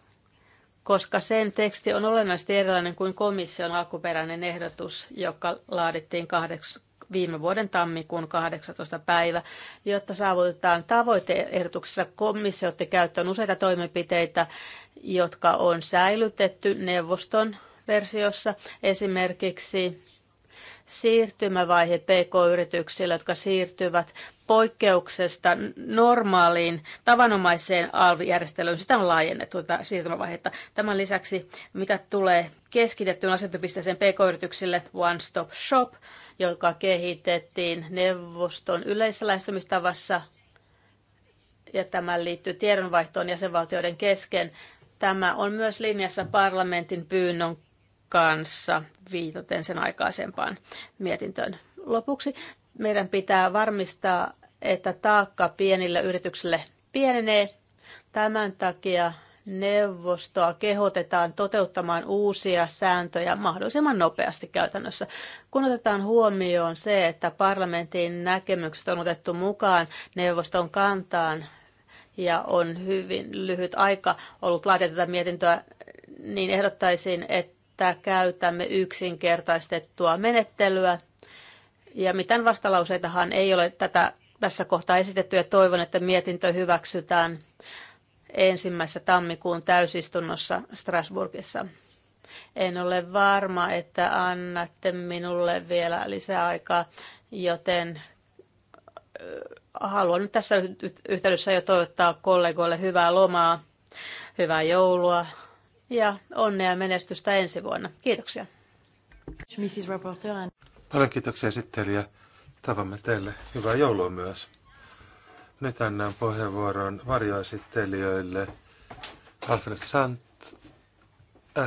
koska sen teksti on olennaisesti erilainen kuin komission alkuperäinen ehdotus, joka laadittiin 8 viime vuoden tammikuun 18. päivä. Jotta saavutetaan tavoiteehdotuksessa, komissio otti käyttöön useita toimenpiteitä, jotka on säilytetty neuvoston versiossa. Esimerkiksi siirtymävaihe PK-yrityksille, jotka siirtyvät poikkeuksesta normaaliin tavanomaiseen alvijärjestelyyn. Sitä on laajennettu tätä siirtymävaihetta. Tämän lisäksi, mitä tulee keskitettyyn asentopisteeseen pk-yrityksille One Stop Shop, joka kehitettiin neuvoston yleisessä lähestymistavassa, ja tämä liittyy tiedonvaihtoon jäsenvaltioiden kesken. Tämä on myös linjassa parlamentin pyynnön kanssa, viitaten sen aikaisempaan mietintöön. Lopuksi meidän pitää varmistaa, että taakka pienille yrityksille pienenee. Tämän takia neuvostoa kehotetaan toteuttamaan uusia sääntöjä mahdollisimman nopeasti käytännössä. Kun otetaan huomioon se, että parlamentin näkemykset on otettu mukaan neuvoston kantaan ja on hyvin lyhyt aika ollut laatia tätä mietintöä, niin ehdottaisin, että käytämme yksinkertaistettua menettelyä – ja mitään vastalauseitahan ei ole tätä tässä kohtaa esitetty ja toivon, että mietintö hyväksytään ensimmäisessä tammikuun täysistunnossa Strasbourgissa. En ole varma, että annatte minulle vielä lisää aikaa, joten haluan nyt tässä yhteydessä jo toivottaa kollegoille hyvää lomaa, hyvää joulua ja onnea ja menestystä ensi vuonna. Kiitoksia. Paljon kiitoksia esittelijä. Tavamme teille hyvää joulua myös. Nyt annan puheenvuoron varjoesittelijöille. Alfred Sant,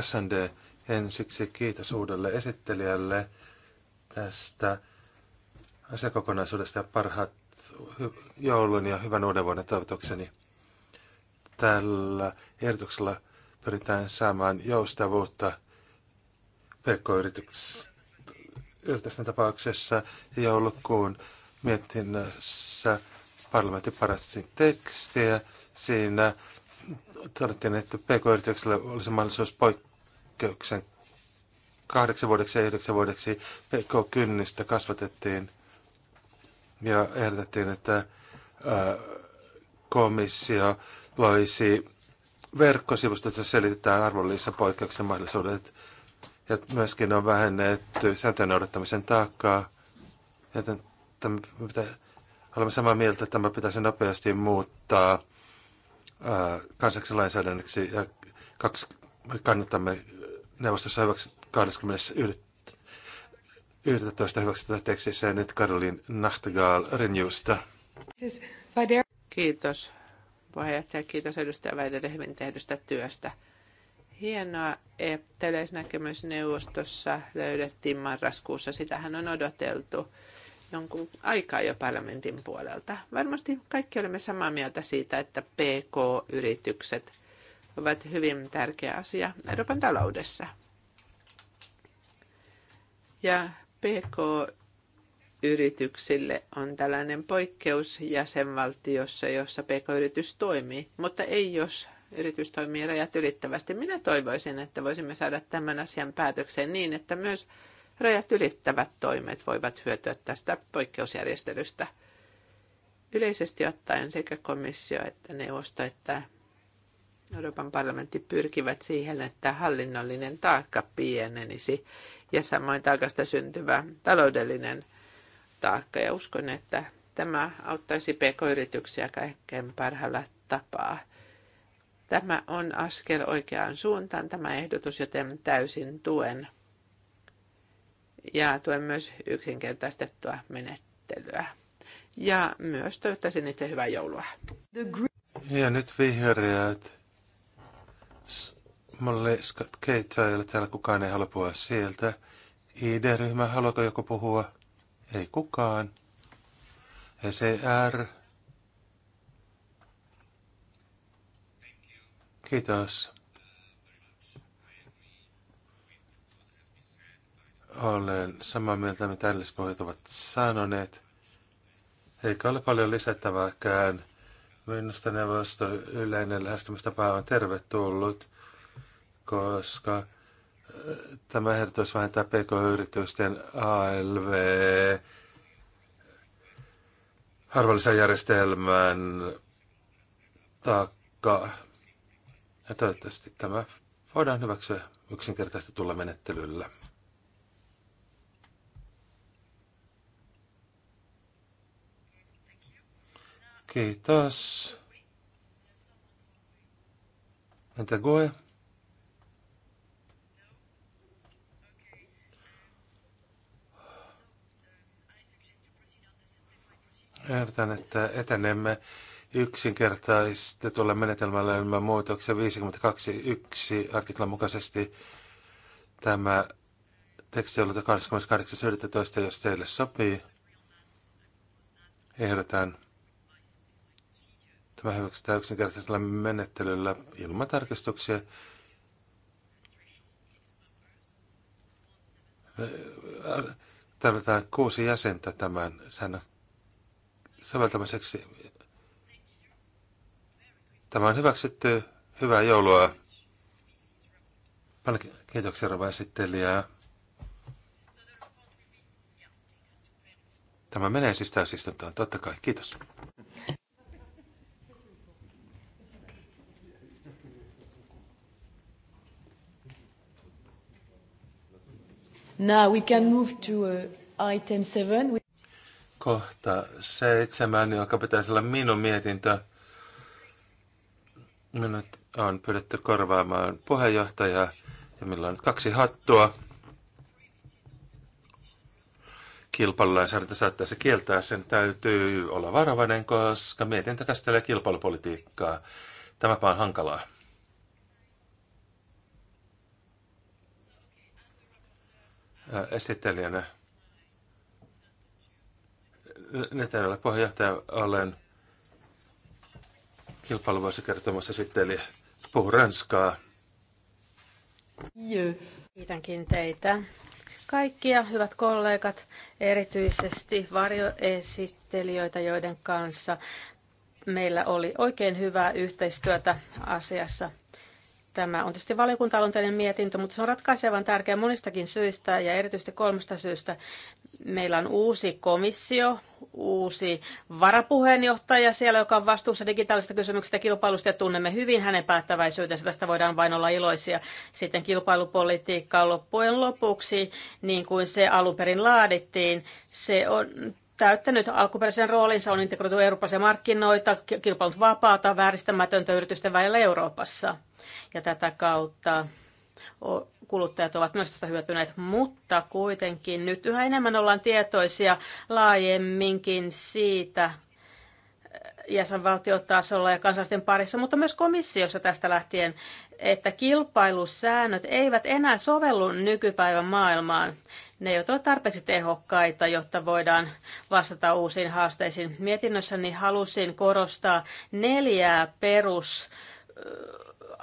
SND, ensiksi kiitos uudelle esittelijälle tästä asiakokonaisuudesta ja parhaat joulun ja hyvän uuden vuoden toivotukseni. Tällä ehdotuksella pyritään saamaan joustavuutta pk-yrityksiin Yrtäsen tapauksessa joulukuun mietinnössä parlamentti parasti tekstiä. Siinä todettiin, että PK-yrityksellä olisi mahdollisuus poikkeuksen kahdeksan vuodeksi ja yhdeksän vuodeksi PK-kynnistä kasvatettiin ja ehdotettiin, että komissio loisi verkkosivustot, jossa selitetään arvonlisäpoikkeuksen mahdollisuudet ja myöskin on vähennetty sääntöjen noudattamisen taakkaa. Joten tämä pitää, olemme samaa mieltä, että tämä pitäisi nopeasti muuttaa kansaksi lainsäädännöksi ja kaksi, kannatamme neuvostossa hyväksi 21. 11. hyväksytään tekstissä ja nyt Karolin Nachtigal Renewsta. Kiitos puheenjohtaja, kiitos edustaja Väinö tehdystä työstä. Hienoa, että yleisnäkemysneuvostossa löydettiin marraskuussa. Sitähän on odoteltu jonkun aikaa jo parlamentin puolelta. Varmasti kaikki olemme samaa mieltä siitä, että PK-yritykset ovat hyvin tärkeä asia Euroopan taloudessa. Ja PK-yrityksille on tällainen poikkeus jäsenvaltiossa, jossa PK-yritys toimii, mutta ei jos yritystoimii rajat ylittävästi. Minä toivoisin, että voisimme saada tämän asian päätökseen niin, että myös rajat ylittävät toimet voivat hyötyä tästä poikkeusjärjestelystä. Yleisesti ottaen sekä komissio että neuvosto että Euroopan parlamentti pyrkivät siihen, että hallinnollinen taakka pienenisi ja samoin taakasta syntyvä taloudellinen taakka. Ja uskon, että tämä auttaisi pk-yrityksiä kaikkein parhaalla tapaa. Tämä on askel oikeaan suuntaan, tämä ehdotus, joten täysin tuen. Ja tuen myös yksinkertaistettua menettelyä. Ja myös toivottaisin itse hyvää joulua. Ja nyt vihreät. Mulle Scott Keitsa ei ole täällä, kukaan ei halua puhua sieltä. ID-ryhmä, haluaako joku puhua? Ei kukaan. SER. Kiitos. Olen samaa mieltä, mitä edellispuhujat ovat sanoneet. Eikä ole paljon lisättävääkään. Minusta neuvosto yleinen lähestymistapa on tervetullut, koska äh, tämä ehdotus vähentää pk-yritysten ALV arvonlisäjärjestelmän taakkaa ja toivottavasti tämä voidaan hyväksyä tulla menettelyllä. Kiitos. Entä Goe? Ehdotan, että etenemme yksinkertaistetulla menetelmällä ilman muutoksia 52.1 artiklan mukaisesti tämä teksti on 28.11. jos teille sopii. Ehdotan tämä hyväksytään yksinkertaisella menettelyllä ilman tarkistuksia. Tarvitaan kuusi jäsentä tämän säännön soveltamiseksi Tämä on hyväksytty. Hyvää joulua. Paljon kiitoksia rouva esittelijä. Tämä menee siis täysistuntoon, totta kai. Kiitos. Now we can move to uh, item seven. Kohta seitsemän, joka pitäisi olla minun mietintö. Minut on pyydetty korvaamaan puheenjohtajaa ja millä on nyt kaksi hattua. Kilpailulainsäädäntö saattaisi kieltää sen. Täytyy olla varovainen, koska mietintä käsittelee kilpailupolitiikkaa. Tämäpä on hankalaa. Esittelijänä. Nyt en ole puheenjohtaja, olen sitten, eli Puhu ranskaa. Kiitänkin teitä kaikkia, hyvät kollegat, erityisesti varjoesittelijöitä, joiden kanssa meillä oli oikein hyvää yhteistyötä asiassa. Tämä on tietysti valiokuntaluonteinen mietintö, mutta se on ratkaisevan tärkeä monistakin syistä ja erityisesti kolmesta syystä. Meillä on uusi komissio, uusi varapuheenjohtaja siellä, joka on vastuussa digitaalisista kysymyksistä ja kilpailusta ja tunnemme hyvin hänen päättäväisyytensä. Tästä voidaan vain olla iloisia. Sitten kilpailupolitiikka loppujen lopuksi, niin kuin se alun perin laadittiin, se on täyttänyt alkuperäisen roolinsa, on integroitu eurooppalaisia markkinoita, kilpailut vapaata, vääristämätöntä yritysten välillä Euroopassa ja tätä kautta kuluttajat ovat myös tästä hyötyneet, mutta kuitenkin nyt yhä enemmän ollaan tietoisia laajemminkin siitä äh, jäsenvaltiotasolla ja kansallisten parissa, mutta myös komissiossa tästä lähtien, että kilpailusäännöt eivät enää sovellu nykypäivän maailmaan. Ne eivät ole tarpeeksi tehokkaita, jotta voidaan vastata uusiin haasteisiin. Mietinnössäni halusin korostaa neljää perus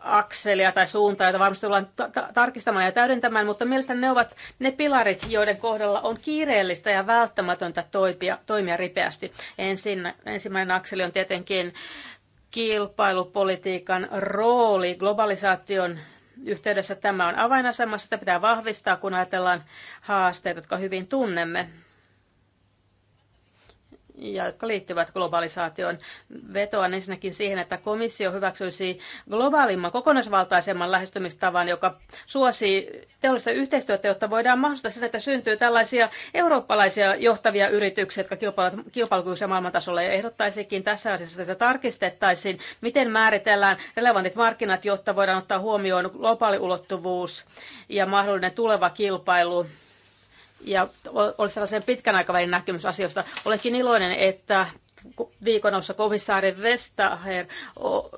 akselia tai suuntaa, joita varmasti tullaan ta- ta- tarkistamaan ja täydentämään, mutta mielestäni ne ovat ne pilarit, joiden kohdalla on kiireellistä ja välttämätöntä toipia, toimia ripeästi. Ensin, ensimmäinen akseli on tietenkin kilpailupolitiikan rooli globalisaation yhteydessä. Tämä on avainasemassa, sitä pitää vahvistaa, kun ajatellaan haasteita, jotka hyvin tunnemme ja jotka liittyvät globalisaatioon. Vetoan ensinnäkin siihen, että komissio hyväksyisi globaalimman kokonaisvaltaisemman lähestymistavan, joka suosii teollista yhteistyötä, jotta voidaan mahdollistaa sen, että syntyy tällaisia eurooppalaisia johtavia yrityksiä, jotka kilpailuvat kilpailukykyisen maailmantasolla. Ja ehdottaisikin tässä asiassa, että tarkistettaisiin, miten määritellään relevantit markkinat, jotta voidaan ottaa huomioon globaali ulottuvuus ja mahdollinen tuleva kilpailu ja olisi sellaisen pitkän aikavälin näkemys asioista. Olenkin iloinen, että viikonossa komissaari Vestager,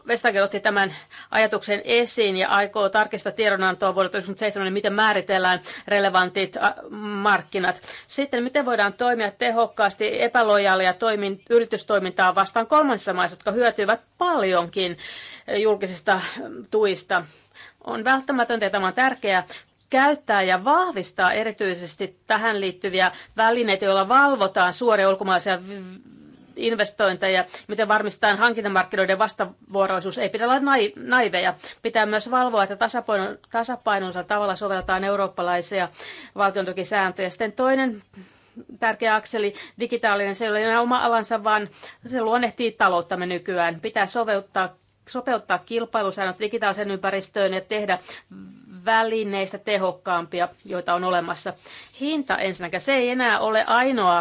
Vestager otti tämän ajatuksen esiin ja aikoo tarkistaa tiedonantoa vuodelta 1997, miten määritellään relevantit markkinat. Sitten, miten voidaan toimia tehokkaasti epälojaalia toimin, yritystoimintaa vastaan kolmansissa maissa, jotka hyötyvät paljonkin e, julkisista tuista. On välttämätöntä ja tämä on tärkeää käyttää ja vahvistaa erityisesti tähän liittyviä välineitä, joilla valvotaan suoria ulkomaalaisia investointeja, miten varmistetaan hankintamarkkinoiden vastavuoroisuus. Ei pidä olla naiveja. Pitää myös valvoa, että tasapainonsa tavalla sovelletaan eurooppalaisia valtiontukisääntöjä. Sitten toinen tärkeä akseli, digitaalinen, se ei ole enää oma alansa, vaan se luonnehtii talouttamme nykyään. Pitää soveuttaa, sopeuttaa kilpailusäännöt digitaaliseen ympäristöön ja tehdä välineistä tehokkaampia, joita on olemassa. Hinta ensinnäkin, se ei enää ole ainoa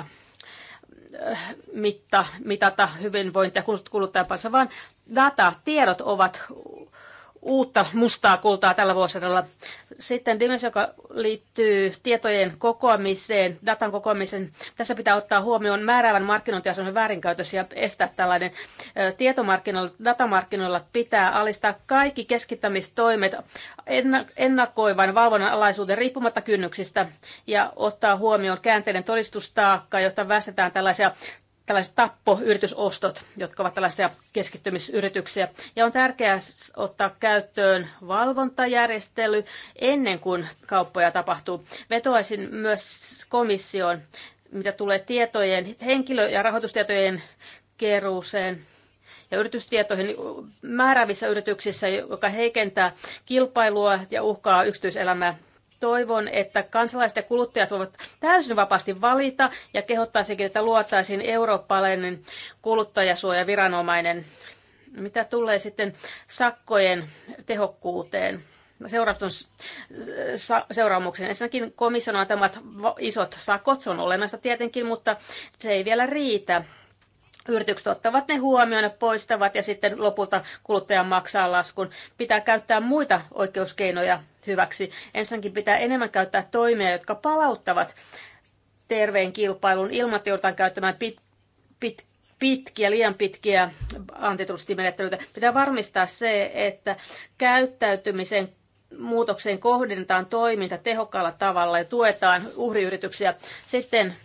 äh, mitta, mitata hyvinvointia kuluttajapalveluissa, vaan data, tiedot ovat uutta mustaa kultaa tällä vuosisadalla. Sitten dimensio, joka liittyy tietojen kokoamiseen, datan kokoamiseen. Tässä pitää ottaa huomioon määräävän markkinointiaseman väärinkäytös ja estää tällainen tietomarkkinoilla, datamarkkinoilla pitää alistaa kaikki keskittämistoimet ennakoivan valvonnan alaisuuden riippumatta kynnyksistä ja ottaa huomioon käänteinen todistustaakka, jotta väestetään tällaisia tällaiset tappoyritysostot, jotka ovat tällaisia keskittymisyrityksiä. Ja on tärkeää ottaa käyttöön valvontajärjestely ennen kuin kauppoja tapahtuu. Vetoaisin myös komissioon, mitä tulee tietojen, henkilö- ja rahoitustietojen keruuseen ja yritystietoihin määrävissä yrityksissä, joka heikentää kilpailua ja uhkaa yksityiselämää. Toivon, että kansalaiset ja kuluttajat voivat täysin vapaasti valita ja kehottaisinkin, että luotaisiin eurooppalainen kuluttajasuojaviranomainen. Mitä tulee sitten sakkojen tehokkuuteen? seuraavan seuraamuksen. Ensinnäkin komission antamat isot sakot, se on olennaista tietenkin, mutta se ei vielä riitä. Yritykset ottavat ne huomioon ja poistavat ja sitten lopulta kuluttaja maksaa laskun. Pitää käyttää muita oikeuskeinoja hyväksi. Ensinnäkin pitää enemmän käyttää toimia, jotka palauttavat terveen kilpailun ilman, että joudutaan käyttämään pit, pit, pitkiä, liian pitkiä antitrustimenettelyitä. Pitää varmistaa se, että käyttäytymisen muutokseen kohdennetaan toiminta tehokkaalla tavalla ja tuetaan uhriyrityksiä. Sitten,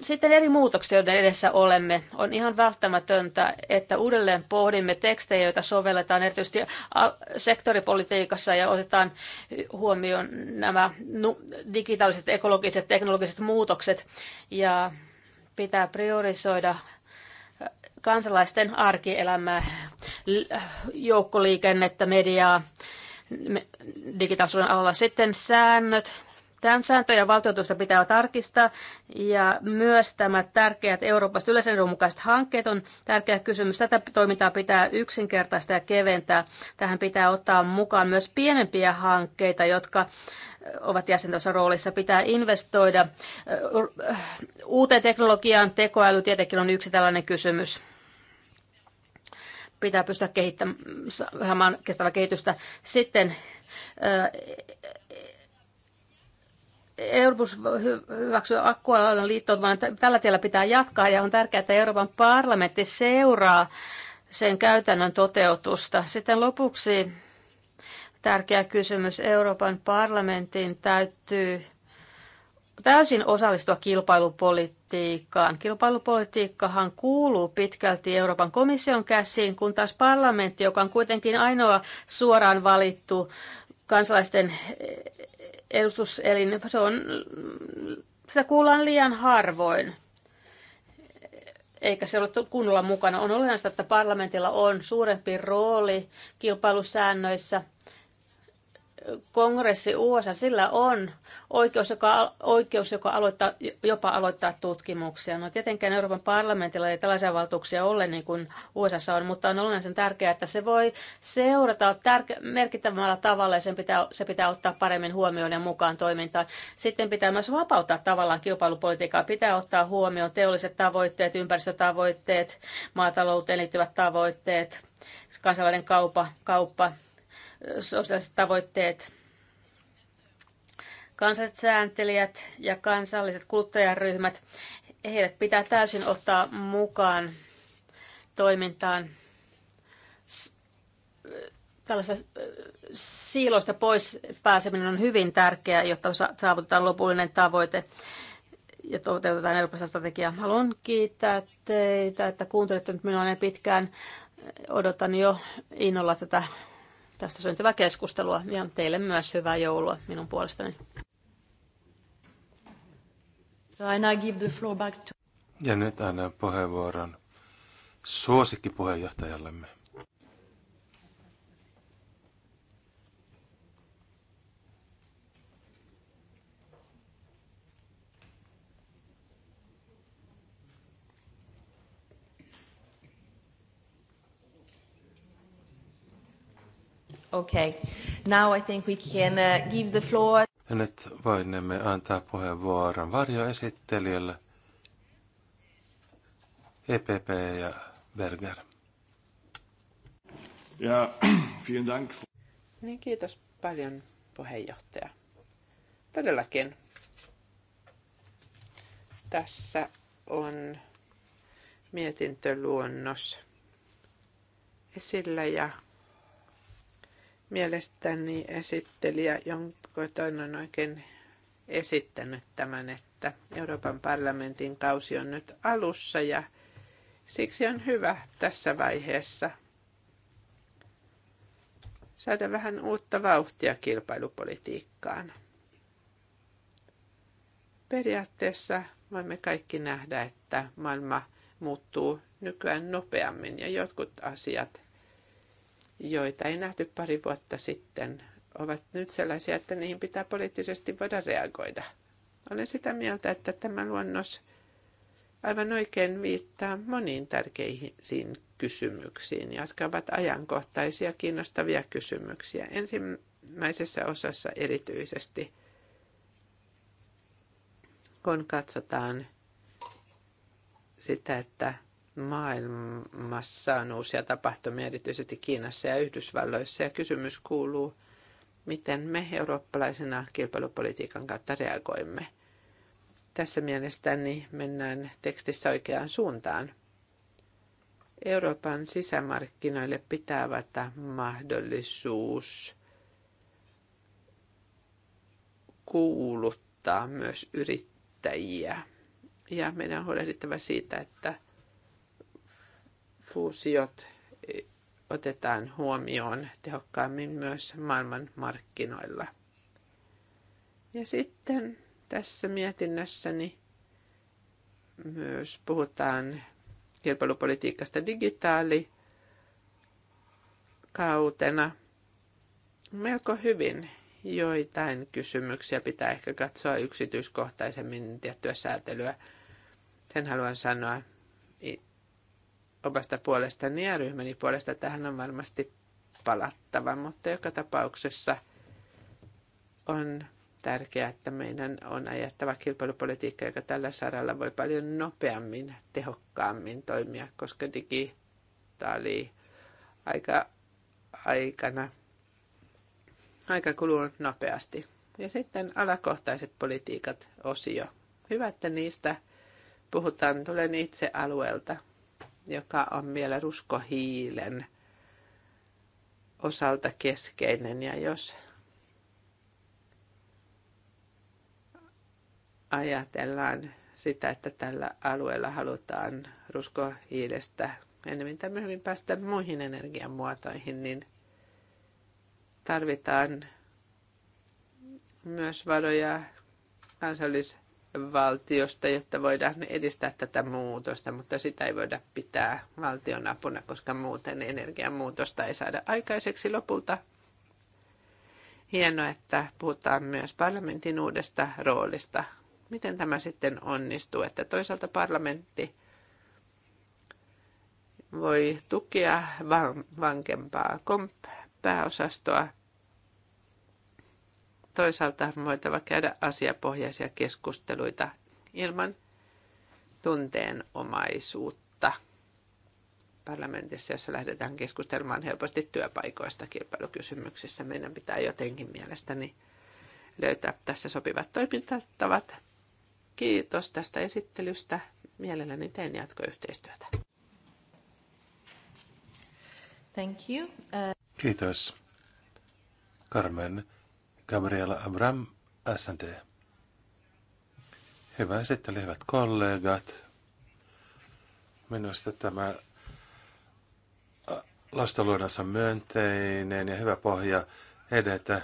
sitten eri muutoksia, joiden edessä olemme, on ihan välttämätöntä, että uudelleen pohdimme tekstejä, joita sovelletaan erityisesti sektoripolitiikassa ja otetaan huomioon nämä digitaaliset, ekologiset, teknologiset muutokset ja pitää priorisoida kansalaisten arkielämää, joukkoliikennettä, mediaa, digitaalisuuden alalla. Sitten säännöt. Tämän sääntöjä valtuutusta pitää tarkistaa ja myös tämä tärkeät Euroopasta yleisen mukaiset hankkeet on tärkeä kysymys. Tätä toimintaa pitää yksinkertaista ja keventää. Tähän pitää ottaa mukaan myös pienempiä hankkeita, jotka ovat jäsentössä roolissa. Pitää investoida uuteen teknologiaan. Tekoäly tietenkin on yksi tällainen kysymys pitää pystyä kehittämään saamaan kestävää kehitystä. Sitten Euroopan hyväksyy akkualan liittoon, vaan tällä tiellä pitää jatkaa ja on tärkeää, että Euroopan parlamentti seuraa sen käytännön toteutusta. Sitten lopuksi tärkeä kysymys. Euroopan parlamentin täytyy täysin osallistua kilpailupolitiikkaan. Kilpailupolitiikkahan kuuluu pitkälti Euroopan komission käsiin, kun taas parlamentti, joka on kuitenkin ainoa suoraan valittu kansalaisten edustuselin, se on, sitä kuullaan liian harvoin eikä se ole kunnolla mukana. On olennaista, että parlamentilla on suurempi rooli kilpailusäännöissä – kongressi USA, sillä on oikeus joka, oikeus, joka aloittaa, jopa aloittaa tutkimuksia. No tietenkään Euroopan parlamentilla ei tällaisia valtuuksia ole niin kuin USA on, mutta on olennaisen tärkeää, että se voi seurata tärke- merkittävällä tavalla ja sen pitää, se pitää ottaa paremmin huomioon ja mukaan toimintaan. Sitten pitää myös vapauttaa tavallaan kilpailupolitiikkaa. Pitää ottaa huomioon teolliset tavoitteet, ympäristötavoitteet, maatalouteen liittyvät tavoitteet, kansainvälinen kaupa, kauppa, kauppa sosiaaliset tavoitteet. Kansalliset sääntelijät ja kansalliset kuluttajaryhmät, heidät pitää täysin ottaa mukaan toimintaan tällaista äh, siiloista pois pääseminen on hyvin tärkeää, jotta saavutetaan lopullinen tavoite ja toteutetaan Euroopan strategiaa. Haluan kiittää teitä, että kuuntelette nyt minua niin pitkään. Odotan jo innolla tätä tästä syntyvää keskustelua ja teille myös hyvää joulua minun puolestani. So I now give the floor back to... Ja nyt annan puheenvuoron suosikkipuheenjohtajallemme. Okay. Now I think we can uh, give the floor. Ja nyt voimme antaa puheenvuoron varjoesittelijälle EPP ja Berger. Ja, [clears throat] vielen dank. Niin, kiitos paljon puheenjohtaja. Todellakin. Tässä on mietintöluonnos esillä ja Mielestäni esittelijä, jonka toinen on oikein esittänyt tämän, että Euroopan parlamentin kausi on nyt alussa ja siksi on hyvä tässä vaiheessa saada vähän uutta vauhtia kilpailupolitiikkaan. Periaatteessa voimme kaikki nähdä, että maailma muuttuu nykyään nopeammin ja jotkut asiat joita ei nähty pari vuotta sitten, ovat nyt sellaisia, että niihin pitää poliittisesti voida reagoida. Olen sitä mieltä, että tämä luonnos aivan oikein viittaa moniin tärkeisiin kysymyksiin, jotka ovat ajankohtaisia, kiinnostavia kysymyksiä. Ensimmäisessä osassa erityisesti, kun katsotaan sitä, että maailmassa on uusia tapahtumia, erityisesti Kiinassa ja Yhdysvalloissa. Ja kysymys kuuluu, miten me eurooppalaisena kilpailupolitiikan kautta reagoimme. Tässä mielestäni mennään tekstissä oikeaan suuntaan. Euroopan sisämarkkinoille pitää avata mahdollisuus kuuluttaa myös yrittäjiä. Ja meidän on huolehdittava siitä, että – fuusiot e, otetaan huomioon tehokkaammin myös maailmanmarkkinoilla. Ja sitten tässä mietinnössäni myös puhutaan kilpailupolitiikasta kautena Melko hyvin joitain kysymyksiä pitää ehkä katsoa yksityiskohtaisemmin tiettyä säätelyä. Sen haluan sanoa omasta puolestani ja ryhmäni puolesta tähän on varmasti palattava, mutta joka tapauksessa on tärkeää, että meidän on ajettava kilpailupolitiikka, joka tällä saralla voi paljon nopeammin, tehokkaammin toimia, koska digitaali aika aikana aika kuluu nopeasti. Ja sitten alakohtaiset politiikat osio. Hyvä, että niistä puhutaan. Tulen itse alueelta, joka on vielä ruskohiilen osalta keskeinen. Ja jos ajatellaan sitä, että tällä alueella halutaan ruskohiilestä enemmän tai myöhemmin päästä muihin energiamuotoihin, niin tarvitaan myös varoja kansallis- valtiosta, jotta voidaan edistää tätä muutosta, mutta sitä ei voida pitää valtion apuna, koska muuten energiamuutosta ei saada aikaiseksi lopulta. Hienoa, että puhutaan myös parlamentin uudesta roolista. Miten tämä sitten onnistuu, että toisaalta parlamentti voi tukea vankempaa komp pääosastoa Toisaalta on voitava käydä asiapohjaisia keskusteluita ilman tunteenomaisuutta parlamentissa, jossa lähdetään keskustelemaan helposti työpaikoista kilpailukysymyksissä. Meidän pitää jotenkin mielestäni löytää tässä sopivat toimintatavat. Kiitos tästä esittelystä. Mielelläni teen jatkoyhteistyötä. Thank you. Uh... Kiitos. Carmen Gabriela Abram, SNT. Hyvä esittely, hyvät kollegat. Minusta tämä lastenluonnos myönteinen ja hyvä pohja edetä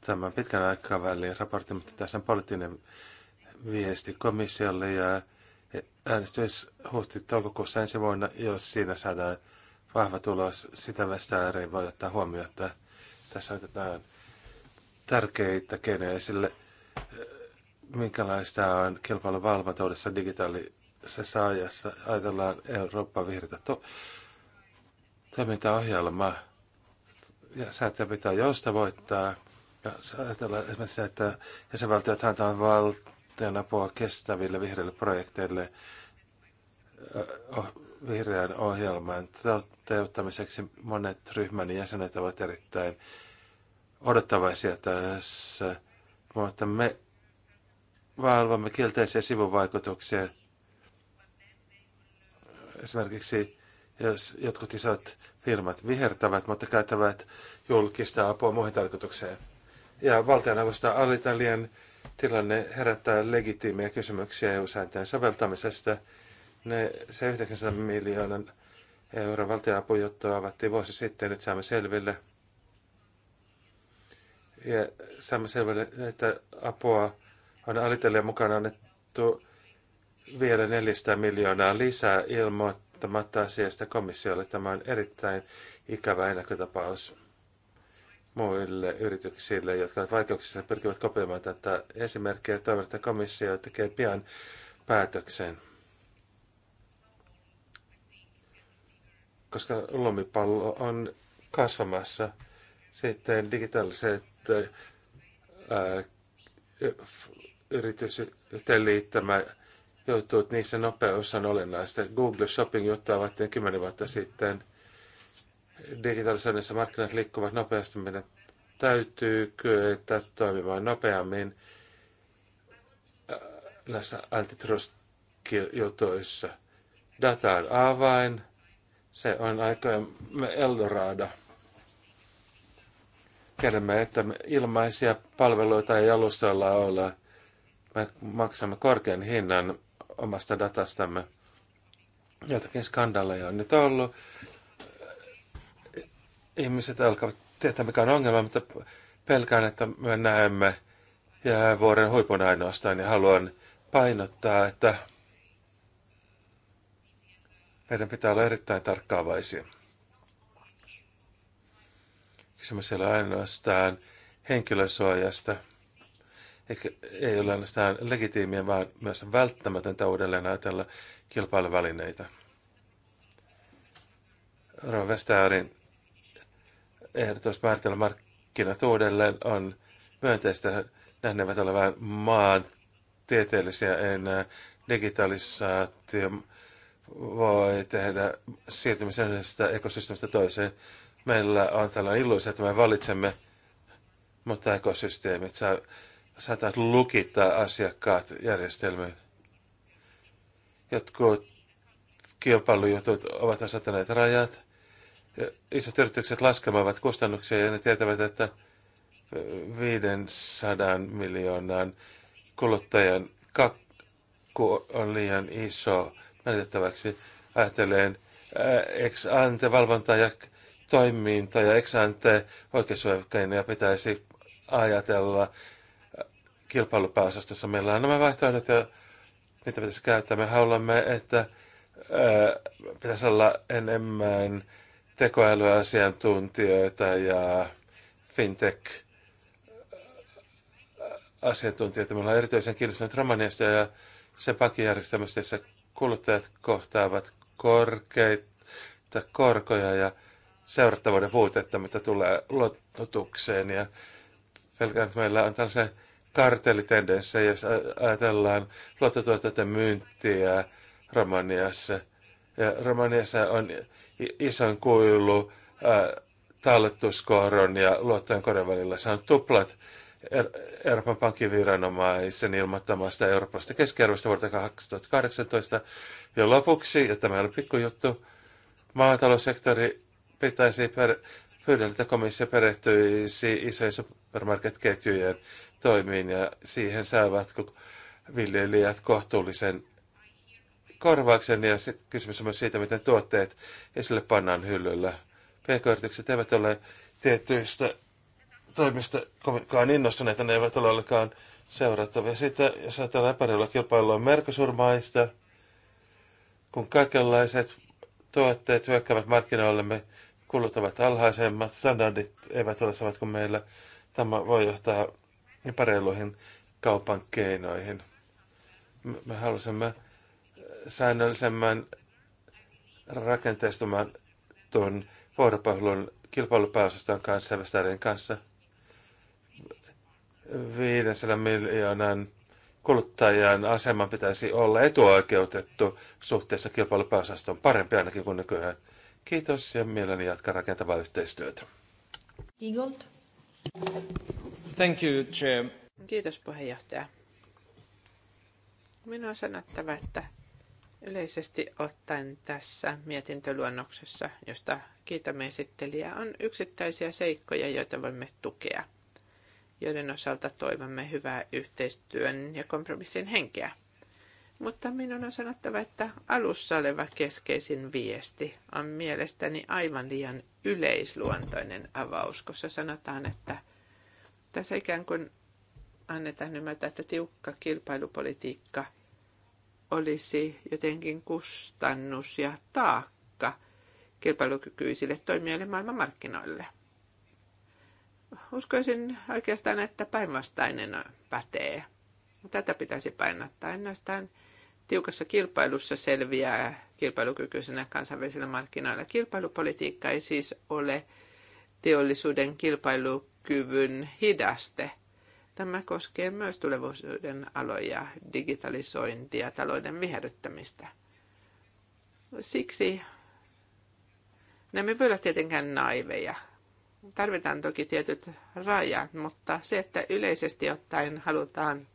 tämän pitkän aikavälin raportin, mutta tässä on poliittinen viesti komissiolle ja äänestys huhti-toukokuussa ensi vuonna, jos siinä saadaan vahva tulos, sitä vestää ei voi ottaa huomioon, että tässä otetaan tärkeitä keinoja minkälaista on kilpailun valvontaudessa digitaalisessa ajassa. Ajatellaan Eurooppa vihreitä. to- toimintaohjelmaa. Ja sääntöjä pitää joustavoittaa. Ja ajatellaan esimerkiksi että jäsenvaltiot antaa valtion apua kestäville vihreille projekteille oh, vihreän ohjelman toteuttamiseksi monet ryhmän jäsenet ovat erittäin odottavaisia tässä, mutta me valvomme kielteisiä sivuvaikutuksia. Esimerkiksi jos jotkut isot firmat vihertävät, mutta käyttävät julkista apua muihin tarkoitukseen. Ja valtioneuvosto Alitalian tilanne herättää legitiimiä kysymyksiä EU-sääntöjen soveltamisesta. Ne, se 900 miljoonan euron valtionapujuttu avattiin vuosi sitten, nyt saamme selville – ja saamme selville, että apua on alitelleen mukana annettu vielä 400 miljoonaa lisää ilmoittamatta asiasta komissiolle. Tämä on erittäin ikävä ennakkotapaus muille yrityksille, jotka ovat vaikeuksissa ja pyrkivät kopioimaan tätä esimerkkiä. Toivon, että komissio tekee pian päätöksen. Koska lomipallo on kasvamassa, sitten digitaaliset yritysten liittämä joutuu, että niissä nopeus on olennaista. Google Shopping juttua avattiin kymmenen vuotta sitten. Digitalisoinnissa markkinat liikkuvat nopeasti. Meidän täytyy kyetä toimimaan nopeammin näissä antitrust-jutuissa. Data on avain. Se on aikojen Eldorado. Tiedämme, että ilmaisia palveluita ei alustoilla ole. Me maksamme korkean hinnan omasta datastamme. Jotakin skandaaleja on nyt ollut. Ihmiset alkavat tietää, mikä on ongelma, mutta pelkään, että me näemme ja vuoren huipun ainoastaan ja haluan painottaa, että meidän pitää olla erittäin tarkkaavaisia. Kysymys ei ole ainoastaan henkilösuojasta, eikä, ei ole ainoastaan legitiimiä, vaan myös välttämätöntä uudelleen ajatella kilpailuvälineitä. Rova Vestaarin ehdotus määritellä markkinat uudelleen on myönteistä. Näin eivät ole vain maan tieteellisiä enää. Digitalisaatio voi tehdä siirtymisen ekosysteemistä toiseen meillä on tällainen illuisia, että me valitsemme, mutta ekosysteemit Sä saatat lukittaa asiakkaat järjestelmiin. Jotkut kilpailujutut ovat asettaneet rajat. Isot yritykset laskemaan kustannuksia ja ne tietävät, että 500 miljoonan kuluttajan kakku on liian iso menetettäväksi. Ajattelen äh, ex ante valvontaa ja toiminta ja eksante oikeussuojakeinoja pitäisi ajatella äh, kilpailupääosastossa. Meillä on nämä vaihtoehdot ja niitä pitäisi käyttää. Me haluamme, että äh, pitäisi olla enemmän tekoälyasiantuntijoita ja fintech äh, asiantuntijoita. Me ollaan erityisen kiinnostuneet Romaniasta ja sen pankkijärjestelmästä, jossa kuluttajat kohtaavat korkeita korkoja ja seurattavuuden puutetta, mitä tulee luototukseen. Ja pelkään, että meillä on tällaisia kartellitendenssejä, jos ajatellaan luottotuotteiden myyntiä Romaniassa. Ja Romaniassa on ison kuilu talletuskoron ja luottojen koron välillä. Se on tuplat er-, Euroopan viranomaisen ilmoittamasta eurooppalaisesta keskiarvosta vuodelta 2018. Ja lopuksi, ja tämä on pikkujuttu, maataloussektori pitäisi per, pyydän, että komissio perehtyisi isojen supermarketketjujen toimiin ja siihen saavat viljelijät kohtuullisen korvauksen. Ja sitten kysymys on myös siitä, miten tuotteet esille pannaan hyllyllä. PK-yritykset eivät ole tietyistä toimista kovinkaan innostuneita, ne eivät ole ollenkaan seurattavia. Sitten jos ajatellaan epäreilua kilpailua merkosurmaista, kun kaikenlaiset tuotteet hyökkäävät markkinoillemme, kulut ovat alhaisemmat, standardit eivät ole samat kuin meillä. Tämä voi johtaa epäreiluihin kaupan keinoihin. Me halusimme säännöllisemmän rakenteistumaan tuon vuoropuhelun kilpailupääosaston kanssa Vestarin kanssa 500 miljoonan kuluttajan aseman pitäisi olla etuoikeutettu suhteessa kilpailupääosaston parempi ainakin kuin nykyään – Kiitos ja mielelläni jatkan rakentavaa yhteistyötä. Igold. Thank you, Chair. Kiitos puheenjohtaja. Minun on sanottava, että yleisesti ottaen tässä mietintöluonnoksessa, josta kiitämme esittelijää, on yksittäisiä seikkoja, joita voimme tukea, joiden osalta toivomme hyvää yhteistyön ja kompromissin henkeä. Mutta minun on sanottava, että alussa oleva keskeisin viesti on mielestäni aivan liian yleisluontoinen avaus, koska sanotaan, että tässä ikään kuin annetaan ymmärtää, että tiukka kilpailupolitiikka olisi jotenkin kustannus ja taakka kilpailukykyisille toimijoille maailmanmarkkinoille. Uskoisin oikeastaan, että päinvastainen pätee. Tätä pitäisi painottaa ainoastaan tiukassa kilpailussa selviää kilpailukykyisenä kansainvälisillä markkinoilla. Kilpailupolitiikka ei siis ole teollisuuden kilpailukyvyn hidaste. Tämä koskee myös tulevaisuuden aloja, digitalisointia, talouden viherryttämistä. Siksi nämä voi olla tietenkään naiveja. Tarvitaan toki tietyt rajat, mutta se, että yleisesti ottaen halutaan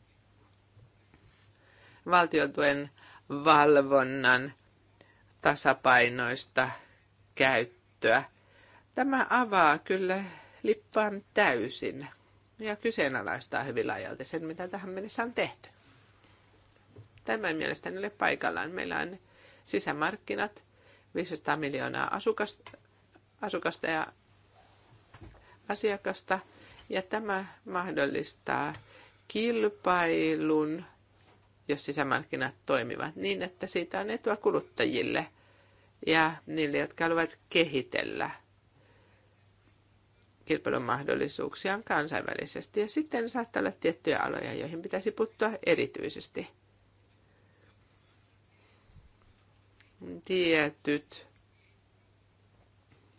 valtiotuen valvonnan tasapainoista käyttöä. Tämä avaa kyllä lippaan täysin ja kyseenalaistaa hyvin laajalti sen, mitä tähän mennessä on tehty. Tämä ei mielestäni ole paikallaan. Meillä on sisämarkkinat, 500 miljoonaa asukasta, asukasta ja asiakasta, ja tämä mahdollistaa kilpailun – jos sisämarkkinat toimivat niin, että siitä on etua kuluttajille ja niille, jotka haluavat kehitellä kilpailun mahdollisuuksia kansainvälisesti. Ja sitten saattaa olla tiettyjä aloja, joihin pitäisi puuttua erityisesti. Tietyt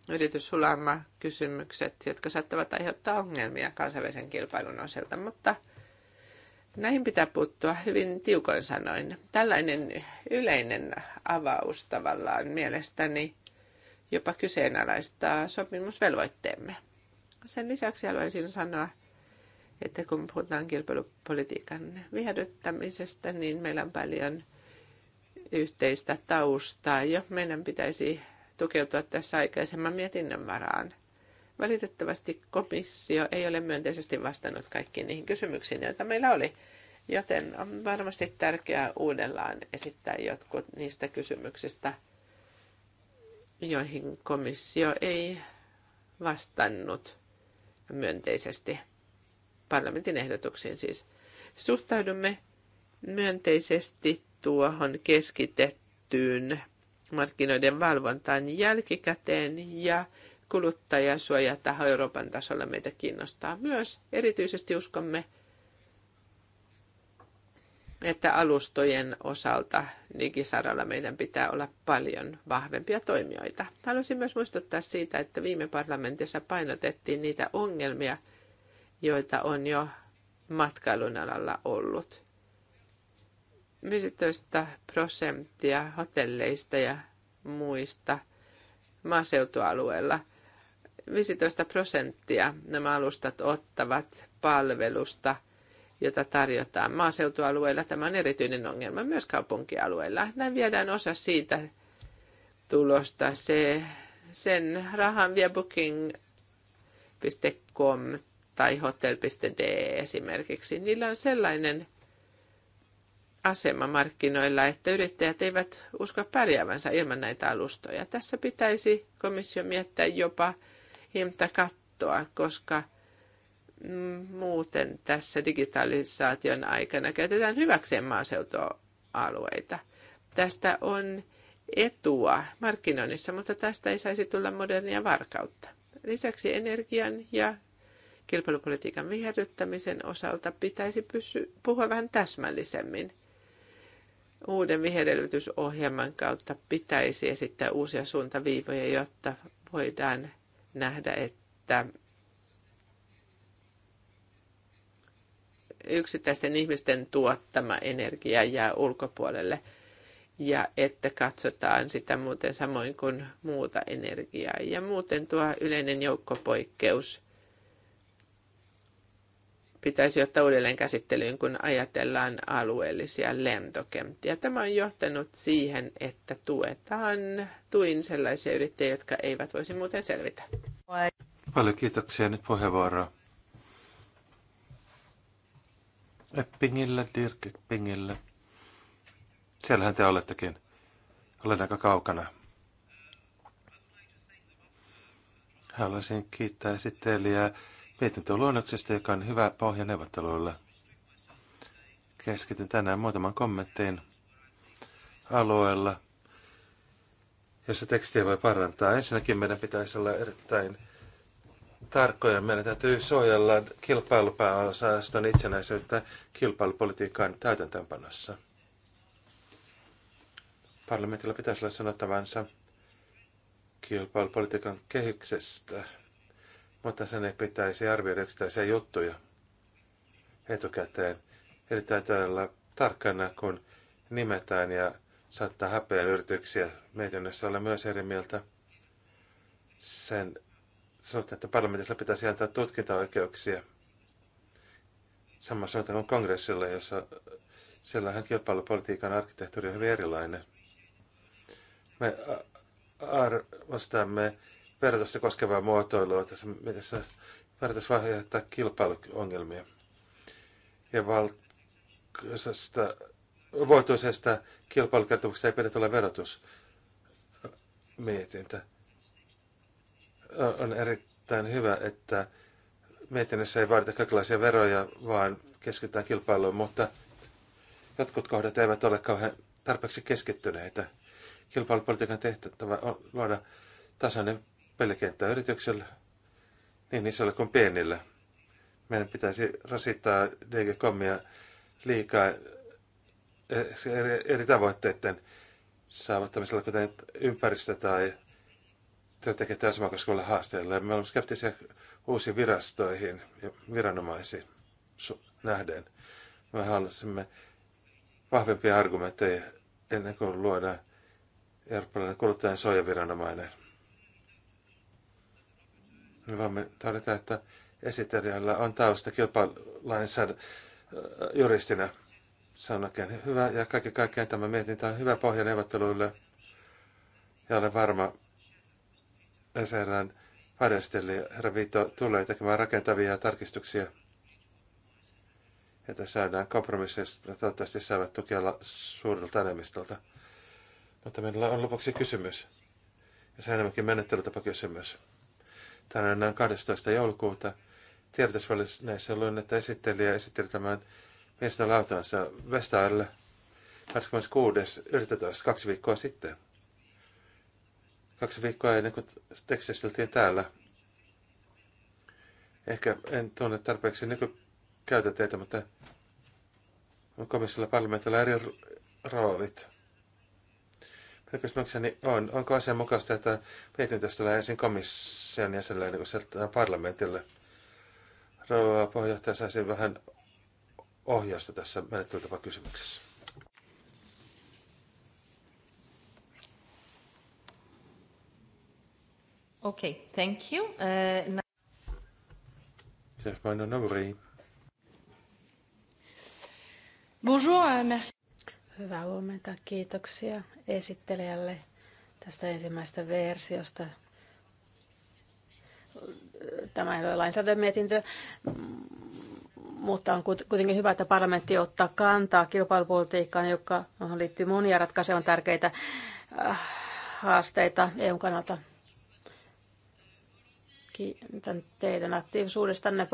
yrityssulama kysymykset, jotka saattavat aiheuttaa ongelmia kansainvälisen kilpailun osalta, mutta – Näihin pitää puuttua hyvin tiukoin sanoin. Tällainen yleinen avaus tavallaan mielestäni jopa kyseenalaistaa sopimusvelvoitteemme. Sen lisäksi haluaisin sanoa, että kun puhutaan kilpailupolitiikan vihdyttämisestä, niin meillä on paljon yhteistä taustaa jo. Meidän pitäisi tukeutua tässä aikaisemman mietinnön varaan. Valitettavasti komissio ei ole myönteisesti vastannut kaikkiin niihin kysymyksiin, joita meillä oli, joten on varmasti tärkeää uudellaan esittää jotkut niistä kysymyksistä, joihin komissio ei vastannut myönteisesti. Parlamentin ehdotuksiin siis. Suhtaudumme myönteisesti tuohon keskitettyyn markkinoiden valvontaan jälkikäteen ja tähän Euroopan tasolla meitä kiinnostaa myös. Erityisesti uskomme, että alustojen osalta digisaralla meidän pitää olla paljon vahvempia toimijoita. Haluaisin myös muistuttaa siitä, että viime parlamentissa painotettiin niitä ongelmia, joita on jo matkailun alalla ollut. 15 prosenttia hotelleista ja muista maaseutualueella – 15 prosenttia nämä alustat ottavat palvelusta, jota tarjotaan maaseutualueilla. Tämä on erityinen ongelma myös kaupunkialueilla. Näin viedään osa siitä tulosta. Se, sen rahan vie booking.com tai hotel.de esimerkiksi. Niillä on sellainen asema markkinoilla, että yrittäjät eivät usko pärjäävänsä ilman näitä alustoja. Tässä pitäisi komissio miettiä jopa kattoa, koska muuten tässä digitalisaation aikana käytetään hyväkseen maaseutualueita. Tästä on etua markkinoinnissa, mutta tästä ei saisi tulla modernia varkautta. Lisäksi energian ja kilpailupolitiikan viherryttämisen osalta pitäisi pysy- puhua vähän täsmällisemmin. Uuden viherelvytysohjelman kautta pitäisi esittää uusia suuntaviivoja, jotta voidaan nähdä, että yksittäisten ihmisten tuottama energia jää ulkopuolelle ja että katsotaan sitä muuten samoin kuin muuta energiaa. Ja muuten tuo yleinen joukkopoikkeus pitäisi ottaa uudelleen käsittelyyn, kun ajatellaan alueellisia lentokenttiä. Tämä on johtanut siihen, että tuetaan tuin sellaisia yrittäjiä, jotka eivät voisi muuten selvitä. Paljon kiitoksia nyt puheenvuoroa. Eppingillä, Dirk Eppingillä. Siellähän te olettekin. Olen aika kaukana. Haluaisin kiittää esittelijää mietintö luonnoksesta, joka on hyvä pohja neuvotteluille. Keskityn tänään muutaman kommenttiin alueella, jossa tekstiä voi parantaa. Ensinnäkin meidän pitäisi olla erittäin tarkkoja. Meidän täytyy suojella kilpailupääosaston itsenäisyyttä kilpailupolitiikan täytäntöönpanossa. Parlamentilla pitäisi olla sanottavansa kilpailupolitiikan kehyksestä mutta sen ei pitäisi arvioida yksittäisiä juttuja etukäteen. Eli täytyy olla tarkkana, kun nimetään ja saattaa häpeän yrityksiä. Mietinnössä olen myös eri mieltä sen suhteen, että parlamentissa pitäisi antaa tutkintaoikeuksia. Sama suuntaan kuin kongressilla, jossa siellähän kilpailupolitiikan arkkitehtuuri on hyvin erilainen. Me arvostamme verotusta koskevaa muotoilua tässä, miten se verotus vaiheuttaa kilpailuongelmia. Ja valkoisesta vuotuisesta kilpailukertomuksesta ei pidä tulla verotusmietintä. On erittäin hyvä, että mietinnössä ei vaadita kaikenlaisia veroja, vaan keskitytään kilpailuun, mutta jotkut kohdat eivät ole kauhean tarpeeksi keskittyneitä. Kilpailupolitiikan tehtävä on luoda tasainen pelikenttä yrityksellä niin isolle kuin pienillä, Meidän pitäisi rasittaa DG-kommia liikaa eh, eri, eri tavoitteiden saavuttamisella, kuten ympäristö tai työntekijät asemaa koskevilla haasteilla. Me olemme skeptisiä uusiin virastoihin ja viranomaisiin nähden. Me haluaisimme vahvempia argumentteja ennen kuin luodaan eurooppalainen kuluttajan suojaviranomainen. Me voimme todeta, että esittelijällä on tausta kilpailulainsäädä juristina. Se on oikein hyvä ja kaiken kaikkiaan tämä mietintä on hyvä pohja neuvotteluille. Ja olen varma, SRN varjasteli herra Viito tulee tekemään rakentavia tarkistuksia. Ja saadaan kompromisseista toivottavasti saavat tukella suurilta enemmistöltä. Mutta meillä on lopuksi kysymys. Ja se on enemmänkin menettelytapakysymys. kysymys tänään 12. joulukuuta tiedotusvälineissä luin, että esittelijä esitteli tämän Vesta lautansa Vestaille 26.11. kaksi viikkoa sitten. Kaksi viikkoa ennen kuin tekstisteltiin täällä. Ehkä en tunne tarpeeksi nykykäytäteitä, mutta komissiolla parlamentilla eri roolit. Kysymykseni on, onko asia mukaista, että mietintöstä tulee ensin komission jäsenelle niin kuin sieltä parlamentille? Rouva puheenjohtaja, saisin vähän ohjausta tässä menettelytapa kysymyksessä. Okay, thank you. Uh, now... Bonjour, euh, merci. Hyvää huomenta, kiitoksia esittelijälle tästä ensimmäisestä versiosta. Tämä ei ole lainsäädäntömietintö, mutta on kuitenkin hyvä, että parlamentti ottaa kantaa kilpailupolitiikkaan, joka liittyy monia ratkaisevan tärkeitä äh, haasteita EUn kannalta. Kiitän teidän aktiivisuudestanne.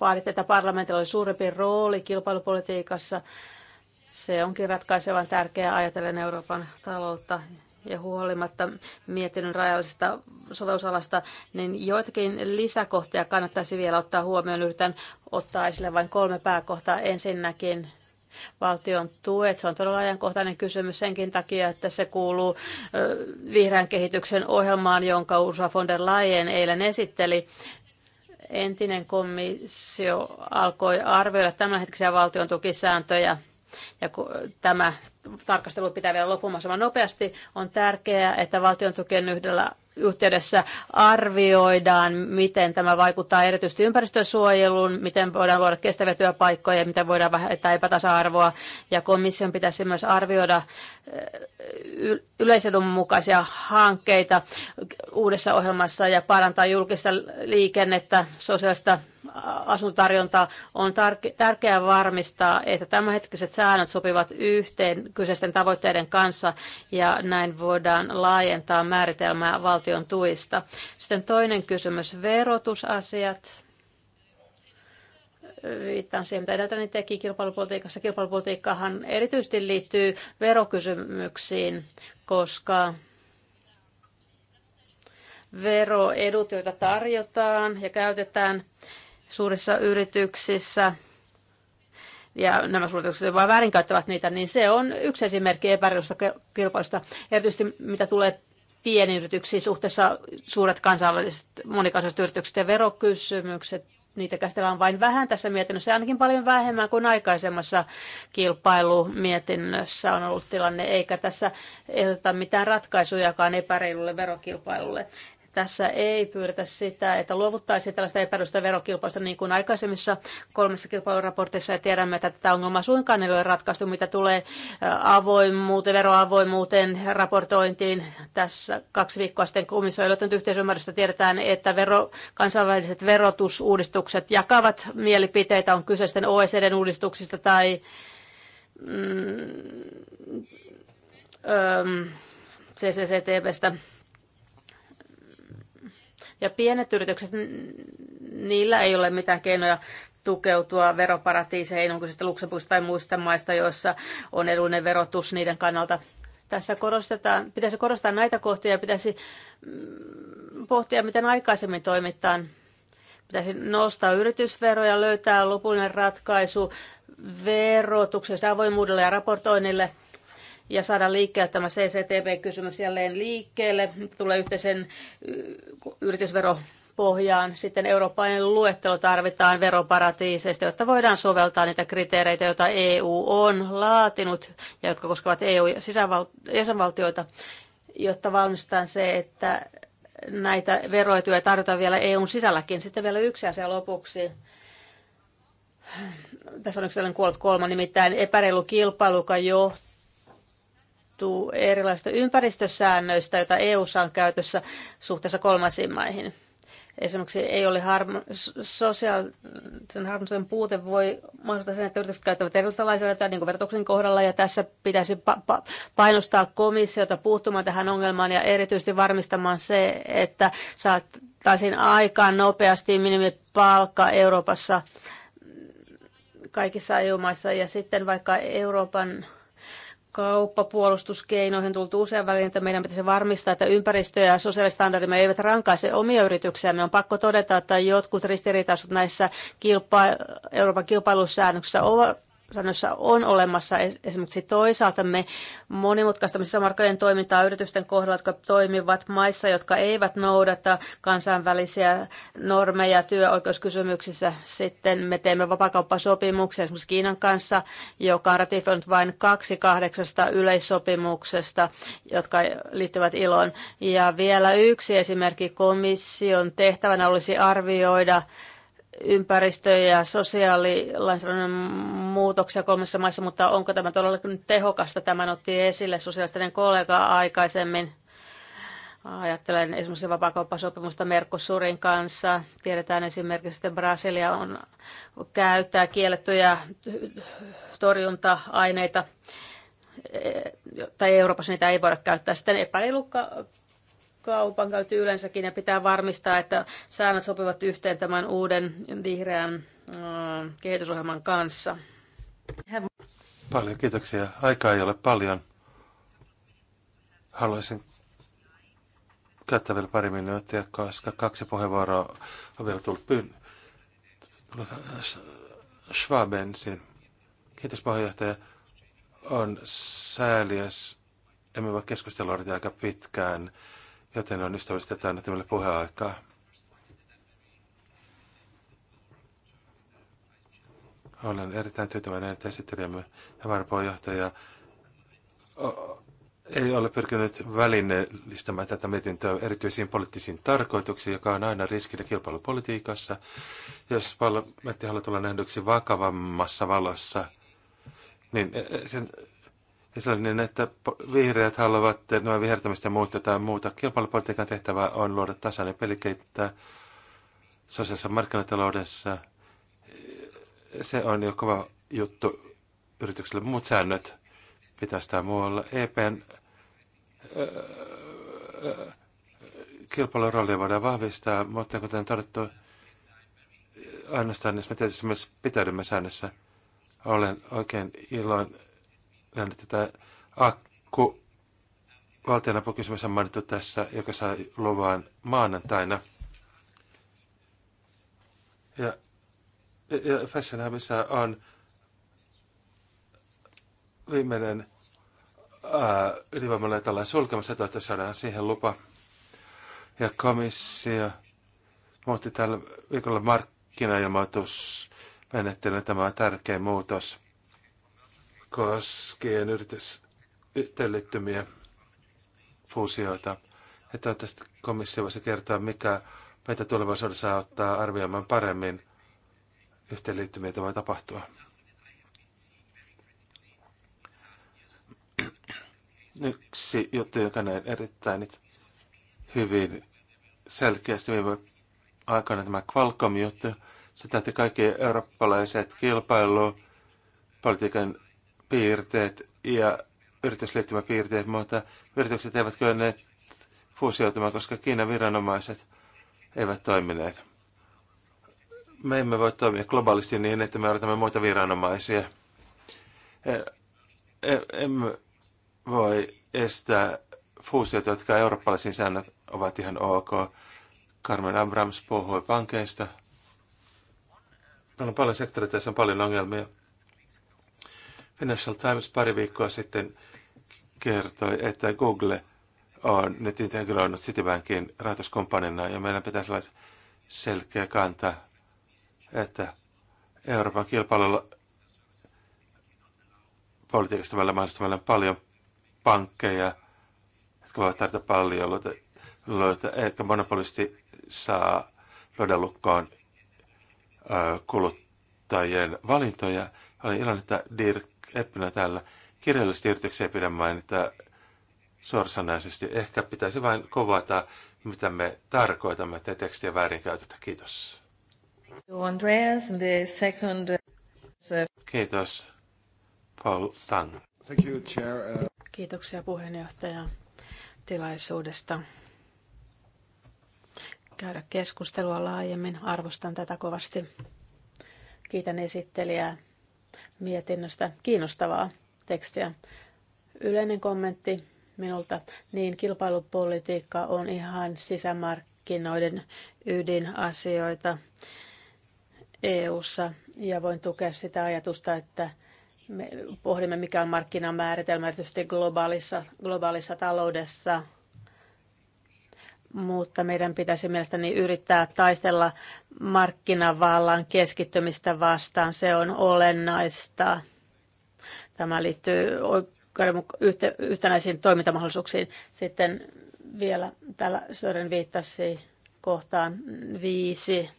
Vaaditte, että parlamentilla oli suurempi rooli kilpailupolitiikassa se onkin ratkaisevan tärkeää ajatellen Euroopan taloutta ja huolimatta mietinnön rajallisesta sovellusalasta, niin joitakin lisäkohtia kannattaisi vielä ottaa huomioon. Yritän ottaa esille vain kolme pääkohtaa. Ensinnäkin valtion tuet. Se on todella ajankohtainen kysymys senkin takia, että se kuuluu vihreän kehityksen ohjelmaan, jonka Ursula von der Leyen eilen esitteli. Entinen komissio alkoi arvioida tämänhetkisiä valtion tukisääntöjä ja tämä tarkastelu pitää vielä lopumassa nopeasti, on tärkeää, että valtion tukien yhdellä yhteydessä arvioidaan, miten tämä vaikuttaa erityisesti ympäristönsuojeluun, miten voidaan luoda kestäviä työpaikkoja, miten voidaan vähentää epätasa-arvoa. Ja komission pitäisi myös arvioida eh, yleisedunmukaisia hankkeita uudessa ohjelmassa ja parantaa julkista liikennettä, sosiaalista asuntarjontaa, on tärkeää varmistaa, että tämänhetkiset säännöt sopivat yhteen kyseisten tavoitteiden kanssa ja näin voidaan laajentaa määritelmää valtion tuista. Sitten toinen kysymys, verotusasiat viittaan siihen, mitä edeltäni teki kilpailupolitiikassa. Kilpailupolitiikkahan erityisesti liittyy verokysymyksiin, koska veroedut, joita tarjotaan ja käytetään, suurissa yrityksissä, ja nämä suuryritykset vain väärinkäyttävät niitä, niin se on yksi esimerkki epäreilusta kilpailusta, erityisesti mitä tulee pieniin yrityksiin suhteessa suuret kansainväliset monikansalliset yritykset ja verokysymykset. Niitä käsitellään vain vähän tässä mietinnössä, ainakin paljon vähemmän kuin aikaisemmassa kilpailumietinnössä on ollut tilanne, eikä tässä ehdoteta mitään ratkaisujakaan epäreilulle verokilpailulle. Tässä ei pyydetä sitä, että luovuttaisiin tällaista epäilystä verokilpailusta niin kuin aikaisemmissa kolmessa kilpailuraportissa ja tiedämme, että tätä ongelmaa suinkaan ei ole ratkaistu, mitä tulee avoimuuteen, veroavoimuuteen, raportointiin. Tässä kaksi viikkoa sitten komissio ei löytänyt yhteisymmärrystä. Tiedetään, että vero, kansainväliset verotusuudistukset jakavat mielipiteitä, on kyse sitten OECDn uudistuksista tai mm, öö, CCCTVstä ja pienet yritykset, niillä ei ole mitään keinoja tukeutua veroparatiiseihin, onko sitten Luxemburgista tai muista maista, joissa on edullinen verotus niiden kannalta. Tässä korostetaan, pitäisi korostaa näitä kohtia ja pitäisi mm, pohtia, miten aikaisemmin toimitaan. Pitäisi nostaa yritysveroja, löytää lopullinen ratkaisu verotuksessa avoimuudelle ja raportoinnille – ja saada liikkeelle tämä CCTV-kysymys jälleen liikkeelle. Tulee yhteisen yritysvero pohjaan. Sitten eurooppalainen luettelo tarvitaan veroparatiiseista, jotta voidaan soveltaa niitä kriteereitä, joita EU on laatinut ja jotka koskevat EU-jäsenvaltioita, jotta valmistetaan se, että näitä veroetuja tarvitaan vielä EUn sisälläkin. Sitten vielä yksi asia lopuksi. Tässä on yksi sellainen kuollut kolma, nimittäin epäreilu kilpailu, joka johtuu johtuu erilaisista ympäristösäännöistä, joita EU:ssa on käytössä suhteessa kolmansiin maihin. Esimerkiksi ei ole harmo- sosiaalisen harmonisen puute voi mahdollistaa sen, että yritykset käyttävät erilaista lainsäädäntöä niin verotuksen kohdalla, ja tässä pitäisi pa- pa- painostaa komissiota puuttumaan tähän ongelmaan ja erityisesti varmistamaan se, että saataisiin aikaan nopeasti minimipalkka Euroopassa kaikissa EU-maissa ja sitten vaikka Euroopan kauppapuolustuskeinoihin tultu usean väliin, että meidän pitäisi varmistaa, että ympäristö- ja sosiaalistandardimme eivät rankaise omia Me On pakko todeta, että jotkut ristiriitaisuudet näissä kilpa- Euroopan kilpailusäännöksissä ovat sanoissa on olemassa. Esimerkiksi toisaalta me monimutkaistamisessa markkinoiden toimintaa yritysten kohdalla, jotka toimivat maissa, jotka eivät noudata kansainvälisiä normeja työoikeuskysymyksissä. Sitten me teemme vapakauppasopimuksia esimerkiksi Kiinan kanssa, joka on ratifioinut vain kaksi kahdeksasta yleissopimuksesta, jotka liittyvät iloon. Ja vielä yksi esimerkki komission tehtävänä olisi arvioida ympäristö- ja sosiaalilainsäädännön muutoksia kolmessa maissa, mutta onko tämä todellakin tehokasta? Tämän otti esille sosiaalisten kollega aikaisemmin. Ajattelen esimerkiksi vapaakauppasopimusta Mercosurin kanssa. Tiedetään esimerkiksi, että Brasilia on, käyttää kiellettyjä torjunta-aineita, e, tai Euroopassa niitä ei voida käyttää. Sitten epäreilu kaupankäynti yleensäkin ja pitää varmistaa, että säännöt sopivat yhteen tämän uuden vihreän äh, kehitysohjelman kanssa. Paljon kiitoksia. Aikaa ei ole paljon. Haluaisin käyttää vielä pari minuuttia, koska kaksi puheenvuoroa on vielä tullut pyyn. Schwab ensin. Kiitos puheenjohtaja. On sääliäs. Emme voi keskustella aika pitkään Joten on ystävällistä, että annatte meille puheaikaa. Olen erittäin tyytyväinen, että esittelijämme ja varapuheenjohtaja ei ole pyrkinyt välineellistämään tätä mietintöä erityisiin poliittisiin tarkoituksiin, joka on aina riskinä kilpailupolitiikassa. Jos parlamentti haluaa tulla nähdyksi vakavammassa valossa, niin e, e, sen ja niin, että vihreät haluavat nämä vihertämistä ja muut jotain muuta. Kilpailupolitiikan tehtävä on luoda tasainen pelikenttä sosiaalisessa markkinataloudessa. Se on jo kova juttu yrityksille. Muut säännöt pitää sitä muualla. EPn kilpailurallia voidaan vahvistaa, mutta kuten todettu, ainoastaan jos me tietysti myös pitäydymme säännössä, olen oikein iloinen Näen, tätä akku valtionapukysymys on mainittu tässä, joka sai luvan maanantaina. Ja, ja Fessenhamissa on viimeinen ylivoimalle tällä sulkemassa, että saadaan siihen lupa. Ja komissio muutti tällä viikolla markkinailmoitusmenettelyn. Tämä on tärkeä muutos koskien yritys, yhteenliittymiä fuusioita. Että tästä komissio voisi kertoa, mikä meitä tulevaisuudessa auttaa arvioimaan paremmin yhteenliittymiä voi tapahtua. Yksi juttu, joka näin erittäin hyvin selkeästi viime aikoina tämä Qualcomm-juttu, se tähti kaikki eurooppalaiset kilpailupolitiikan piirteet ja yritysliittymäpiirteet, mutta yritykset eivät kyenneet fuusioitumaan, koska Kiinan viranomaiset eivät toimineet. Me emme voi toimia globaalisti niin, että me odotamme muita viranomaisia. E, e, emme voi estää fuusioita, jotka eurooppalaisiin säännöt ovat ihan ok. Carmen Abrams puhui pankeista. Meillä on paljon sektoreita, tässä on paljon ongelmia. Financial Times pari viikkoa sitten kertoi, että Google on nyt integroinut Citibankin rahoituskumppanina ja meidän pitäisi olla selkeä kanta, että Euroopan kilpailulla politiikasta välillä mahdollisesti meillä on paljon pankkeja, jotka voivat tarjota paljon, joita ehkä monopolisti saa luoda lukkoon kuluttajien valintoja. Olen iloinen, että Dirk eppynä täällä. Kirjallisesti yrityksiä ei pidä mainita suorasanaisesti. Ehkä pitäisi vain kovata, mitä me tarkoitamme, että tekstiä väärinkäytetä. Kiitos. Andreas, the second... Uh, Kiitos. Paul Tang. Thank you, chair. Uh, Kiitoksia puheenjohtaja tilaisuudesta käydä keskustelua laajemmin. Arvostan tätä kovasti. Kiitän esittelijää mietinnöstä kiinnostavaa tekstiä. Yleinen kommentti minulta, niin kilpailupolitiikka on ihan sisämarkkinoiden ydinasioita EU:ssa ja voin tukea sitä ajatusta, että me pohdimme, mikä on markkinamääritelmä erityisesti globaalissa, globaalissa taloudessa – mutta meidän pitäisi mielestäni yrittää taistella markkinavallan keskittymistä vastaan. Se on olennaista. Tämä liittyy yhtenäisiin toimintamahdollisuuksiin. Sitten vielä täällä Sören viittasi kohtaan viisi.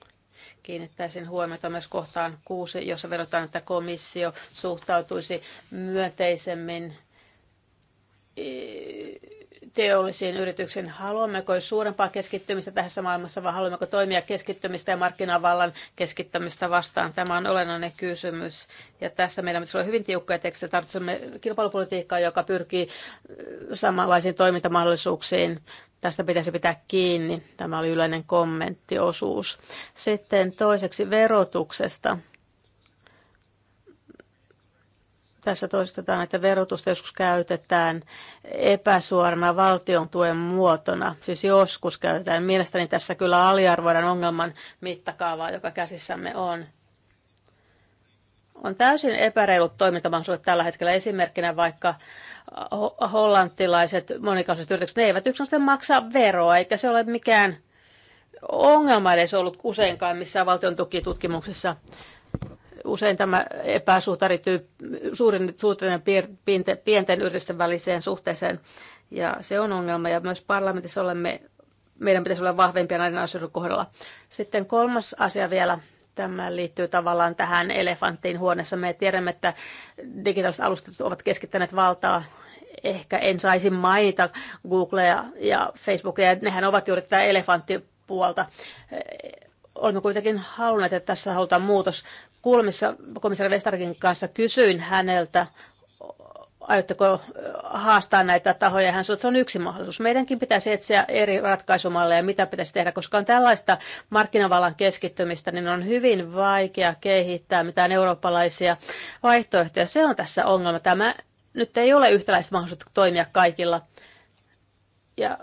Kiinnittäisin huomiota myös kohtaan kuusi, jossa vedotaan, että komissio suhtautuisi myönteisemmin teollisiin yrityksiin. Haluammeko suurempaa keskittymistä tässä maailmassa vai haluammeko toimia keskittymistä ja markkinavallan keskittämistä vastaan? Tämä on olennainen kysymys. Ja tässä meillä on hyvin tiukkoja tekstejä. Tarvitsemme kilpailupolitiikkaa, joka pyrkii samanlaisiin toimintamahdollisuuksiin. Tästä pitäisi pitää kiinni. Tämä oli yleinen kommenttiosuus. Sitten toiseksi verotuksesta tässä toistetaan, että verotusta joskus käytetään epäsuorana valtion tuen muotona. Siis joskus käytetään. Mielestäni tässä kyllä aliarvoidaan ongelman mittakaavaa, joka käsissämme on. On täysin epäreilut toimintamahdollisuudet tällä hetkellä. Esimerkkinä vaikka hollantilaiset monikansalliset yritykset, ne eivät yksinkertaisesti maksa veroa, eikä se ole mikään ongelma edes ollut useinkaan missään valtion tukitutkimuksessa. Usein tämä epäsuhtari liittyy suurin, suhteen pienten, pienten yritysten väliseen suhteeseen, ja se on ongelma, ja myös parlamentissa olemme, meidän pitäisi olla vahvempia näiden asioiden kohdalla. Sitten kolmas asia vielä, tämä liittyy tavallaan tähän elefanttiin huoneessa. Me tiedämme, että digitaaliset alustat ovat keskittäneet valtaa ehkä en saisi mainita Googlea ja Facebookia, nehän ovat juuri tätä elefanttipuolta. Olemme kuitenkin halunneet, että tässä halutaan muutos kuulemissa komissaari Vestarkin kanssa kysyin häneltä, aiotteko haastaa näitä tahoja. Hän sanoi, että se on yksi mahdollisuus. Meidänkin pitäisi etsiä eri ratkaisumalleja, mitä pitäisi tehdä, koska on tällaista markkinavallan keskittymistä, niin on hyvin vaikea kehittää mitään eurooppalaisia vaihtoehtoja. Se on tässä ongelma. Tämä nyt ei ole yhtäläistä mahdollisuutta toimia kaikilla. Ja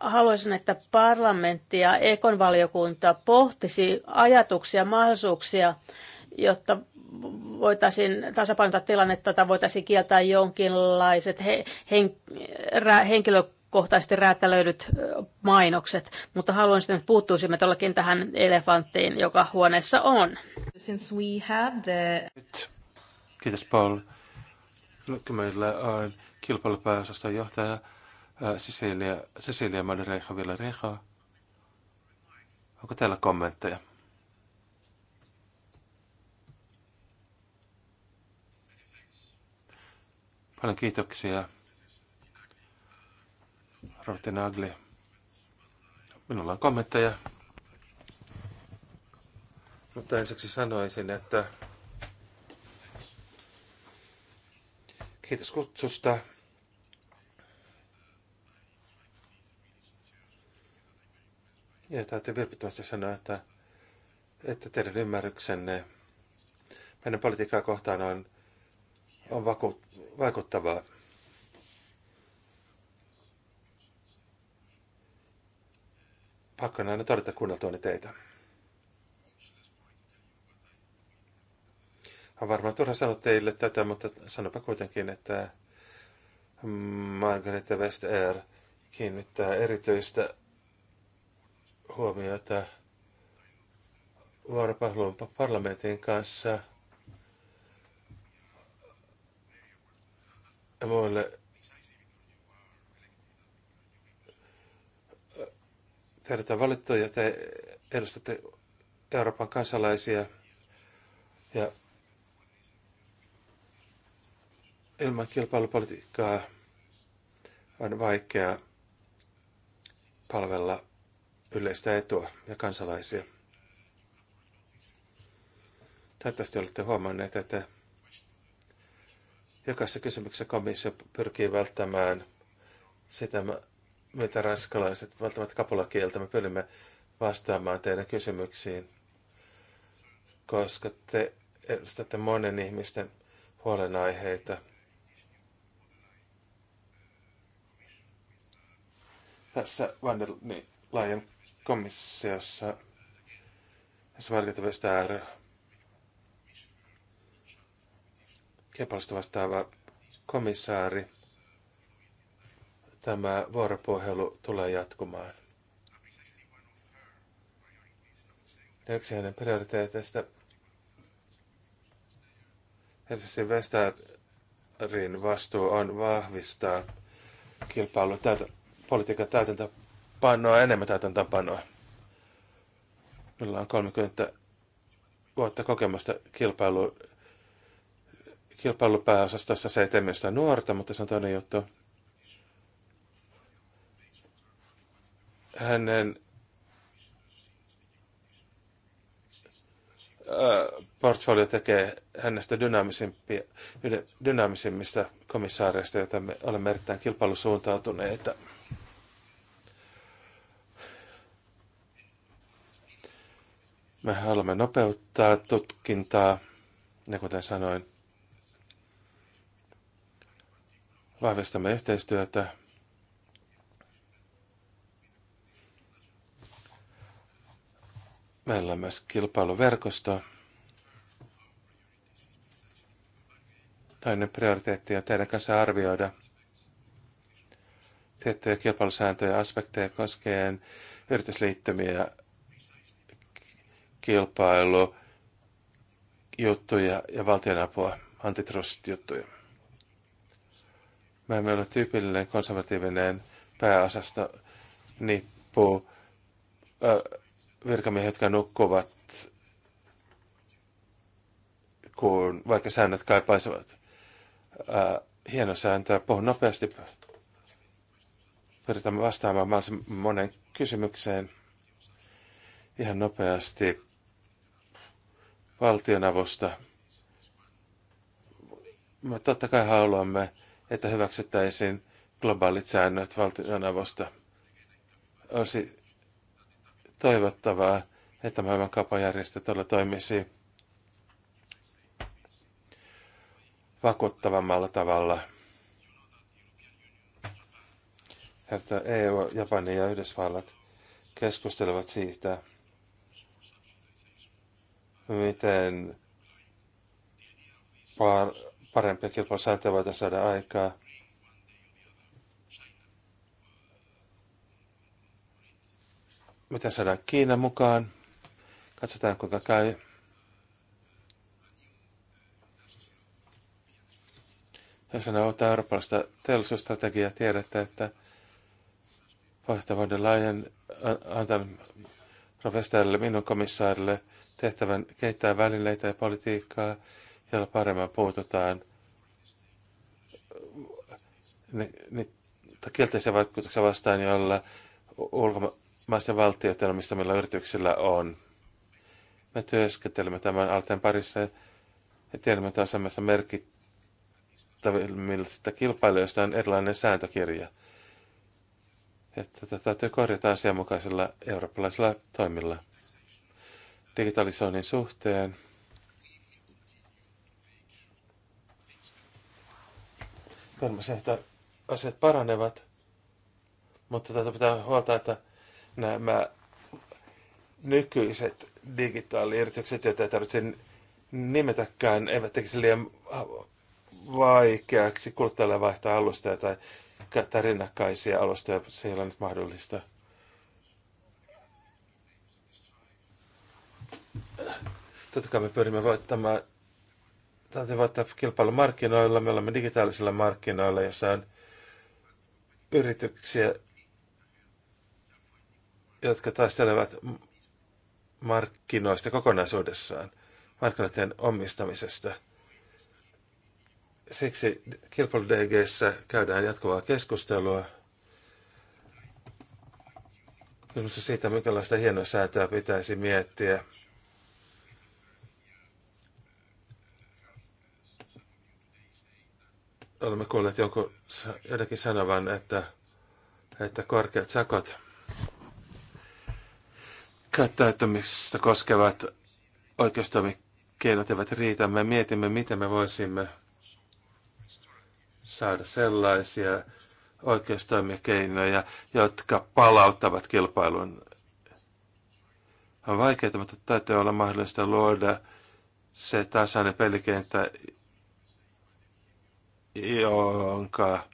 haluaisin, että parlamentti ja Ekon valiokunta pohtisi ajatuksia, mahdollisuuksia, jotta voitaisiin tasapainottaa tilannetta tai voitaisiin kieltää jonkinlaiset he, hen, rä, henkilökohtaisesti räätälöidyt mainokset, mutta haluan sitten, että puuttuisimme tuollakin tähän elefanttiin, joka huoneessa on. Since we have the... Nyt. Kiitos Paul. Meillä on kilpailupääosaston johtaja Äh, Cecilia, Cecilia Malreja Villareja. Onko täällä kommentteja? Paljon kiitoksia. Rohti Agli. Minulla on kommentteja. Mutta ensiksi sanoisin, että kiitos kutsusta. Ja täytyy vilpittömästi sanoa, että, että teidän ymmärryksenne meidän politiikkaa kohtaan on, on vaku, vaikuttavaa. Pakko aina todeta kuunneltuani teitä. On varmaan turha sanoa teille tätä, mutta sanopa kuitenkin, että Margaret Air kiinnittää erityistä huomiota vuoropuhelun parlamentin kanssa ja muille äh, teidät on valittu ja te edustatte Euroopan kansalaisia ja ilman kilpailupolitiikkaa on vaikea palvella yleistä etua ja kansalaisia. Toivottavasti olette huomanneet, että jokaisessa kysymyksessä komissio pyrkii välttämään sitä, mitä ranskalaiset välttämättä kapulakieltä. Me pyrimme vastaamaan teidän kysymyksiin, koska te edustatte monen ihmisten huolenaiheita. Tässä Vandelin der komissiossa näissä merkittävistä ääry. vastaava komissaari. Tämä vuoropuhelu tulee jatkumaan. Ja yksi hänen prioriteeteista Helsingin Vestarin vastuu on vahvistaa kilpailun politiikan täytäntöä panoa, enemmän painoa. Meillä on 30 vuotta kokemusta kilpailu, kilpailupääosastossa. Se ei tee meistä nuorta, mutta se on toinen juttu. Hänen äh, portfolio tekee hänestä dynaamisimmista komissaareista, joita me olemme erittäin kilpailusuuntautuneita. Me haluamme nopeuttaa tutkintaa, ja kuten sanoin, vahvistamme yhteistyötä Meillä on myös kilpailuverkosto. Toinen prioriteetti on teidän kanssa arvioida tiettyjä kilpailusääntöjä aspekteja koskien yritysliittymiä kilpailu, juttuja ja valtionapua, antitrust-juttuja. Mä emme ole tyypillinen konservatiivinen pääosasto nippu virkamiehet, jotka nukkuvat, kun vaikka säännöt kaipaisivat, hieno sääntö, puhun nopeasti. Pyritään vastaamaan mahdollisimman monen kysymykseen ihan nopeasti valtionavosta. Me totta kai haluamme, että hyväksyttäisiin globaalit säännöt valtionavosta. Olisi toivottavaa, että maailman kapajärjestö todella toimisi vakuuttavammalla tavalla. Että EU, Japani ja Yhdysvallat keskustelevat siitä, miten par, parempia kilpailusääntöjä voitaisiin saada aikaa. Miten saadaan Kiina mukaan? Katsotaan kuinka käy. Ja sanoo, että eurooppalaista teollisuusstrategiaa tiedätte, että pohjoittavuuden von antan professorille, minun komissaarille – tehtävän kehittää välineitä ja politiikkaa, joilla paremmin puututaan niitä kielteisiä vaikutuksia vastaan, joilla ulkomaisten valtioiden omistamilla yrityksillä on. Me työskentelemme tämän alten parissa ja tiedämme, että osaamassa merkittävimmistä kilpailijoista on erilainen sääntökirja. Että tätä täytyy korjata asianmukaisilla eurooppalaisilla toimilla digitalisoinnin suhteen. Törmäsin, että asiat paranevat, mutta tätä pitää huolta, että nämä nykyiset digitaaliyritykset, joita ei tarvitse nimetäkään, eivät tekisi liian vaikeaksi kuluttajalle vaihtaa alustoja tai käyttää rinnakkaisia alustoja, se ei ole nyt mahdollista. Totta kai me pyrimme voittamaan, täytyy voittaa kilpailumarkkinoilla. Me olemme digitaalisilla markkinoilla, jossa on yrityksiä, jotka taistelevat markkinoista kokonaisuudessaan, markkinoiden omistamisesta. Siksi kilpailu DGssä käydään jatkuvaa keskustelua kysymys on siitä, minkälaista säätöä pitäisi miettiä. olemme kuulleet jonkun jotenkin sanovan, että, että korkeat sakot käyttäytymistä koskevat oikeustoimikeinot eivät riitä. Me mietimme, miten me voisimme saada sellaisia oikeustoimikeinoja, jotka palauttavat kilpailun. On vaikeaa, mutta täytyy olla mahdollista luoda se tasainen pelikenttä, jonka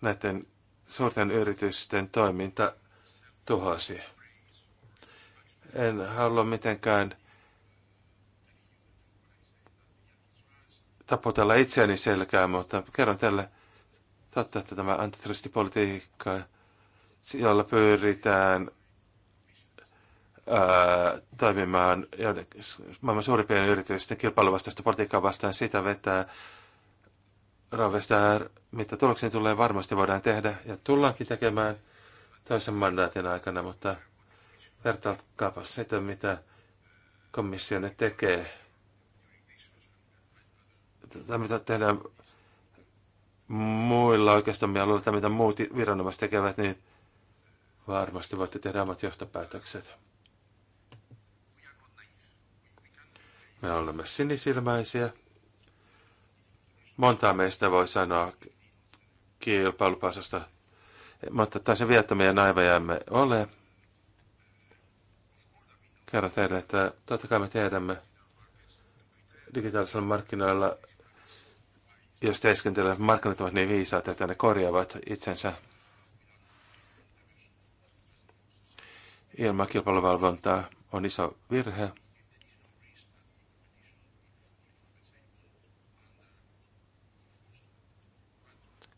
näiden suurten yritysten toiminta tuhosi. En halua mitenkään taputella itseäni selkää mutta kerron teille totta, että tämä antitrustipolitiikka, jolla pyritään toimimaan maailman suurimpien yritysten kilpailuvastaista politiikkaa vastaan sitä vetää Ravestar, mitä tuloksiin tulee, varmasti voidaan tehdä ja tullaankin tekemään toisen mandaatin aikana, mutta vertailkaapa sitä, mitä komissio nyt tekee tai mitä tehdään muilla oikeastaan mieluilla, tai mitä muut viranomaiset tekevät, niin varmasti voitte tehdä omat johtopäätökset. Me olemme sinisilmäisiä. monta meistä voi sanoa kilpailupasasta, mutta tässä viettämiä naiveja emme ole. Kerron teille, että totta kai me tiedämme digitaalisella markkinoilla, jos että markkinat ovat niin viisaat, että ne korjaavat itsensä ilman kilpailuvalvontaa on iso virhe.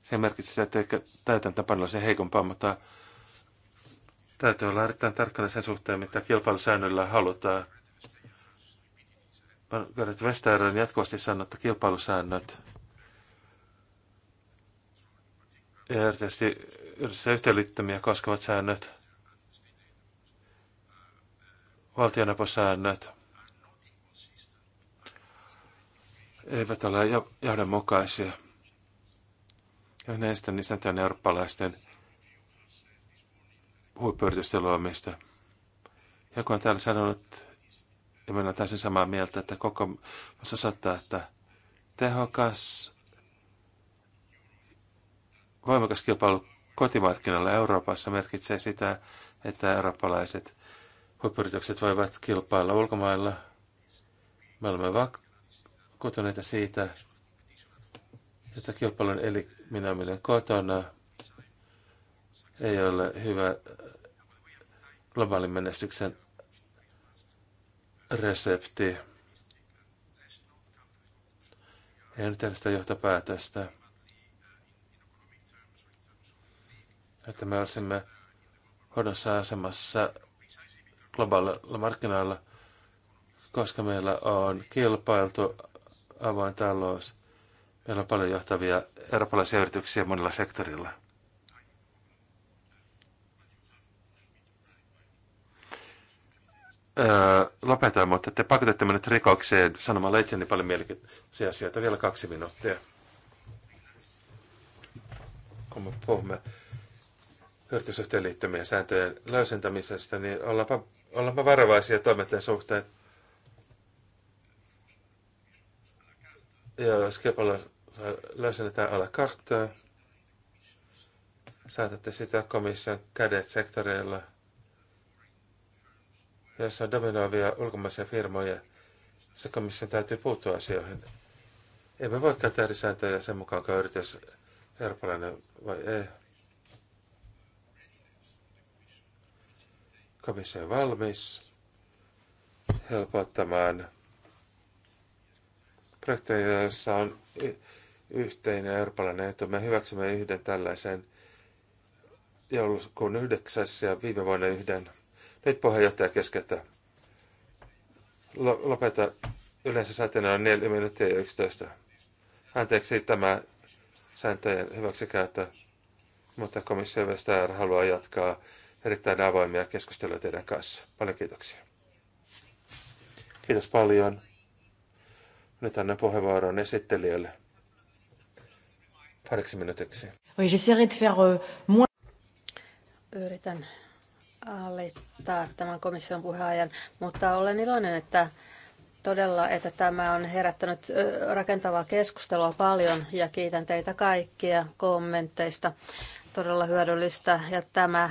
Se sitä, että ehkä täytäntöpanolla se heikompaa, mutta täytyy olla erittäin tarkkana sen suhteen, mitä kilpailusäännöllä halutaan. Margaret Wester on jatkuvasti sanonut, että kilpailusäännöt ja erityisesti yhdessä yhteenliittymiä koskevat säännöt, valtionaposäännöt, eivät ole johdonmukaisia. Se näistä niin sanotaan eurooppalaisten huippuyritysten luomista. Joku on täällä sanonut, ja minä olen täysin samaa mieltä, että koko saattaa, että tehokas, voimakas kilpailu kotimarkkinoilla Euroopassa merkitsee sitä, että eurooppalaiset huippuyritykset voivat kilpailla ulkomailla. Me olemme vakuuttuneita siitä, että kilpailun eliminoiminen kotona ei ole hyvä globaalin menestyksen resepti. Ei nyt sitä johtopäätöstä, että me olisimme huonossa asemassa globaalilla markkinoilla, koska meillä on kilpailtu avoin talous – Meillä on paljon johtavia eurooppalaisia yrityksiä monilla sektorilla. Öö, lopetan, mutta te pakotatte minut rikokseen sanomalla itseni paljon mielenkiintoisia asioita. Vielä kaksi minuuttia. Kun me puhumme liittymien sääntöjen löysentämisestä, niin ollaanpa, ollaanpa varovaisia toimittajan suhteen. Ja jos kepalla löysennetään ala karttaa. Saatatte sitä komission kädet sektoreilla, jossa on dominoivia ulkomaisia firmoja. Se komission täytyy puuttua asioihin. me voi käyttää eri sääntöjä sen mukaan, kun yritys eurooppalainen vai ei. Komissio on valmis helpottamaan projekteja, joissa on yhteinen eurooppalainen, että me hyväksymme yhden tällaisen joulukuun yhdeksäs ja viime vuonna yhden. Nyt puheenjohtaja keskeyttää. Lopeta yleensä säteenä on 4 minuuttia ja 11. Anteeksi tämä sääntöjen hyväksikäyttö, mutta komissio Vestager haluaa jatkaa erittäin avoimia keskusteluja teidän kanssa. Paljon kiitoksia. Kiitos paljon. Nyt annan puheenvuoron esittelijöille pariksi minuutiksi. Oui, j'essaierai de faire euh, moins... Yritän alittaa tämän komission puheajan, mutta olen iloinen, että todella, että tämä on herättänyt rakentavaa keskustelua paljon ja kiitän teitä kaikkia kommentteista. Todella hyödyllistä ja tämä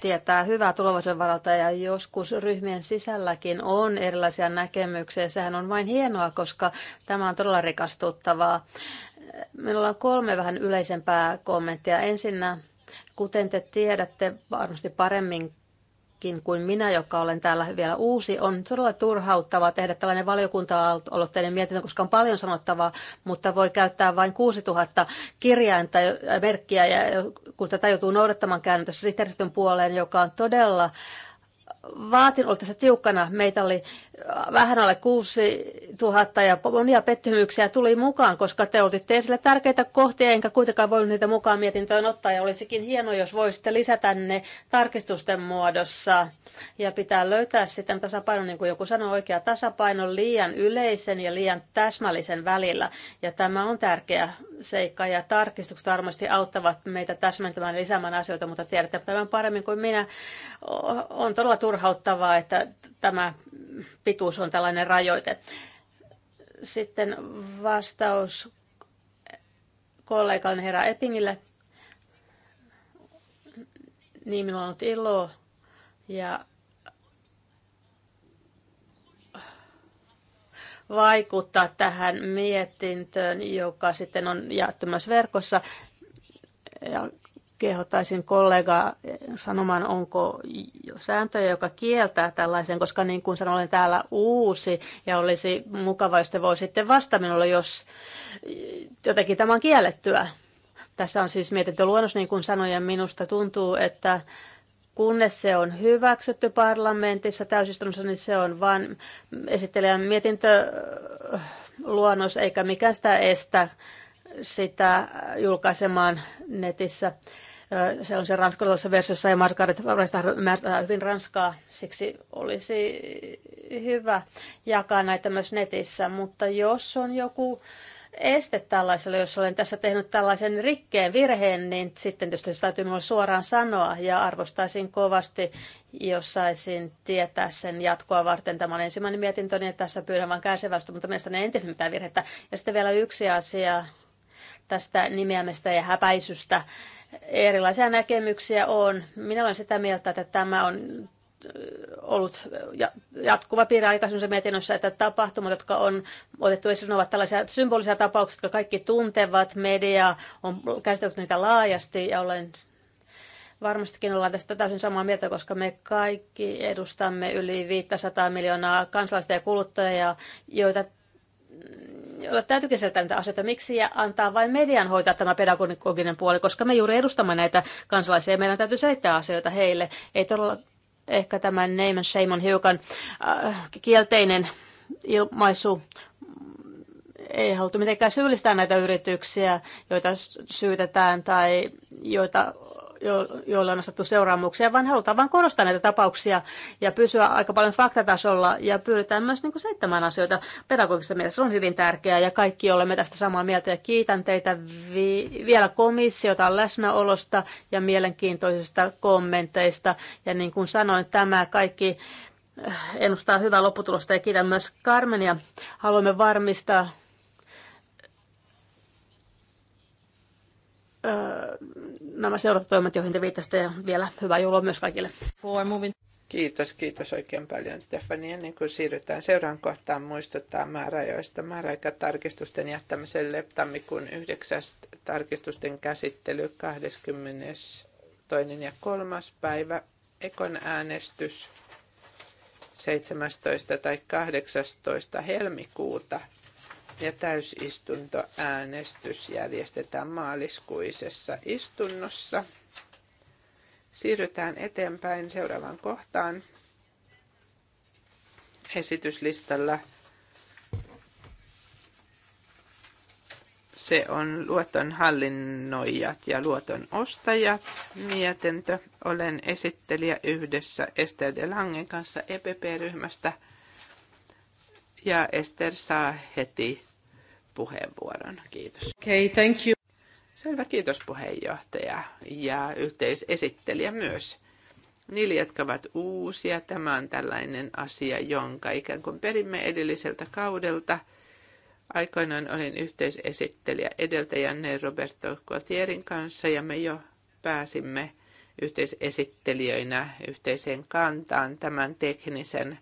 tietää hyvää tulevaisuuden varalta ja joskus ryhmien sisälläkin on erilaisia näkemyksiä. Sehän on vain hienoa, koska tämä on todella rikastuttavaa Minulla on kolme vähän yleisempää kommenttia. Ensinnä, kuten te tiedätte varmasti paremmin kuin minä, joka olen täällä vielä uusi, on todella turhauttavaa tehdä tällainen valiokunta-aloitteinen mietintö, koska on paljon sanottavaa, mutta voi käyttää vain 6000 kirjainta ja merkkiä, ja kun tätä joutuu noudattamaan käännössä sihteeristön puoleen, joka on todella vaatin olla tässä tiukkana. Meitä oli vähän alle 6 000 ja monia pettymyksiä tuli mukaan, koska te otitte esille tärkeitä kohtia, enkä kuitenkaan voinut niitä mukaan mietintöön ottaa. Ja olisikin hienoa, jos voisitte lisätä ne tarkistusten muodossa. Ja pitää löytää sitten tasapaino, niin kuin joku sanoi, oikea tasapaino liian yleisen ja liian täsmällisen välillä. Ja tämä on tärkeä seikka ja tarkistukset varmasti auttavat meitä täsmentämään ja lisäämään asioita, mutta tiedätte tämän paremmin kuin minä. On todella turhauttavaa, että tämä pituus on tällainen rajoite. Sitten vastaus kollegan herra Epingille Niin, minulla on ollut ilo ja vaikuttaa tähän mietintöön, joka sitten on jaettu myös verkossa. Ja kehottaisin kollegaa sanomaan, onko sääntöjä, joka kieltää tällaisen, koska niin kuin sanoin, olen täällä uusi ja olisi mukava, jos te voisitte vastata minulle, jos jotenkin tämä on kiellettyä. Tässä on siis mietitty luonnos, niin kuin sanoin, ja minusta tuntuu, että kunnes se on hyväksytty parlamentissa täysistunnossa, niin se on vain esittelijän mietintöluonnos, eikä mikään sitä estä sitä julkaisemaan netissä se ranskalaisessa versiossa ja Margaret ymmärtää hyvin ranskaa, siksi olisi hyvä jakaa näitä myös netissä, mutta jos on joku este tällaiselle, jos olen tässä tehnyt tällaisen rikkeen virheen, niin sitten tietysti se täytyy minulle suoraan sanoa ja arvostaisin kovasti, jos saisin tietää sen jatkoa varten. Tämä on ensimmäinen mietintö, niin tässä pyydän vain kärsivästä, mutta mielestäni en tehnyt mitään virhettä. Ja sitten vielä yksi asia tästä nimeämistä ja häpäisystä Erilaisia näkemyksiä on. Minä olen sitä mieltä, että tämä on ollut jatkuva piirre aikaisemmissa mietinnössä, että tapahtumat, jotka on otettu esiin, ovat tällaisia symbolisia tapauksia, jotka kaikki tuntevat. Media on käsitellyt niitä laajasti ja olen varmastikin ollaan tästä täysin samaa mieltä, koska me kaikki edustamme yli 500 miljoonaa kansalaista ja kuluttajaa, joita Mm, jolla täytyykin selittää näitä asioita, miksi ja antaa vain median hoitaa tämä pedagoginen puoli, koska me juuri edustamme näitä kansalaisia ja meidän täytyy selittää asioita heille. Ei todella ehkä tämä name and shame on hiukan äh, kielteinen ilmaisu. Mm, ei haluttu mitenkään syyllistää näitä yrityksiä, joita syytetään tai joita jo, joille on asettu seuraamuksia, vaan halutaan vain korostaa näitä tapauksia ja pysyä aika paljon faktatasolla ja pyydetään myös niin seitsemän asioita pedagogisessa mielessä. Se on hyvin tärkeää ja kaikki olemme tästä samaa mieltä ja kiitän teitä vi- vielä komissiota läsnäolosta ja mielenkiintoisista kommenteista. Ja niin kuin sanoin, tämä kaikki äh, ennustaa hyvää lopputulosta ja kiitän myös Carmenia. Haluamme varmistaa äh, nämä seurantatoimet, joihin te viittasitte, ja vielä hyvää joulua myös kaikille. Kiitos, kiitos oikein paljon Stefania. Ennen kuin siirrytään seuraan kohtaan, muistuttaa määräajoista. määräaikatarkistusten tarkistusten jättämiselle tammikuun 9. tarkistusten käsittely 22. ja 3. päivä. Ekon äänestys 17. tai 18. helmikuuta – ja täysistuntoäänestys järjestetään maaliskuisessa istunnossa. Siirrytään eteenpäin seuraavaan kohtaan esityslistalla. Se on luotonhallinnoijat ja luoton ostajat mietintö. Olen esittelijä yhdessä Ester de Langen kanssa EPP-ryhmästä. Ja Ester saa heti puheenvuoron. Kiitos. Okay, thank you. Selvä, kiitos puheenjohtaja ja yhteisesittelijä myös. Niille, jotka ovat uusia, tämä on tällainen asia, jonka ikään kuin perimme edelliseltä kaudelta. Aikoinaan olin yhteisesittelijä edeltäjänne Roberto Cotierin kanssa ja me jo pääsimme yhteisesittelijöinä yhteiseen kantaan tämän teknisen,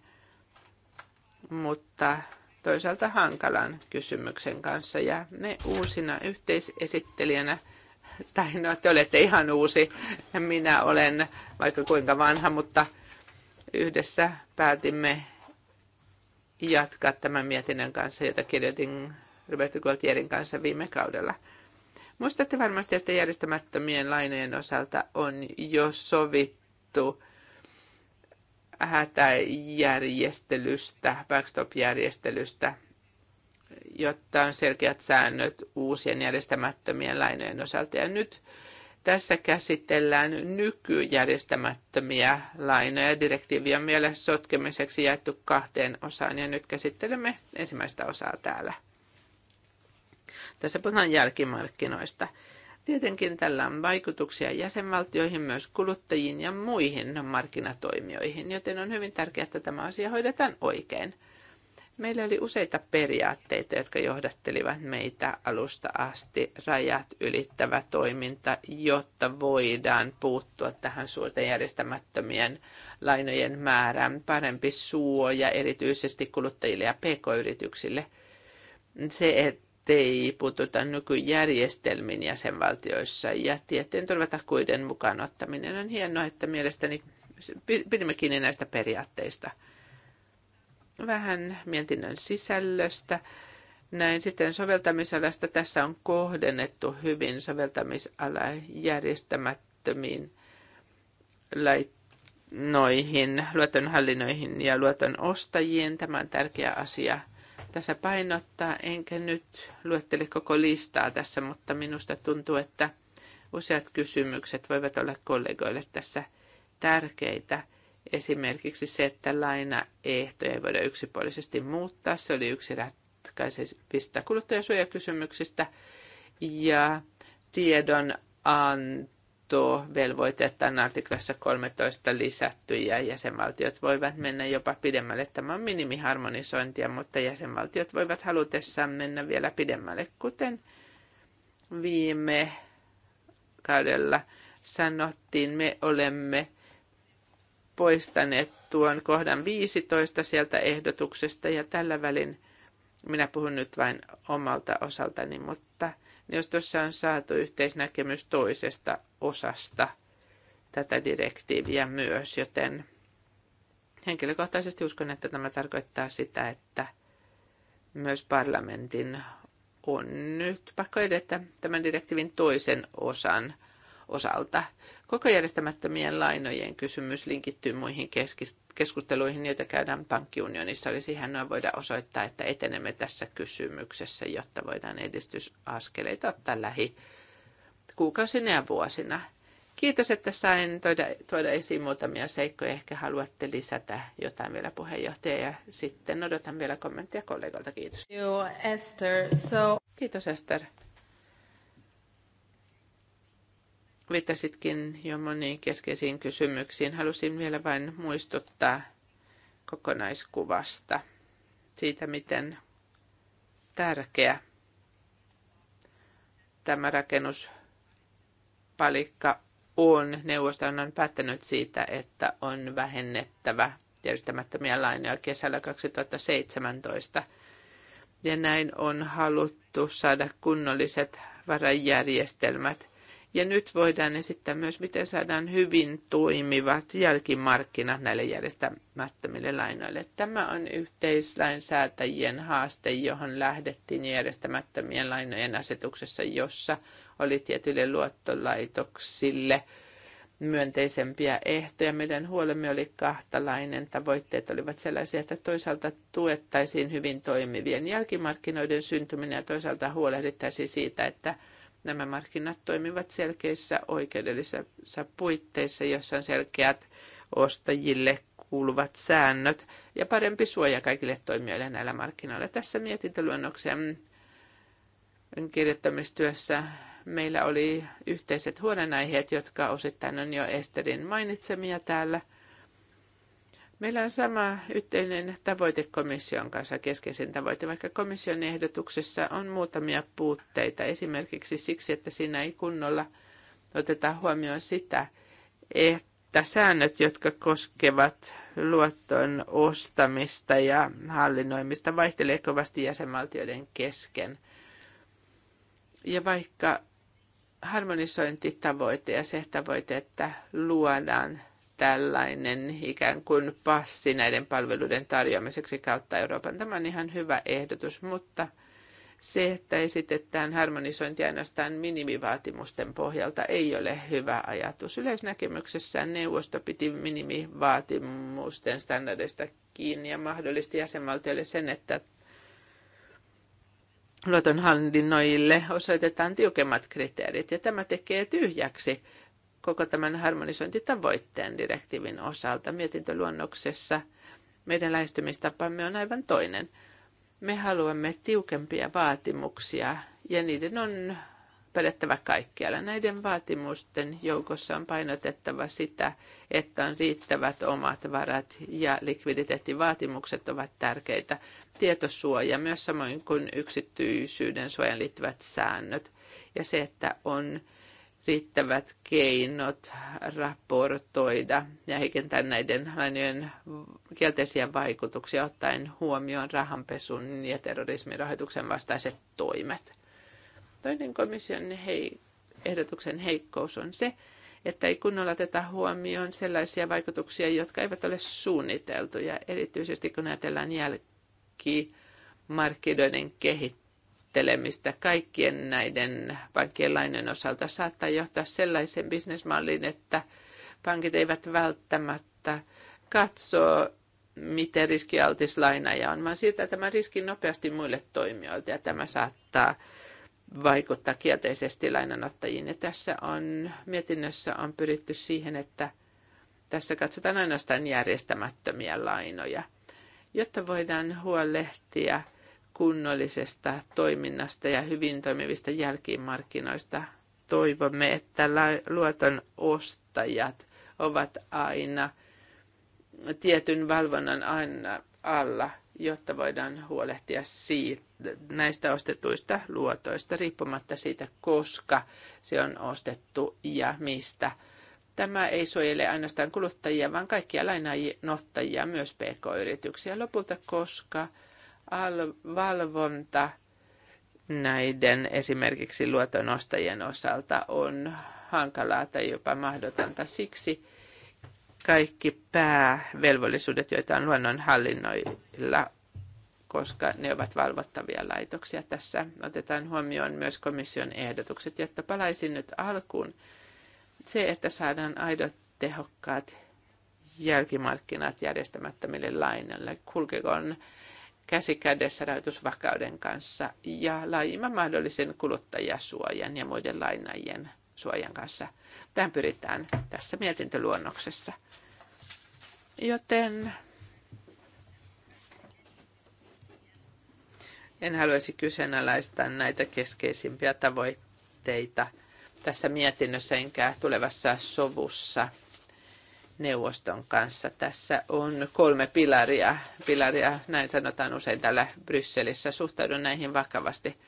mutta toisaalta hankalan kysymyksen kanssa ja me uusina yhteisesittelijänä tai no te olette ihan uusi, minä olen vaikka kuinka vanha, mutta yhdessä päätimme jatkaa tämän mietinnön kanssa, jota kirjoitin Roberto Gualtierin kanssa viime kaudella. Muistatte varmasti, että järjestämättömien lainojen osalta on jo sovittu hätäjärjestelystä, backstop-järjestelystä, jotta on selkeät säännöt uusien järjestämättömien lainojen osalta. Ja nyt tässä käsitellään nykyjärjestämättömiä lainoja. Direktiivi on vielä sotkemiseksi jaettu kahteen osaan ja nyt käsittelemme ensimmäistä osaa täällä. Tässä puhutaan jälkimarkkinoista. Tietenkin tällä on vaikutuksia jäsenvaltioihin, myös kuluttajiin ja muihin markkinatoimijoihin, joten on hyvin tärkeää, että tämä asia hoidetaan oikein. Meillä oli useita periaatteita, jotka johdattelivat meitä alusta asti rajat ylittävä toiminta, jotta voidaan puuttua tähän suurten järjestämättömien lainojen määrään. Parempi suoja erityisesti kuluttajille ja pk-yrityksille. Se, että ettei puututa nykyjärjestelmiin jäsenvaltioissa ja tiettyjen turvatakuiden mukaan ottaminen on hienoa, että mielestäni pidimme kiinni näistä periaatteista. Vähän mietinnön sisällöstä. Näin sitten soveltamisalasta tässä on kohdennettu hyvin soveltamisala järjestämättömiin laitnoihin, luotonhallinnoihin ja luoton ostajien Tämä on tärkeä asia – tässä painottaa, enkä nyt luettele koko listaa tässä, mutta minusta tuntuu, että useat kysymykset voivat olla kollegoille tässä tärkeitä. Esimerkiksi se, että lainaehtoja ei voida yksipuolisesti muuttaa. Se oli yksi ratkaisevista kuluttajasuojakysymyksistä. Ja tiedon anto velvoite, että on artiklassa 13 lisätty ja jäsenvaltiot voivat mennä jopa pidemmälle. Tämä on minimiharmonisointia, mutta jäsenvaltiot voivat halutessaan mennä vielä pidemmälle, kuten viime kaudella sanottiin, me olemme poistaneet tuon kohdan 15 sieltä ehdotuksesta ja tällä välin minä puhun nyt vain omalta osaltani, mutta – jos tuossa on saatu yhteisnäkemys toisesta osasta tätä direktiiviä myös, joten henkilökohtaisesti uskon, että tämä tarkoittaa sitä, että myös parlamentin on nyt pakko edetä tämän direktiivin toisen osan osalta. Koko järjestämättömien lainojen kysymys linkittyy muihin keskusteluihin, joita käydään pankkiunionissa. Olisi hienoa voida osoittaa, että etenemme tässä kysymyksessä, jotta voidaan edistysaskeleita ottaa lähi kuukausina ja vuosina. Kiitos, että sain tuoda, tuoda esiin muutamia seikkoja. Ehkä haluatte lisätä jotain vielä puheenjohtaja ja sitten odotan vielä kommenttia kollegalta. Kiitos. Joo, Esther. So... Kiitos Esther. Viittasitkin jo moniin keskeisiin kysymyksiin. Halusin vielä vain muistuttaa kokonaiskuvasta siitä, miten tärkeä tämä rakennuspalikka on. Neuvosto on päättänyt siitä, että on vähennettävä järjestämättömiä lainoja kesällä 2017. Ja näin on haluttu saada kunnolliset varajärjestelmät ja nyt voidaan esittää myös, miten saadaan hyvin toimivat jälkimarkkinat näille järjestämättömille lainoille. Tämä on yhteislainsäätäjien haaste, johon lähdettiin järjestämättömien lainojen asetuksessa, jossa oli tietyille luottolaitoksille myönteisempiä ehtoja. Meidän huolemme oli kahtalainen. Tavoitteet olivat sellaisia, että toisaalta tuettaisiin hyvin toimivien jälkimarkkinoiden syntyminen ja toisaalta huolehdittaisiin siitä, että – Nämä markkinat toimivat selkeissä oikeudellisissa puitteissa, jossa on selkeät ostajille kuuluvat säännöt ja parempi suoja kaikille toimijoille näillä markkinoilla. Tässä mietintöluonnoksen kirjoittamistyössä meillä oli yhteiset huolenaiheet, jotka osittain on jo Esterin mainitsemia täällä – Meillä on sama yhteinen tavoite komission kanssa, keskeisen tavoite, vaikka komission ehdotuksessa on muutamia puutteita. Esimerkiksi siksi, että siinä ei kunnolla oteta huomioon sitä, että säännöt, jotka koskevat luotton ostamista ja hallinnoimista, vaihtelee kovasti jäsenvaltioiden kesken. Ja vaikka harmonisointitavoite ja se tavoite, että luodaan tällainen ikään kuin passi näiden palveluiden tarjoamiseksi kautta Euroopan. Tämä on ihan hyvä ehdotus, mutta se, että esitetään harmonisointi ainoastaan minimivaatimusten pohjalta, ei ole hyvä ajatus. Yleisnäkemyksessään neuvosto piti minimivaatimusten standardeista kiinni ja mahdollisti jäsenvaltioille sen, että luotonhallinnoille osoitetaan tiukemmat kriteerit, ja tämä tekee tyhjäksi koko tämän harmonisointitavoitteen direktiivin osalta. Mietintöluonnoksessa meidän lähestymistapamme on aivan toinen. Me haluamme tiukempia vaatimuksia ja niiden on pädettävä kaikkialla. Näiden vaatimusten joukossa on painotettava sitä, että on riittävät omat varat ja likviditeettivaatimukset ovat tärkeitä. Tietosuoja myös samoin kuin yksityisyyden suojan liittyvät säännöt ja se, että on riittävät keinot raportoida ja heikentää näiden lainojen kielteisiä vaikutuksia ottaen huomioon rahanpesun ja terrorismin rahoituksen vastaiset toimet. Toinen komission hei, ehdotuksen heikkous on se, että ei kunnolla oteta huomioon sellaisia vaikutuksia, jotka eivät ole suunniteltuja, erityisesti kun ajatellaan jälkimarkkinoiden kehittämistä sovittelemista kaikkien näiden pankkien lainojen osalta saattaa johtaa sellaisen bisnesmallin, että pankit eivät välttämättä katso, miten riskialtis lainaja on, vaan siirtää tämän riskin nopeasti muille toimijoille ja tämä saattaa vaikuttaa kielteisesti lainanottajiin. Ja tässä on, mietinnössä on pyritty siihen, että tässä katsotaan ainoastaan järjestämättömiä lainoja, jotta voidaan huolehtia – kunnollisesta toiminnasta ja hyvin toimivista jälkimarkkinoista. Toivomme, että luoton ostajat ovat aina tietyn valvonnan aina alla, jotta voidaan huolehtia siitä, näistä ostetuista luotoista, riippumatta siitä, koska se on ostettu ja mistä. Tämä ei suojele ainoastaan kuluttajia, vaan kaikkia lainanottajia, myös pk-yrityksiä lopulta, koska valvonta näiden esimerkiksi luotonostajien osalta on hankalaa tai jopa mahdotonta. Siksi kaikki päävelvollisuudet, joita on luonnonhallinnoilla, koska ne ovat valvottavia laitoksia. Tässä otetaan huomioon myös komission ehdotukset, jotta palaisin nyt alkuun. Se, että saadaan aidot tehokkaat jälkimarkkinat järjestämättömille lainalle kulkekoon käsi kädessä rahoitusvakauden kanssa ja laajimman mahdollisen kuluttajasuojan ja muiden lainajien suojan kanssa. Tähän pyritään tässä mietintöluonnoksessa. Joten en haluaisi kyseenalaistaa näitä keskeisimpiä tavoitteita tässä mietinnössä enkä tulevassa sovussa – neuvoston kanssa. Tässä on kolme pilaria. Pilaria, näin sanotaan usein täällä Brysselissä. Suhtaudun näihin vakavasti.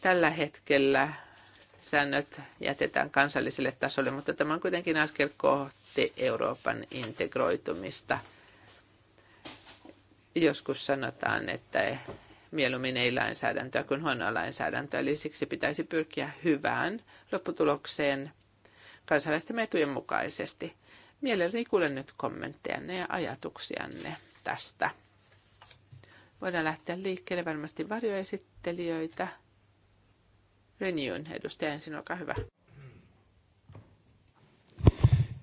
Tällä hetkellä säännöt jätetään kansalliselle tasolle, mutta tämä on kuitenkin askel kohti Euroopan integroitumista. Joskus sanotaan, että mieluummin ei lainsäädäntöä kuin huonoa lainsäädäntöä, eli siksi pitäisi pyrkiä hyvään lopputulokseen kansalaisten etujen mukaisesti – Mielelläni kuulen nyt kommenttejanne ja ajatuksianne tästä. Voidaan lähteä liikkeelle varmasti varjoesittelijöitä. Renewn edustaja ensin, olkaa hyvä.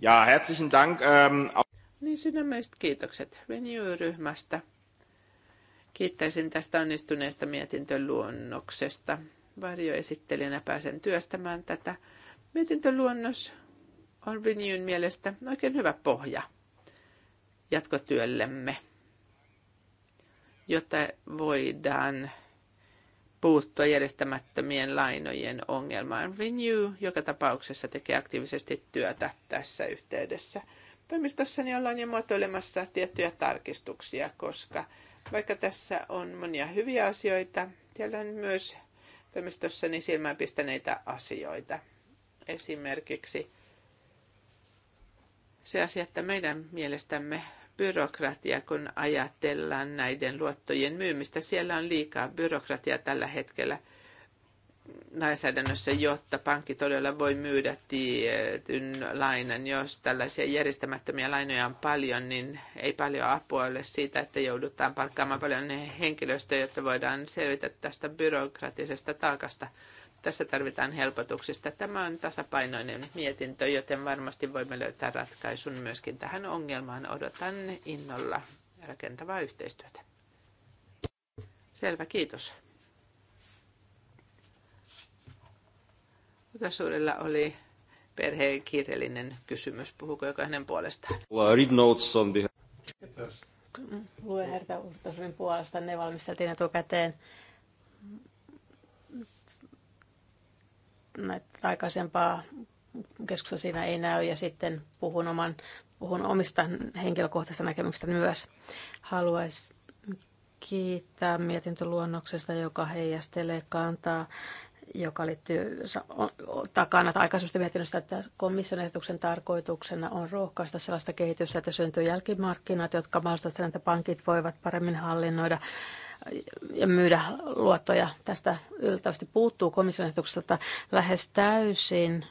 Ja herzlichen Dank. Ähm... Niin sydämelliset kiitokset Renew-ryhmästä. Kiittäisin tästä onnistuneesta luonnoksesta. Varjoesittelijänä pääsen työstämään tätä. Mietintöluonnos on Vinyyn mielestä oikein hyvä pohja jatkotyöllemme, jotta voidaan puuttua järjestämättömien lainojen ongelmaan. Renew joka tapauksessa tekee aktiivisesti työtä tässä yhteydessä. Toimistossani ollaan jo muotoilemassa tiettyjä tarkistuksia, koska vaikka tässä on monia hyviä asioita, siellä on myös toimistossani silmään pistäneitä asioita. Esimerkiksi se asia, että meidän mielestämme byrokratia, kun ajatellaan näiden luottojen myymistä, siellä on liikaa byrokratiaa tällä hetkellä lainsäädännössä, jotta pankki todella voi myydä tietyn lainan. Jos tällaisia järjestämättömiä lainoja on paljon, niin ei paljon apua ole siitä, että joudutaan palkkaamaan paljon henkilöstöä, jotta voidaan selvitä tästä byrokratisesta taakasta – tässä tarvitaan helpotuksista. Tämä on tasapainoinen mietintö, joten varmasti voimme löytää ratkaisun myöskin tähän ongelmaan. Odotan innolla rakentavaa yhteistyötä. Selvä, kiitos. Suurella oli perheen kiireellinen kysymys. Puhuuko joka hänen puolestaan? Read notes on Luen Herta Uhtasunin puolesta. Ne valmisteltiin etukäteen. näitä aikaisempaa keskusta siinä ei näy ja sitten puhun, oman, puhun omista henkilökohtaisista näkemyksistä myös. Haluaisin kiittää mietintöluonnoksesta, joka heijastelee kantaa joka liittyy takana tai aikaisemmasta mietinnöstä, että komission ehdotuksen tarkoituksena on rohkaista sellaista kehitystä, että syntyy jälkimarkkinat, jotka mahdollistavat sen, että pankit voivat paremmin hallinnoida ja myydä luottoja. Tästä yllättävästi puuttuu komission asetukselta lähes täysin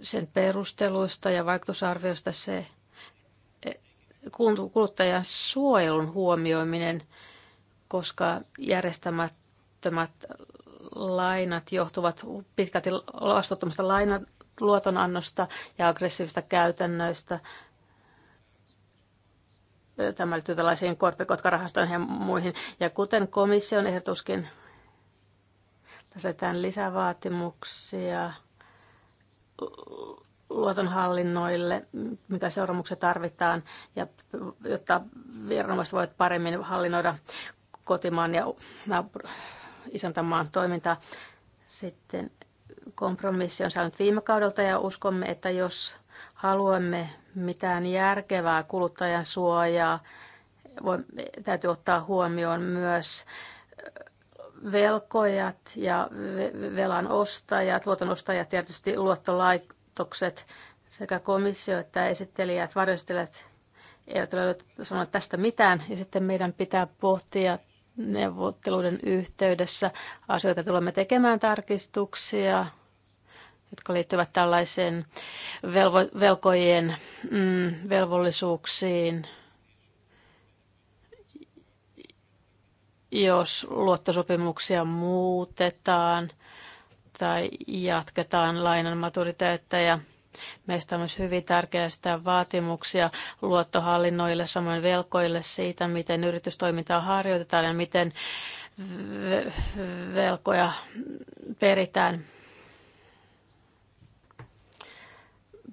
sen perusteluista ja vaikutusarvioista se e, kuluttajan suojelun huomioiminen, koska järjestämättömät lainat johtuvat pitkälti vastuuttomasta lainat luotonannosta ja aggressiivista käytännöistä Tämä liittyy tällaisiin korpikotkarahastoihin ja muihin. Ja kuten komission ehdotuskin, tässä tämän lisävaatimuksia luotonhallinnoille, mitä seuraamuksia tarvitaan, ja jotta viranomaiset voivat paremmin hallinnoida kotimaan ja isäntämaan toimintaa. Sitten kompromissi on saanut viime kaudelta ja uskomme, että jos haluamme mitään järkevää kuluttajan suojaa, voi, täytyy ottaa huomioon myös velkojat ja velan ostajat, luotonostajat, tietysti luottolaitokset sekä komissio että esittelijät, varjostelijat eivät ole sanoneet tästä mitään. Ja sitten meidän pitää pohtia neuvotteluiden yhteydessä asioita. Tulemme tekemään tarkistuksia jotka liittyvät tällaiseen velvo- velkojen mm, velvollisuuksiin, jos luottosopimuksia muutetaan tai jatketaan lainan maturiteettia ja Meistä on myös hyvin tärkeää sitä vaatimuksia luottohallinnoille, samoin velkoille siitä, miten yritystoimintaa harjoitetaan ja miten velkoja peritään.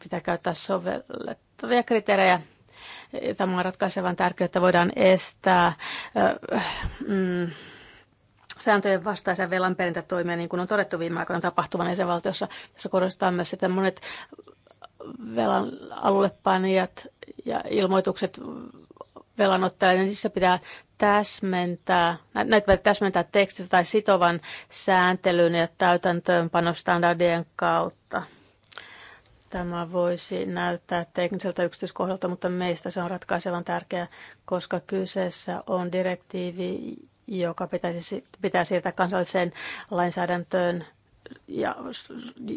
pitää käyttää sovellettavia kriteerejä. Tämä on ratkaisevan tärkeää, että voidaan estää äh, mm, sääntöjen vastaisen perintätoimia, niin kuin on todettu viime aikoina tapahtuvan jäsenvaltiossa. Tässä korostetaan myös, että monet velan alullepanijat ja ilmoitukset velanottajille, niin niissä pitää täsmentää, näitä pitää täsmentää tekstistä tai sitovan sääntelyn ja täytäntöönpanostandardien kautta. Tämä voisi näyttää tekniseltä yksityiskohdalta, mutta meistä se on ratkaisevan tärkeää, koska kyseessä on direktiivi, joka pitäisi, pitää siirtää kansalliseen lainsäädäntöön ja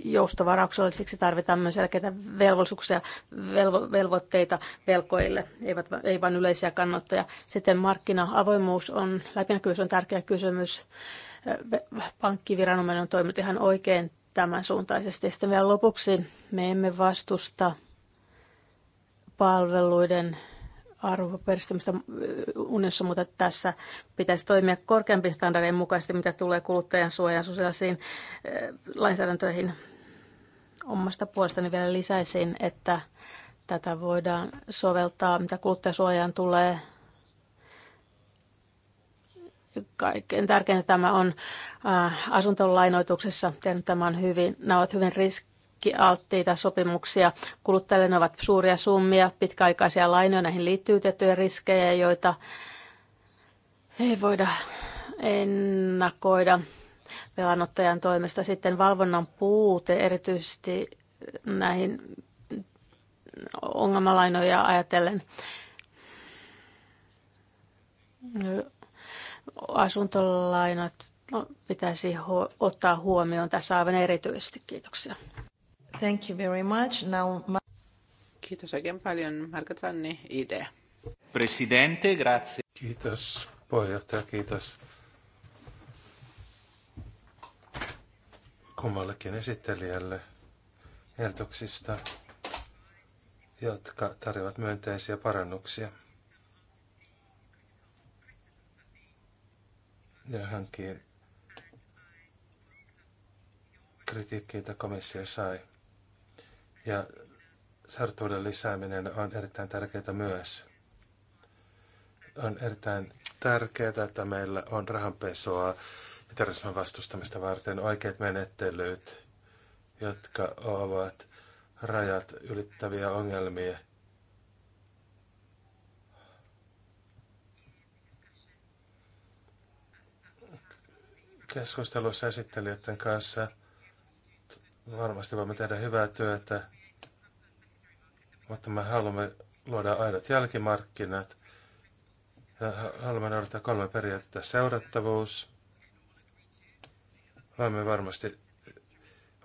joustovarauksella siksi tarvitaan myös selkeitä velvollisuuksia, velvo, velvoitteita velkoille, eivät, ei vain yleisiä kannattajia. Sitten markkina-avoimuus on, läpinäkyvyys on tärkeä kysymys. Pankkiviranomainen on toiminut ihan oikein tämän suuntaisesti. Sitten vielä lopuksi me emme vastusta palveluiden arvoperistämistä unessa, mutta tässä pitäisi toimia korkeampien standardien mukaisesti, mitä tulee kuluttajan suojaan sosiaalisiin eh, lainsäädäntöihin. Omasta puolestani vielä lisäisin, että tätä voidaan soveltaa, mitä kuluttajasuojaan tulee Kaikkein tärkeintä tämä on äh, asuntolainoituksessa. Tämä on hyvin, nämä ovat hyvin riskialttiita sopimuksia. Kuluttajille ne ovat suuria summia, pitkäaikaisia lainoja, näihin liittyy tiettyjä riskejä, joita ei voida ennakoida velanottajan toimesta. Sitten valvonnan puute, erityisesti näihin ongelmalainoja ajatellen asuntolainat no, pitäisi ottaa huomioon tässä aivan erityisesti. Kiitoksia. Thank you very much. Now... Kiitos oikein paljon, Marko Zanni, idea. Presidente, grazie. Kiitos, puheenjohtaja, kiitos. kummallekin esittelijälle ehdotuksista, jotka tarjoavat myönteisiä parannuksia. ja hankkii kritiikkiä, jota komissio sai. Ja sartuuden lisääminen on erittäin tärkeää myös. On erittäin tärkeää, että meillä on rahanpesoa ja terrorismin vastustamista varten oikeat menettelyt, jotka ovat rajat ylittäviä ongelmia – keskustelussa esittelijöiden kanssa varmasti voimme tehdä hyvää työtä, mutta me haluamme luoda aidot jälkimarkkinat ja haluamme noudattaa kolme periaatetta. Seurattavuus. Voimme varmasti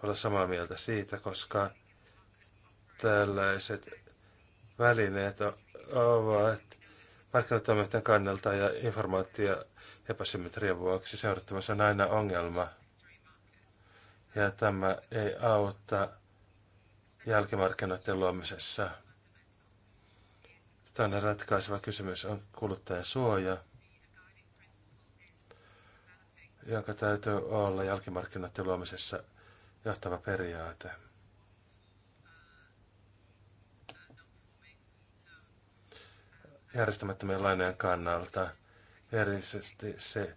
olla samaa mieltä siitä, koska tällaiset välineet ovat markkinatoimijoiden kannalta ja informaatio epäsymmetrian vuoksi seurattavuus on aina ongelma. Ja tämä ei auta jälkimarkkinoiden luomisessa. Toinen ratkaiseva kysymys on kuluttajan suoja, jonka täytyy olla jälkimarkkinoiden luomisessa johtava periaate. Järjestämättömien lainojen kannalta Erityisesti se,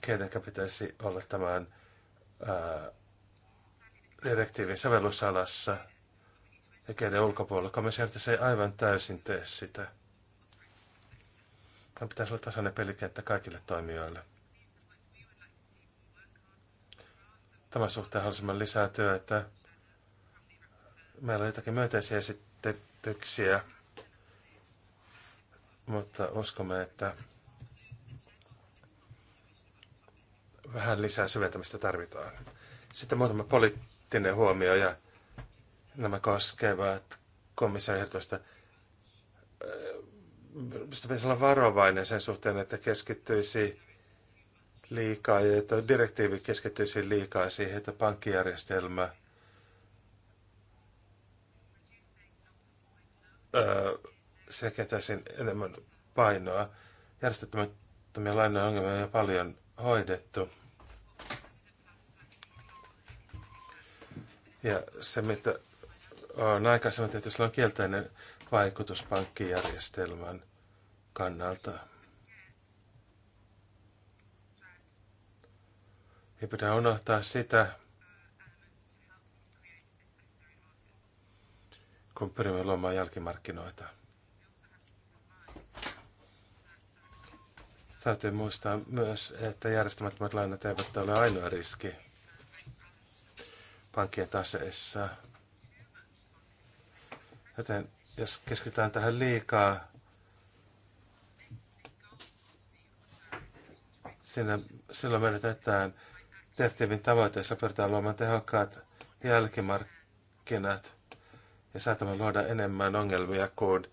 kenen pitäisi olla tämän direktiivin sävellysalassa ja kenen ulkopuolella. Komissio ei aivan täysin tee sitä. Tämä pitäisi olla tasainen pelikenttä kaikille toimijoille. Tämä suhteen halusimme lisää työtä. Meillä on jotakin myönteisiä esityksiä, mutta uskomme, että vähän lisää syventämistä tarvitaan. Sitten muutama poliittinen huomio ja nämä koskevat komission ehdotusta. Sitä pitäisi olla varovainen sen suhteen, että keskittyisi liikaa ja että direktiivi keskittyisi liikaa siihen, että pankkijärjestelmä se ketäisin enemmän painoa. Järjestettömättömiä lainoja ongelmia on jo paljon hoidettu. Ja se, mitä on aikaisemmin tehty, sillä on kielteinen vaikutus pankkijärjestelmän kannalta. Ei pidä unohtaa sitä, kun pyrimme luomaan jälkimarkkinoita. Täytyy muistaa myös, että järjestämättömät lainat eivät ole ainoa riski pankkien taseissa. Joten jos keskitytään tähän liikaa, siinä, silloin menetetään direktiivin tavoite, jossa pyritään luomaan tehokkaat jälkimarkkinat ja saatamme luoda enemmän ongelmia kuin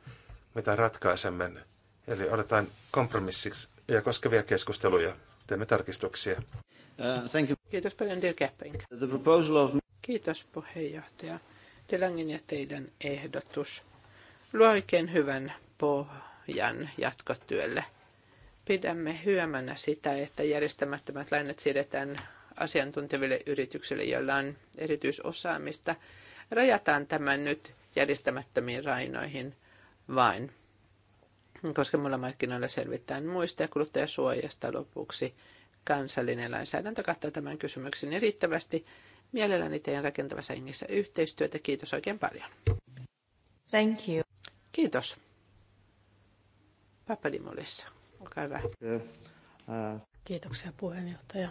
mitä ratkaisemme. Eli odotetaan kompromissiksi ja koskevia keskusteluja. Teemme tarkistuksia. Uh, thank you. Kiitos paljon, Dirk The proposal of... Kiitos puheenjohtaja. Telangin ja teidän ehdotus luo oikein hyvän pohjan jatkotyölle. Pidämme hyömänä sitä, että järjestämättömät lainat siirretään asiantunteville yrityksille, joilla on erityisosaamista. Rajataan tämän nyt järjestämättömiin rainoihin vain, koska muilla markkinoilla selvitään muista ja kuluttajasuojasta lopuksi kansallinen lainsäädäntö kattaa tämän kysymyksen riittävästi Mielelläni teen rakentavassa hengessä yhteistyötä. Kiitos oikein paljon. Thank you. Kiitos. Papadimolissa. Olkaa hyvä. Kiitoksia puheenjohtaja.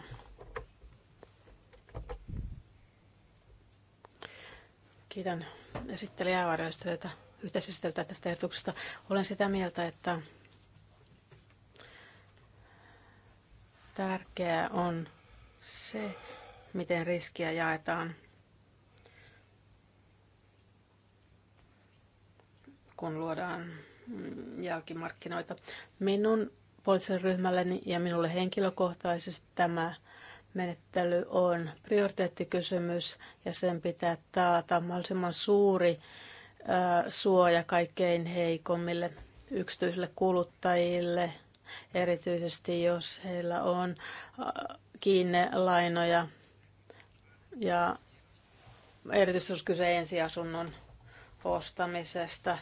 Kiitän esittelijää varjoistelijoita yhteisesiteltä tästä ehdotuksesta. Olen sitä mieltä, että tärkeää on se, miten riskiä jaetaan, kun luodaan mm, jälkimarkkinoita. Minun poliittiselle ryhmälleni ja minulle henkilökohtaisesti tämä menettely on prioriteettikysymys ja sen pitää taata mahdollisimman suuri suoja kaikkein heikommille yksityisille kuluttajille, erityisesti jos heillä on kiinne lainoja ja erityisesti jos kyse ensiasunnon ostamisesta,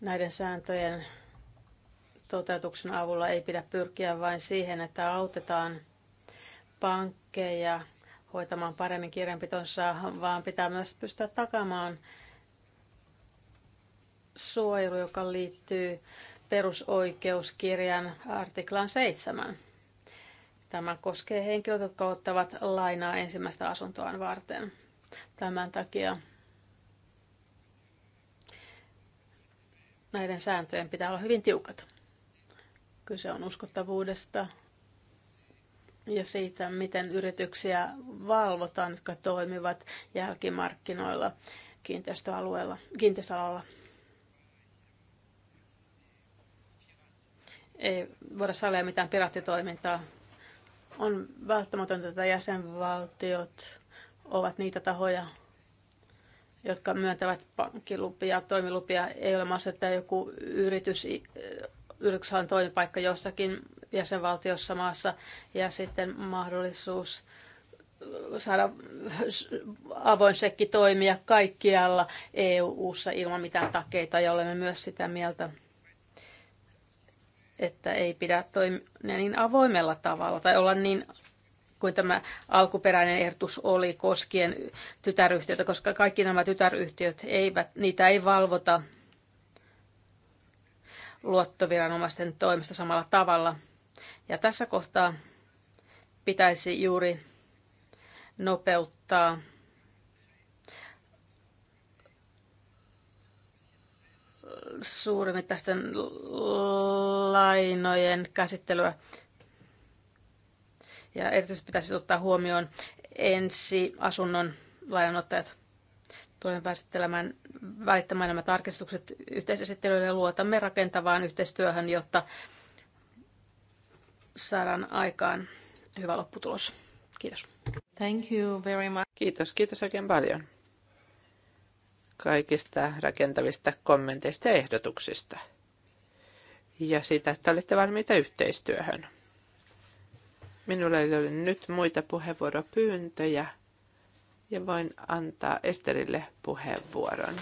näiden sääntöjen toteutuksen avulla ei pidä pyrkiä vain siihen, että autetaan pankkeja hoitamaan paremmin kirjanpitonsa, vaan pitää myös pystyä takamaan suojelu, joka liittyy perusoikeuskirjan artiklaan 7. Tämä koskee henkilöitä, jotka ottavat lainaa ensimmäistä asuntoaan varten. Tämän takia näiden sääntöjen pitää olla hyvin tiukat. Kyse on uskottavuudesta ja siitä, miten yrityksiä valvotaan, jotka toimivat jälkimarkkinoilla kiinteistöalueella, kiinteistöalalla. Ei voida salia mitään piraattitoimintaa on välttämätöntä, että jäsenvaltiot ovat niitä tahoja, jotka myöntävät pankkilupia, toimilupia. Ei ole mahdollista, että joku yritys, eh, yrityksellä on toimipaikka jossakin jäsenvaltiossa maassa ja sitten mahdollisuus eh, saada avoin sekki toimia kaikkialla EU-ssa ilman mitään takeita ja olemme myös sitä mieltä, että ei pidä toimia niin avoimella tavalla tai olla niin kuin tämä alkuperäinen ehdotus oli koskien tytäryhtiötä, koska kaikki nämä tytäryhtiöt, eivät, niitä ei valvota luottoviranomaisten toimesta samalla tavalla. Ja tässä kohtaa pitäisi juuri nopeuttaa suurimittaisten lainojen käsittelyä. Ja erityisesti pitäisi ottaa huomioon ensi asunnon lainanottajat. Tulen väittelemään, välittämään nämä tarkistukset yhteisesittelyille ja luotamme rakentavaan yhteistyöhön, jotta saadaan aikaan hyvä lopputulos. Kiitos. Thank you very much. Kiitos, kiitos oikein paljon kaikista rakentavista kommenteista ja ehdotuksista. Ja siitä, että olette valmiita yhteistyöhön. Minulla ei ole nyt muita puheenvuoropyyntöjä ja voin antaa Esterille puheenvuoron.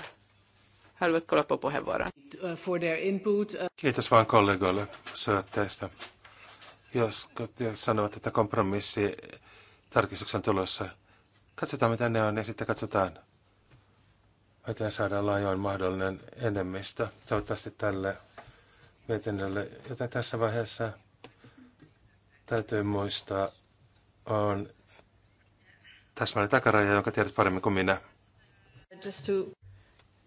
Haluatko loppupuheenvuoron? For their input. Uh, Kiitos vaan kollegoille syötteistä. Jos sanovat, että kompromissi tarkistuksen tulossa, katsotaan mitä ne on ja sitten katsotaan, Päätään saadaan laajoin mahdollinen enemmistö. Toivottavasti tälle mietinnölle, jota tässä vaiheessa täytyy muistaa, on täsmällinen takaraja, jonka tiedät paremmin kuin minä.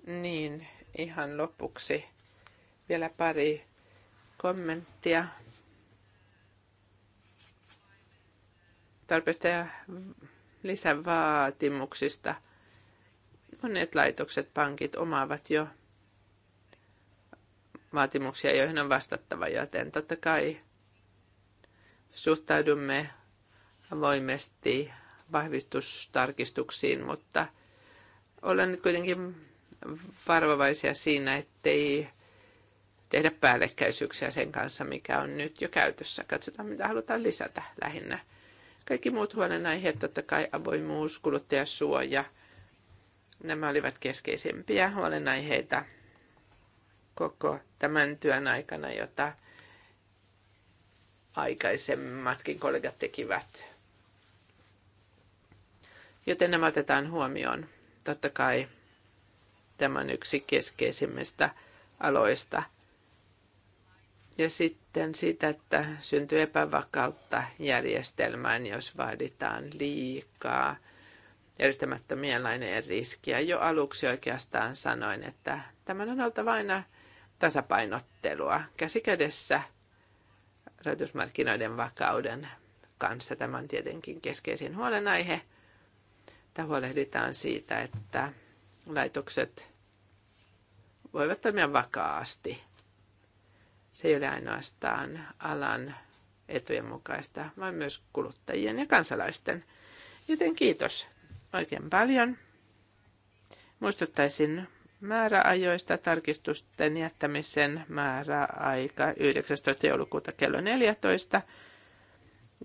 Niin, ihan lopuksi vielä pari kommenttia. Tarpeesta ja lisävaatimuksista – Monet laitokset, pankit omaavat jo vaatimuksia, joihin on vastattava, joten totta kai suhtaudumme avoimesti vahvistustarkistuksiin, mutta olen nyt kuitenkin varovaisia siinä, ettei tehdä päällekkäisyyksiä sen kanssa, mikä on nyt jo käytössä. Katsotaan, mitä halutaan lisätä lähinnä. Kaikki muut huolenaiheet, totta kai avoimuus, kuluttajasuoja – Nämä olivat keskeisimpiä huolenaiheita koko tämän työn aikana, jota aikaisemmatkin kollegat tekivät. Joten nämä otetaan huomioon. Totta kai tämän yksi keskeisimmistä aloista. Ja sitten sitä, että syntyy epävakautta järjestelmään, jos vaaditaan liikaa – järjestämättömien lainojen riskiä. Jo aluksi oikeastaan sanoin, että tämän on oltava aina tasapainottelua käsikädessä rahoitusmarkkinoiden vakauden kanssa. Tämä on tietenkin keskeisin huolenaihe. Tämä huolehditaan siitä, että laitokset voivat toimia vakaasti. Se ei ole ainoastaan alan etujen mukaista, vaan myös kuluttajien ja kansalaisten. Joten kiitos oikein paljon. Muistuttaisin määräajoista tarkistusten jättämisen määräaika 19. joulukuuta kello 14.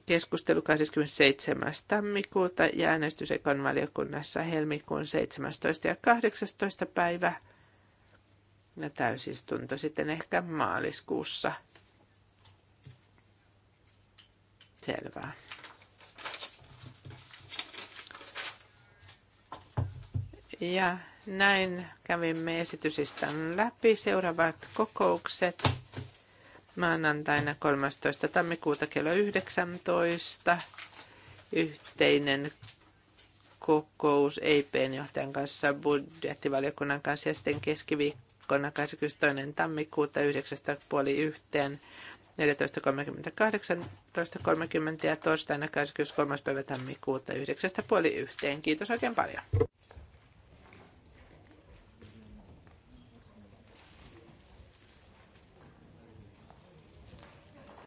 Keskustelu 27. tammikuuta ja äänestys valiokunnassa helmikuun 17. ja 18. päivä. Ja täysistunto sitten ehkä maaliskuussa. Selvä. Ja näin kävimme esitysistan läpi. Seuraavat kokoukset maanantaina 13. tammikuuta kello 19. Yhteinen kokous EIPn johtajan kanssa, budjettivaliokunnan kanssa ja sitten keskiviikkona 22. tammikuuta 9.30 yhteen 14.30-18.30 ja torstaina 23. päivä tammikuuta 9.30 yhteen. Kiitos oikein paljon.